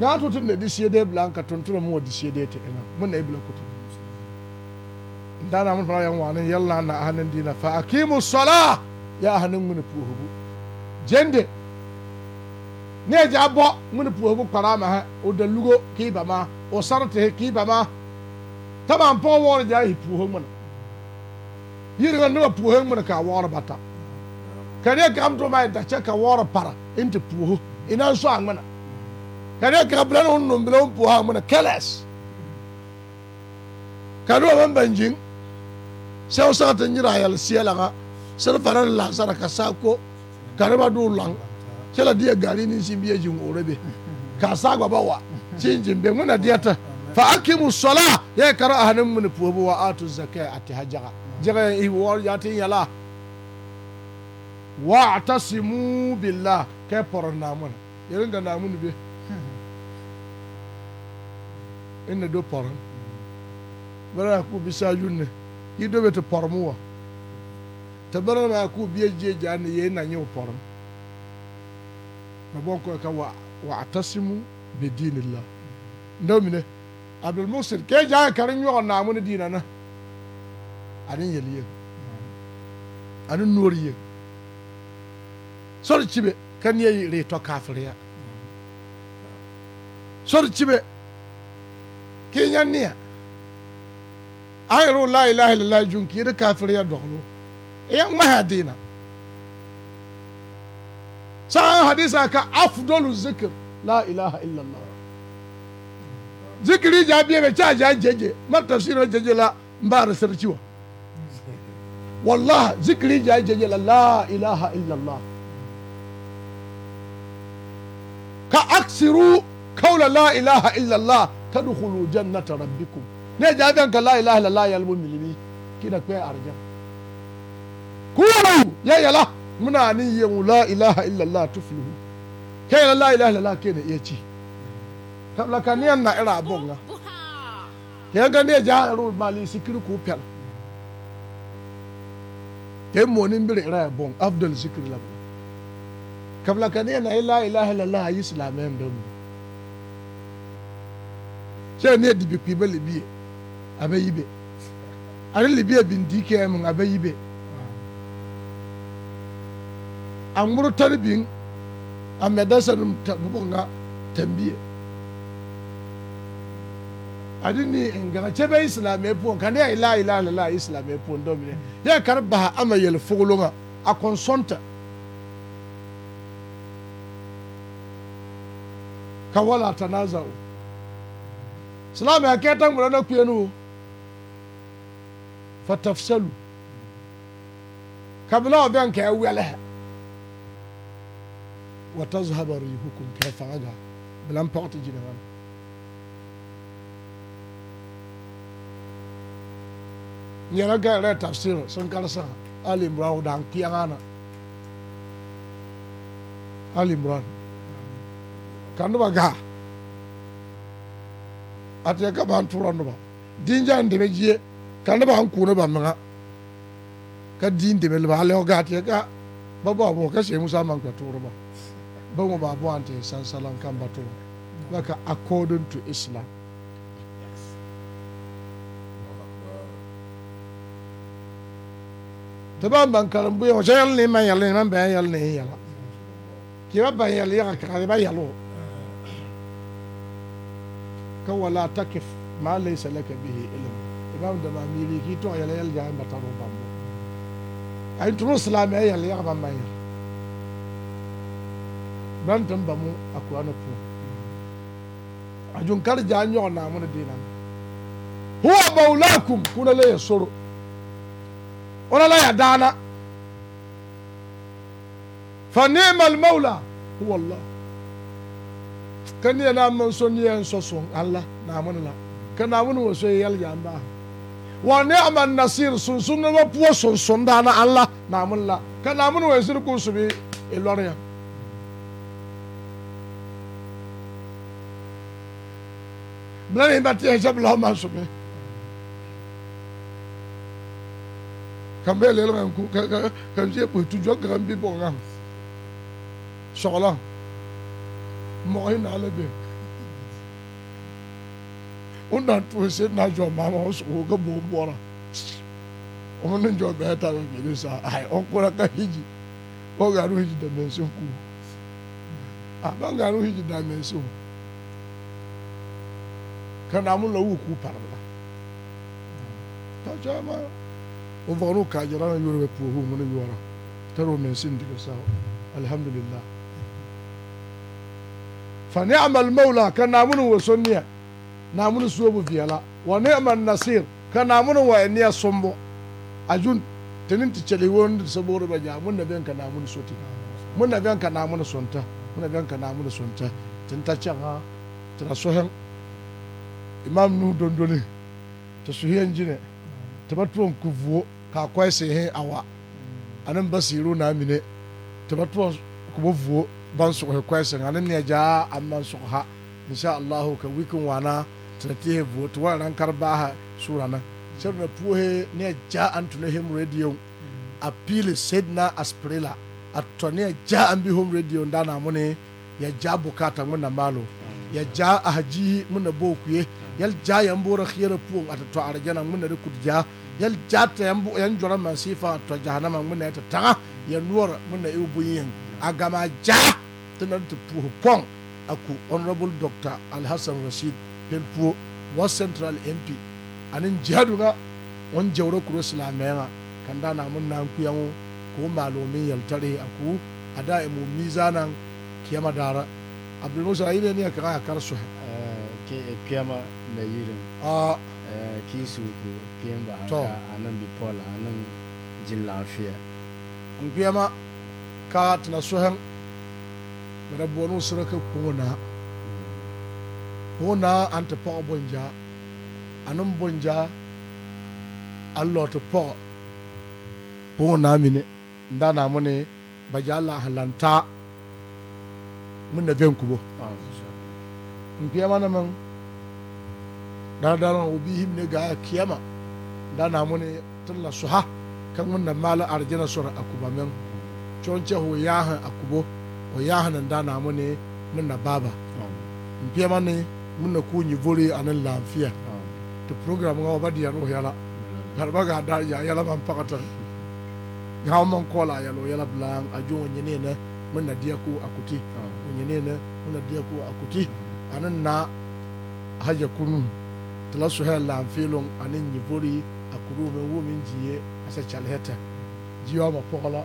ŋaa to te na de sie de bila nka tontoro mu wɔ de sie de te ɛna mo na ebile koto ndana mo fana yɛn waane yɛn lan na ahane di na fa akimu sɔlaa yɛ ahane ŋmene puohobu gyende ne yɛ gyaa bɔ ŋmene puohobu kparaa ma ha o da lugo kii ba ma o sari tehe kii ba ma taban pɔgɔ wɔɔre gyaa yi puoho ŋmene yiriŋa noba puohe ŋmene ka a wɔɔre ba ta ka neɛ kaŋ toma e da kyɛ ka wɔɔre para eŋ te puoho e naŋ sɔ a ŋmene ka neɛ kaŋ bela ne ho nom bela ho puoho a ŋmene kɛlɛs ka noba baŋ baŋ gyiŋ sɛo sãã te nyerɛ a yɛl seɛ laŋa selfara ne lansara ka saa ko ka noba doo lɔŋ kyɛ la deɛ gaari ne simbie gyiŋ oore be ka a saa gba ba wa kyeŋ gyiŋ be ŋmena deɛ te fa akimu sɔlaa yɛ kara aha ŋmene puoho wa aatu zakaa a teha jẹ́gẹ́ ìwọ yàtí yàlá wa atasimu billah kẹ́ pọ̀rọ̀ nàmú na yẹ́rẹ́ nga nàmú ni bi? ẹ̀ do pọ̀rọ̀ bẹ́rẹ̀ k'u bisá yu ne yí do bẹ́ ti pɔrɔ mu wa tẹ bẹ́rẹ̀ na kú bíyẹ́ je ja ni yẹ́ na nyẹ́ pɔrɔ. na bọ́n kɔɛ e ka wa wa atasimu bi diinillah ndọ́ mine abdulmusir kẹ́ jà e kari yọ̀ nàmú ni diina na. ane yeli yek ane nuori yek sori chibe ka neɛ ree tɔ kaafiria sori chibe ka nyɛ neɛ a yɛrɛ o laa ilaha illallah jun k'i yɛrɛ kaafiria dɔgɔlo e yɛ ŋmahi a diina saa hadisa ka afdolu zikir la ilaha illallah zikiri jaa bie bɛ kyaa jaa jeje ma tafsiro la n baara sɛrɛ ci wa wallahi zikiri jẹ́ jẹjẹ la ilaha illallah ka aksiru kawla la ilaha illallah tadkhulu jannata rabbikum ne jẹ́ abẹ́ nǹkan la ilaha illallah yẹ lómi lèmi kí na pẹ́ àrùjá kúrò yẹ yẹla muna ni yẹn la ilaha illallah tuflihu kẹ́yìn la ilaha illallah kẹ́yìn na iya ci ni yẹn ira abọ́ nga ga ne jẹ́ àrùn mali sikiri kú pẹ̀lú yemma wani bire ira bon afdal zikri labu kabla kan yana ila ilaha illallah ayi silamɛn bɛ mu kyɛ ne dibi kpi bɛ libie a yi be are libie bin di kɛɛ mu a yi be a tari bin a mɛ dɛsɛ nu bɔbɔ ŋa adi ne ngana kyɛ bɛ islamɛ poɔ nka ne yɛ ilaa ilaa ilaa islamɛ poɔ ndɔ mine yɛ kare baha ama yɛl foglo ŋa a kɔnsɔnta ka wala tanaza o silamɛ a kɛta ŋmɛrɛ na kuyɛ no fa tafsalu kabila o bɛn kɛ wɛlɛ wa tazhaba rihukum kɛ fanga bilan pɔgɔ ti jina ŋa yɛla gayɛla tafsir karsa Ali al da dan kpɛɛngã Ali imran ka noba ga. a tɩ ka ban n tʋʋra noba dĩngyã n deme jiye ka noba n kʋʋne ba meŋa ka din deme leba a ga gaa tɩ ka ba bɔ ka sɩe musa man ka tʋʋrɛ ba bãŋo baa bɔ a tɩ sansalan kan ba tʋʋra ba ka according to islam toban ban kala n buya wajan yɛli ni man yɛli ni man bɛn yɛli ni yɛla kiba ban yɛli yaga ka ba yɛlo ka wala takif ma laysa laka bihi ilm ibam da ma miri ki to yɛli yɛli jaga ba taro ban bo ay turu silamɛ yɛli yaga ban ban yɛli ban tun ba mu a kuran pu a junkar ja nyɔgɔn na mun dinan huwa maulakum kuna le ya soro ona la ya daana fa ni'ma al-mawla huwa Allah kaniya na man so niya so so Allah na mun la kana mun wo so yal ya ba wa ni'ma an-nasir sun sun na puo sun sun da na la kana mun wo sir ku su bi iloriya e ba ti ya jab la man so kan bɛɛ lɛlɛ kan ka ka kan se k'o e tu jɔ kan bi bɔ kan sɔgɔla mɔgɔ in n'ale bɛ o na to se na jɔ maa ma o sogo o ka bon o bɔra o ma ne jɔ bɛɛ ta bɛ jeli sa ayi o kora ka hiji o gari hiji dɛmɛ se ku a ba gari hiji dɛmɛ se o kana amu lɔ w'u k'u pari la tɔjɔ ma. o vaga n'o kaa jarana yorga puohu ŋuna yoora tara o meŋ sin diga sa alhamdulillah fa ni'ma almawla ka naamuni wa sonniya naamuni suobu viɛla wa ni'ma nasir ka naamuni wa niya neɛ sumbu a jun tinin ti kyɛli won di saboore ba nyaa mun na bɛn ka naamuni soti mun na bɛn ka naamuni sonta mun na bɛn ka naamuni sonta tin ta kyɛŋa tina sohɛŋ imam nuhu dondoni ti suhiyan jine tɩ ba ka kwai koɛɛsɩ sẽ awa anan ane ba siiru na a mine tɩ ba ban kʋ bo kwai ban anan ne ja neɛ gyaa ha insha Allah ka wikin wana tati he tɩ vuo tɩ karba ha sura na sai na puose he ne ja n tʋ ne radio a piili sedna asprela a tɔ neɛ gyaa a bi home radio daana mʋne ya ja bukata na malo ya ja gyaa ahajiisi ŋmẽna bookuye yal ja yan bora khiyara puong ata to arjana ngmuna de ja yal ja ta yan yan jora man sifa to jahannama ngmuna ta tanga ya nuor ngmuna e yin agama ja tunan to pu pon aku honorable doctor alhassan rashid pelpuo wa central mp anin jihadu ga on jawro kuro silamenga kanda na mun ku yan ko yal yaltare aku ada mu mizanan kiyama dara abdul musa ile ne ka kar suha kema ah. eh, na yirin a kisu ko kemba a nan bipola a nan jin lafiya in kema ka tana sohen mara bonu suraka kona kona an ta pɔgɔ bonja anan bonja an lɔti pɔgɔ kona mine n da na mune ba ja lahalanta mun na ben kubo ah. nkuyama na meŋ daadaraŋ o biihim ne gaa kiyama da namune tɩ la soha ka ŋmenda maala arjana sora a kuba meŋ tɔn kyɛ o yaahɛ a kubo o yaahɛ na da namune ŋmenda baaba nkuyama ne ŋmenda koo nyivore ane laafeɛ tɩ program ŋa wa ba deɛne o yɛla gareba gaa da ya yɛla maŋ pagɛ tɩ gaa maŋ kɔɔla a yɛla o yɛla belaaŋ a jo o nyenee ne ŋmenda deɛ ko a kuti o nyenee ne ŋmenda deɛ ko a kuti ane na haya kunu tala suhɛ laanfiiloŋ ane nyibori a kuru meŋ wo min jiye a sɛ kyalehɛtɛ gyiwa ma pɔgɔ la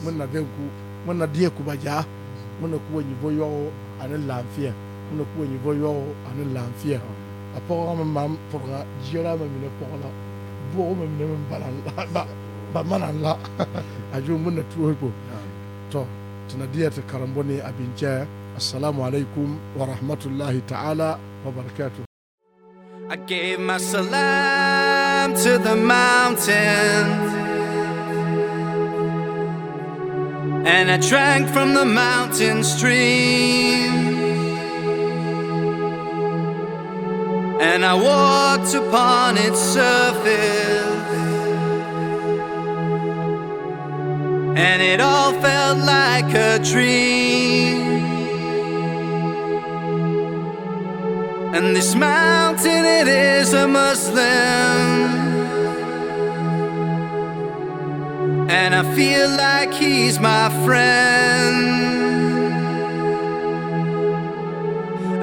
ŋmen na bɛnku ŋmen na deɛ kuba gyaa ŋmen na kuba nyibo yɔgo ane laanfeɛ ŋmen na kuba nyibo yɔgo ane laanfeɛ a pɔgɔ ma maŋ pɔgɔ gyiara ma mine pɔgɔ la buo ma mine meŋ banaŋ la ba ba manaŋ la a gyo ŋmen na tuohi ko tɔ tena deɛ te karemboni a biŋ kyɛɛ Assalamu alaikum wa rahmatullahi ta'ala wa barakatuh. I gave my salam to the mountain and I drank from the mountain stream. and I walked upon its surface, and it all felt like a dream. And this mountain, it is a Muslim. And I feel like he's my friend.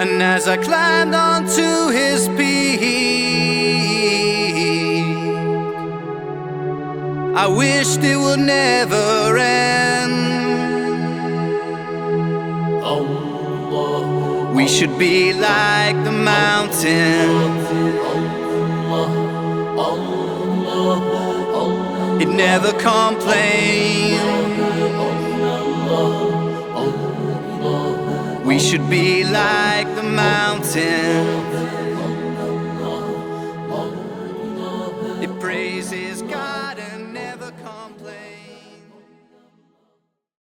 And as I climbed onto his peak, I wished it would never end. Allah. We should be like the mountain. It never complains. We should be like the mountain.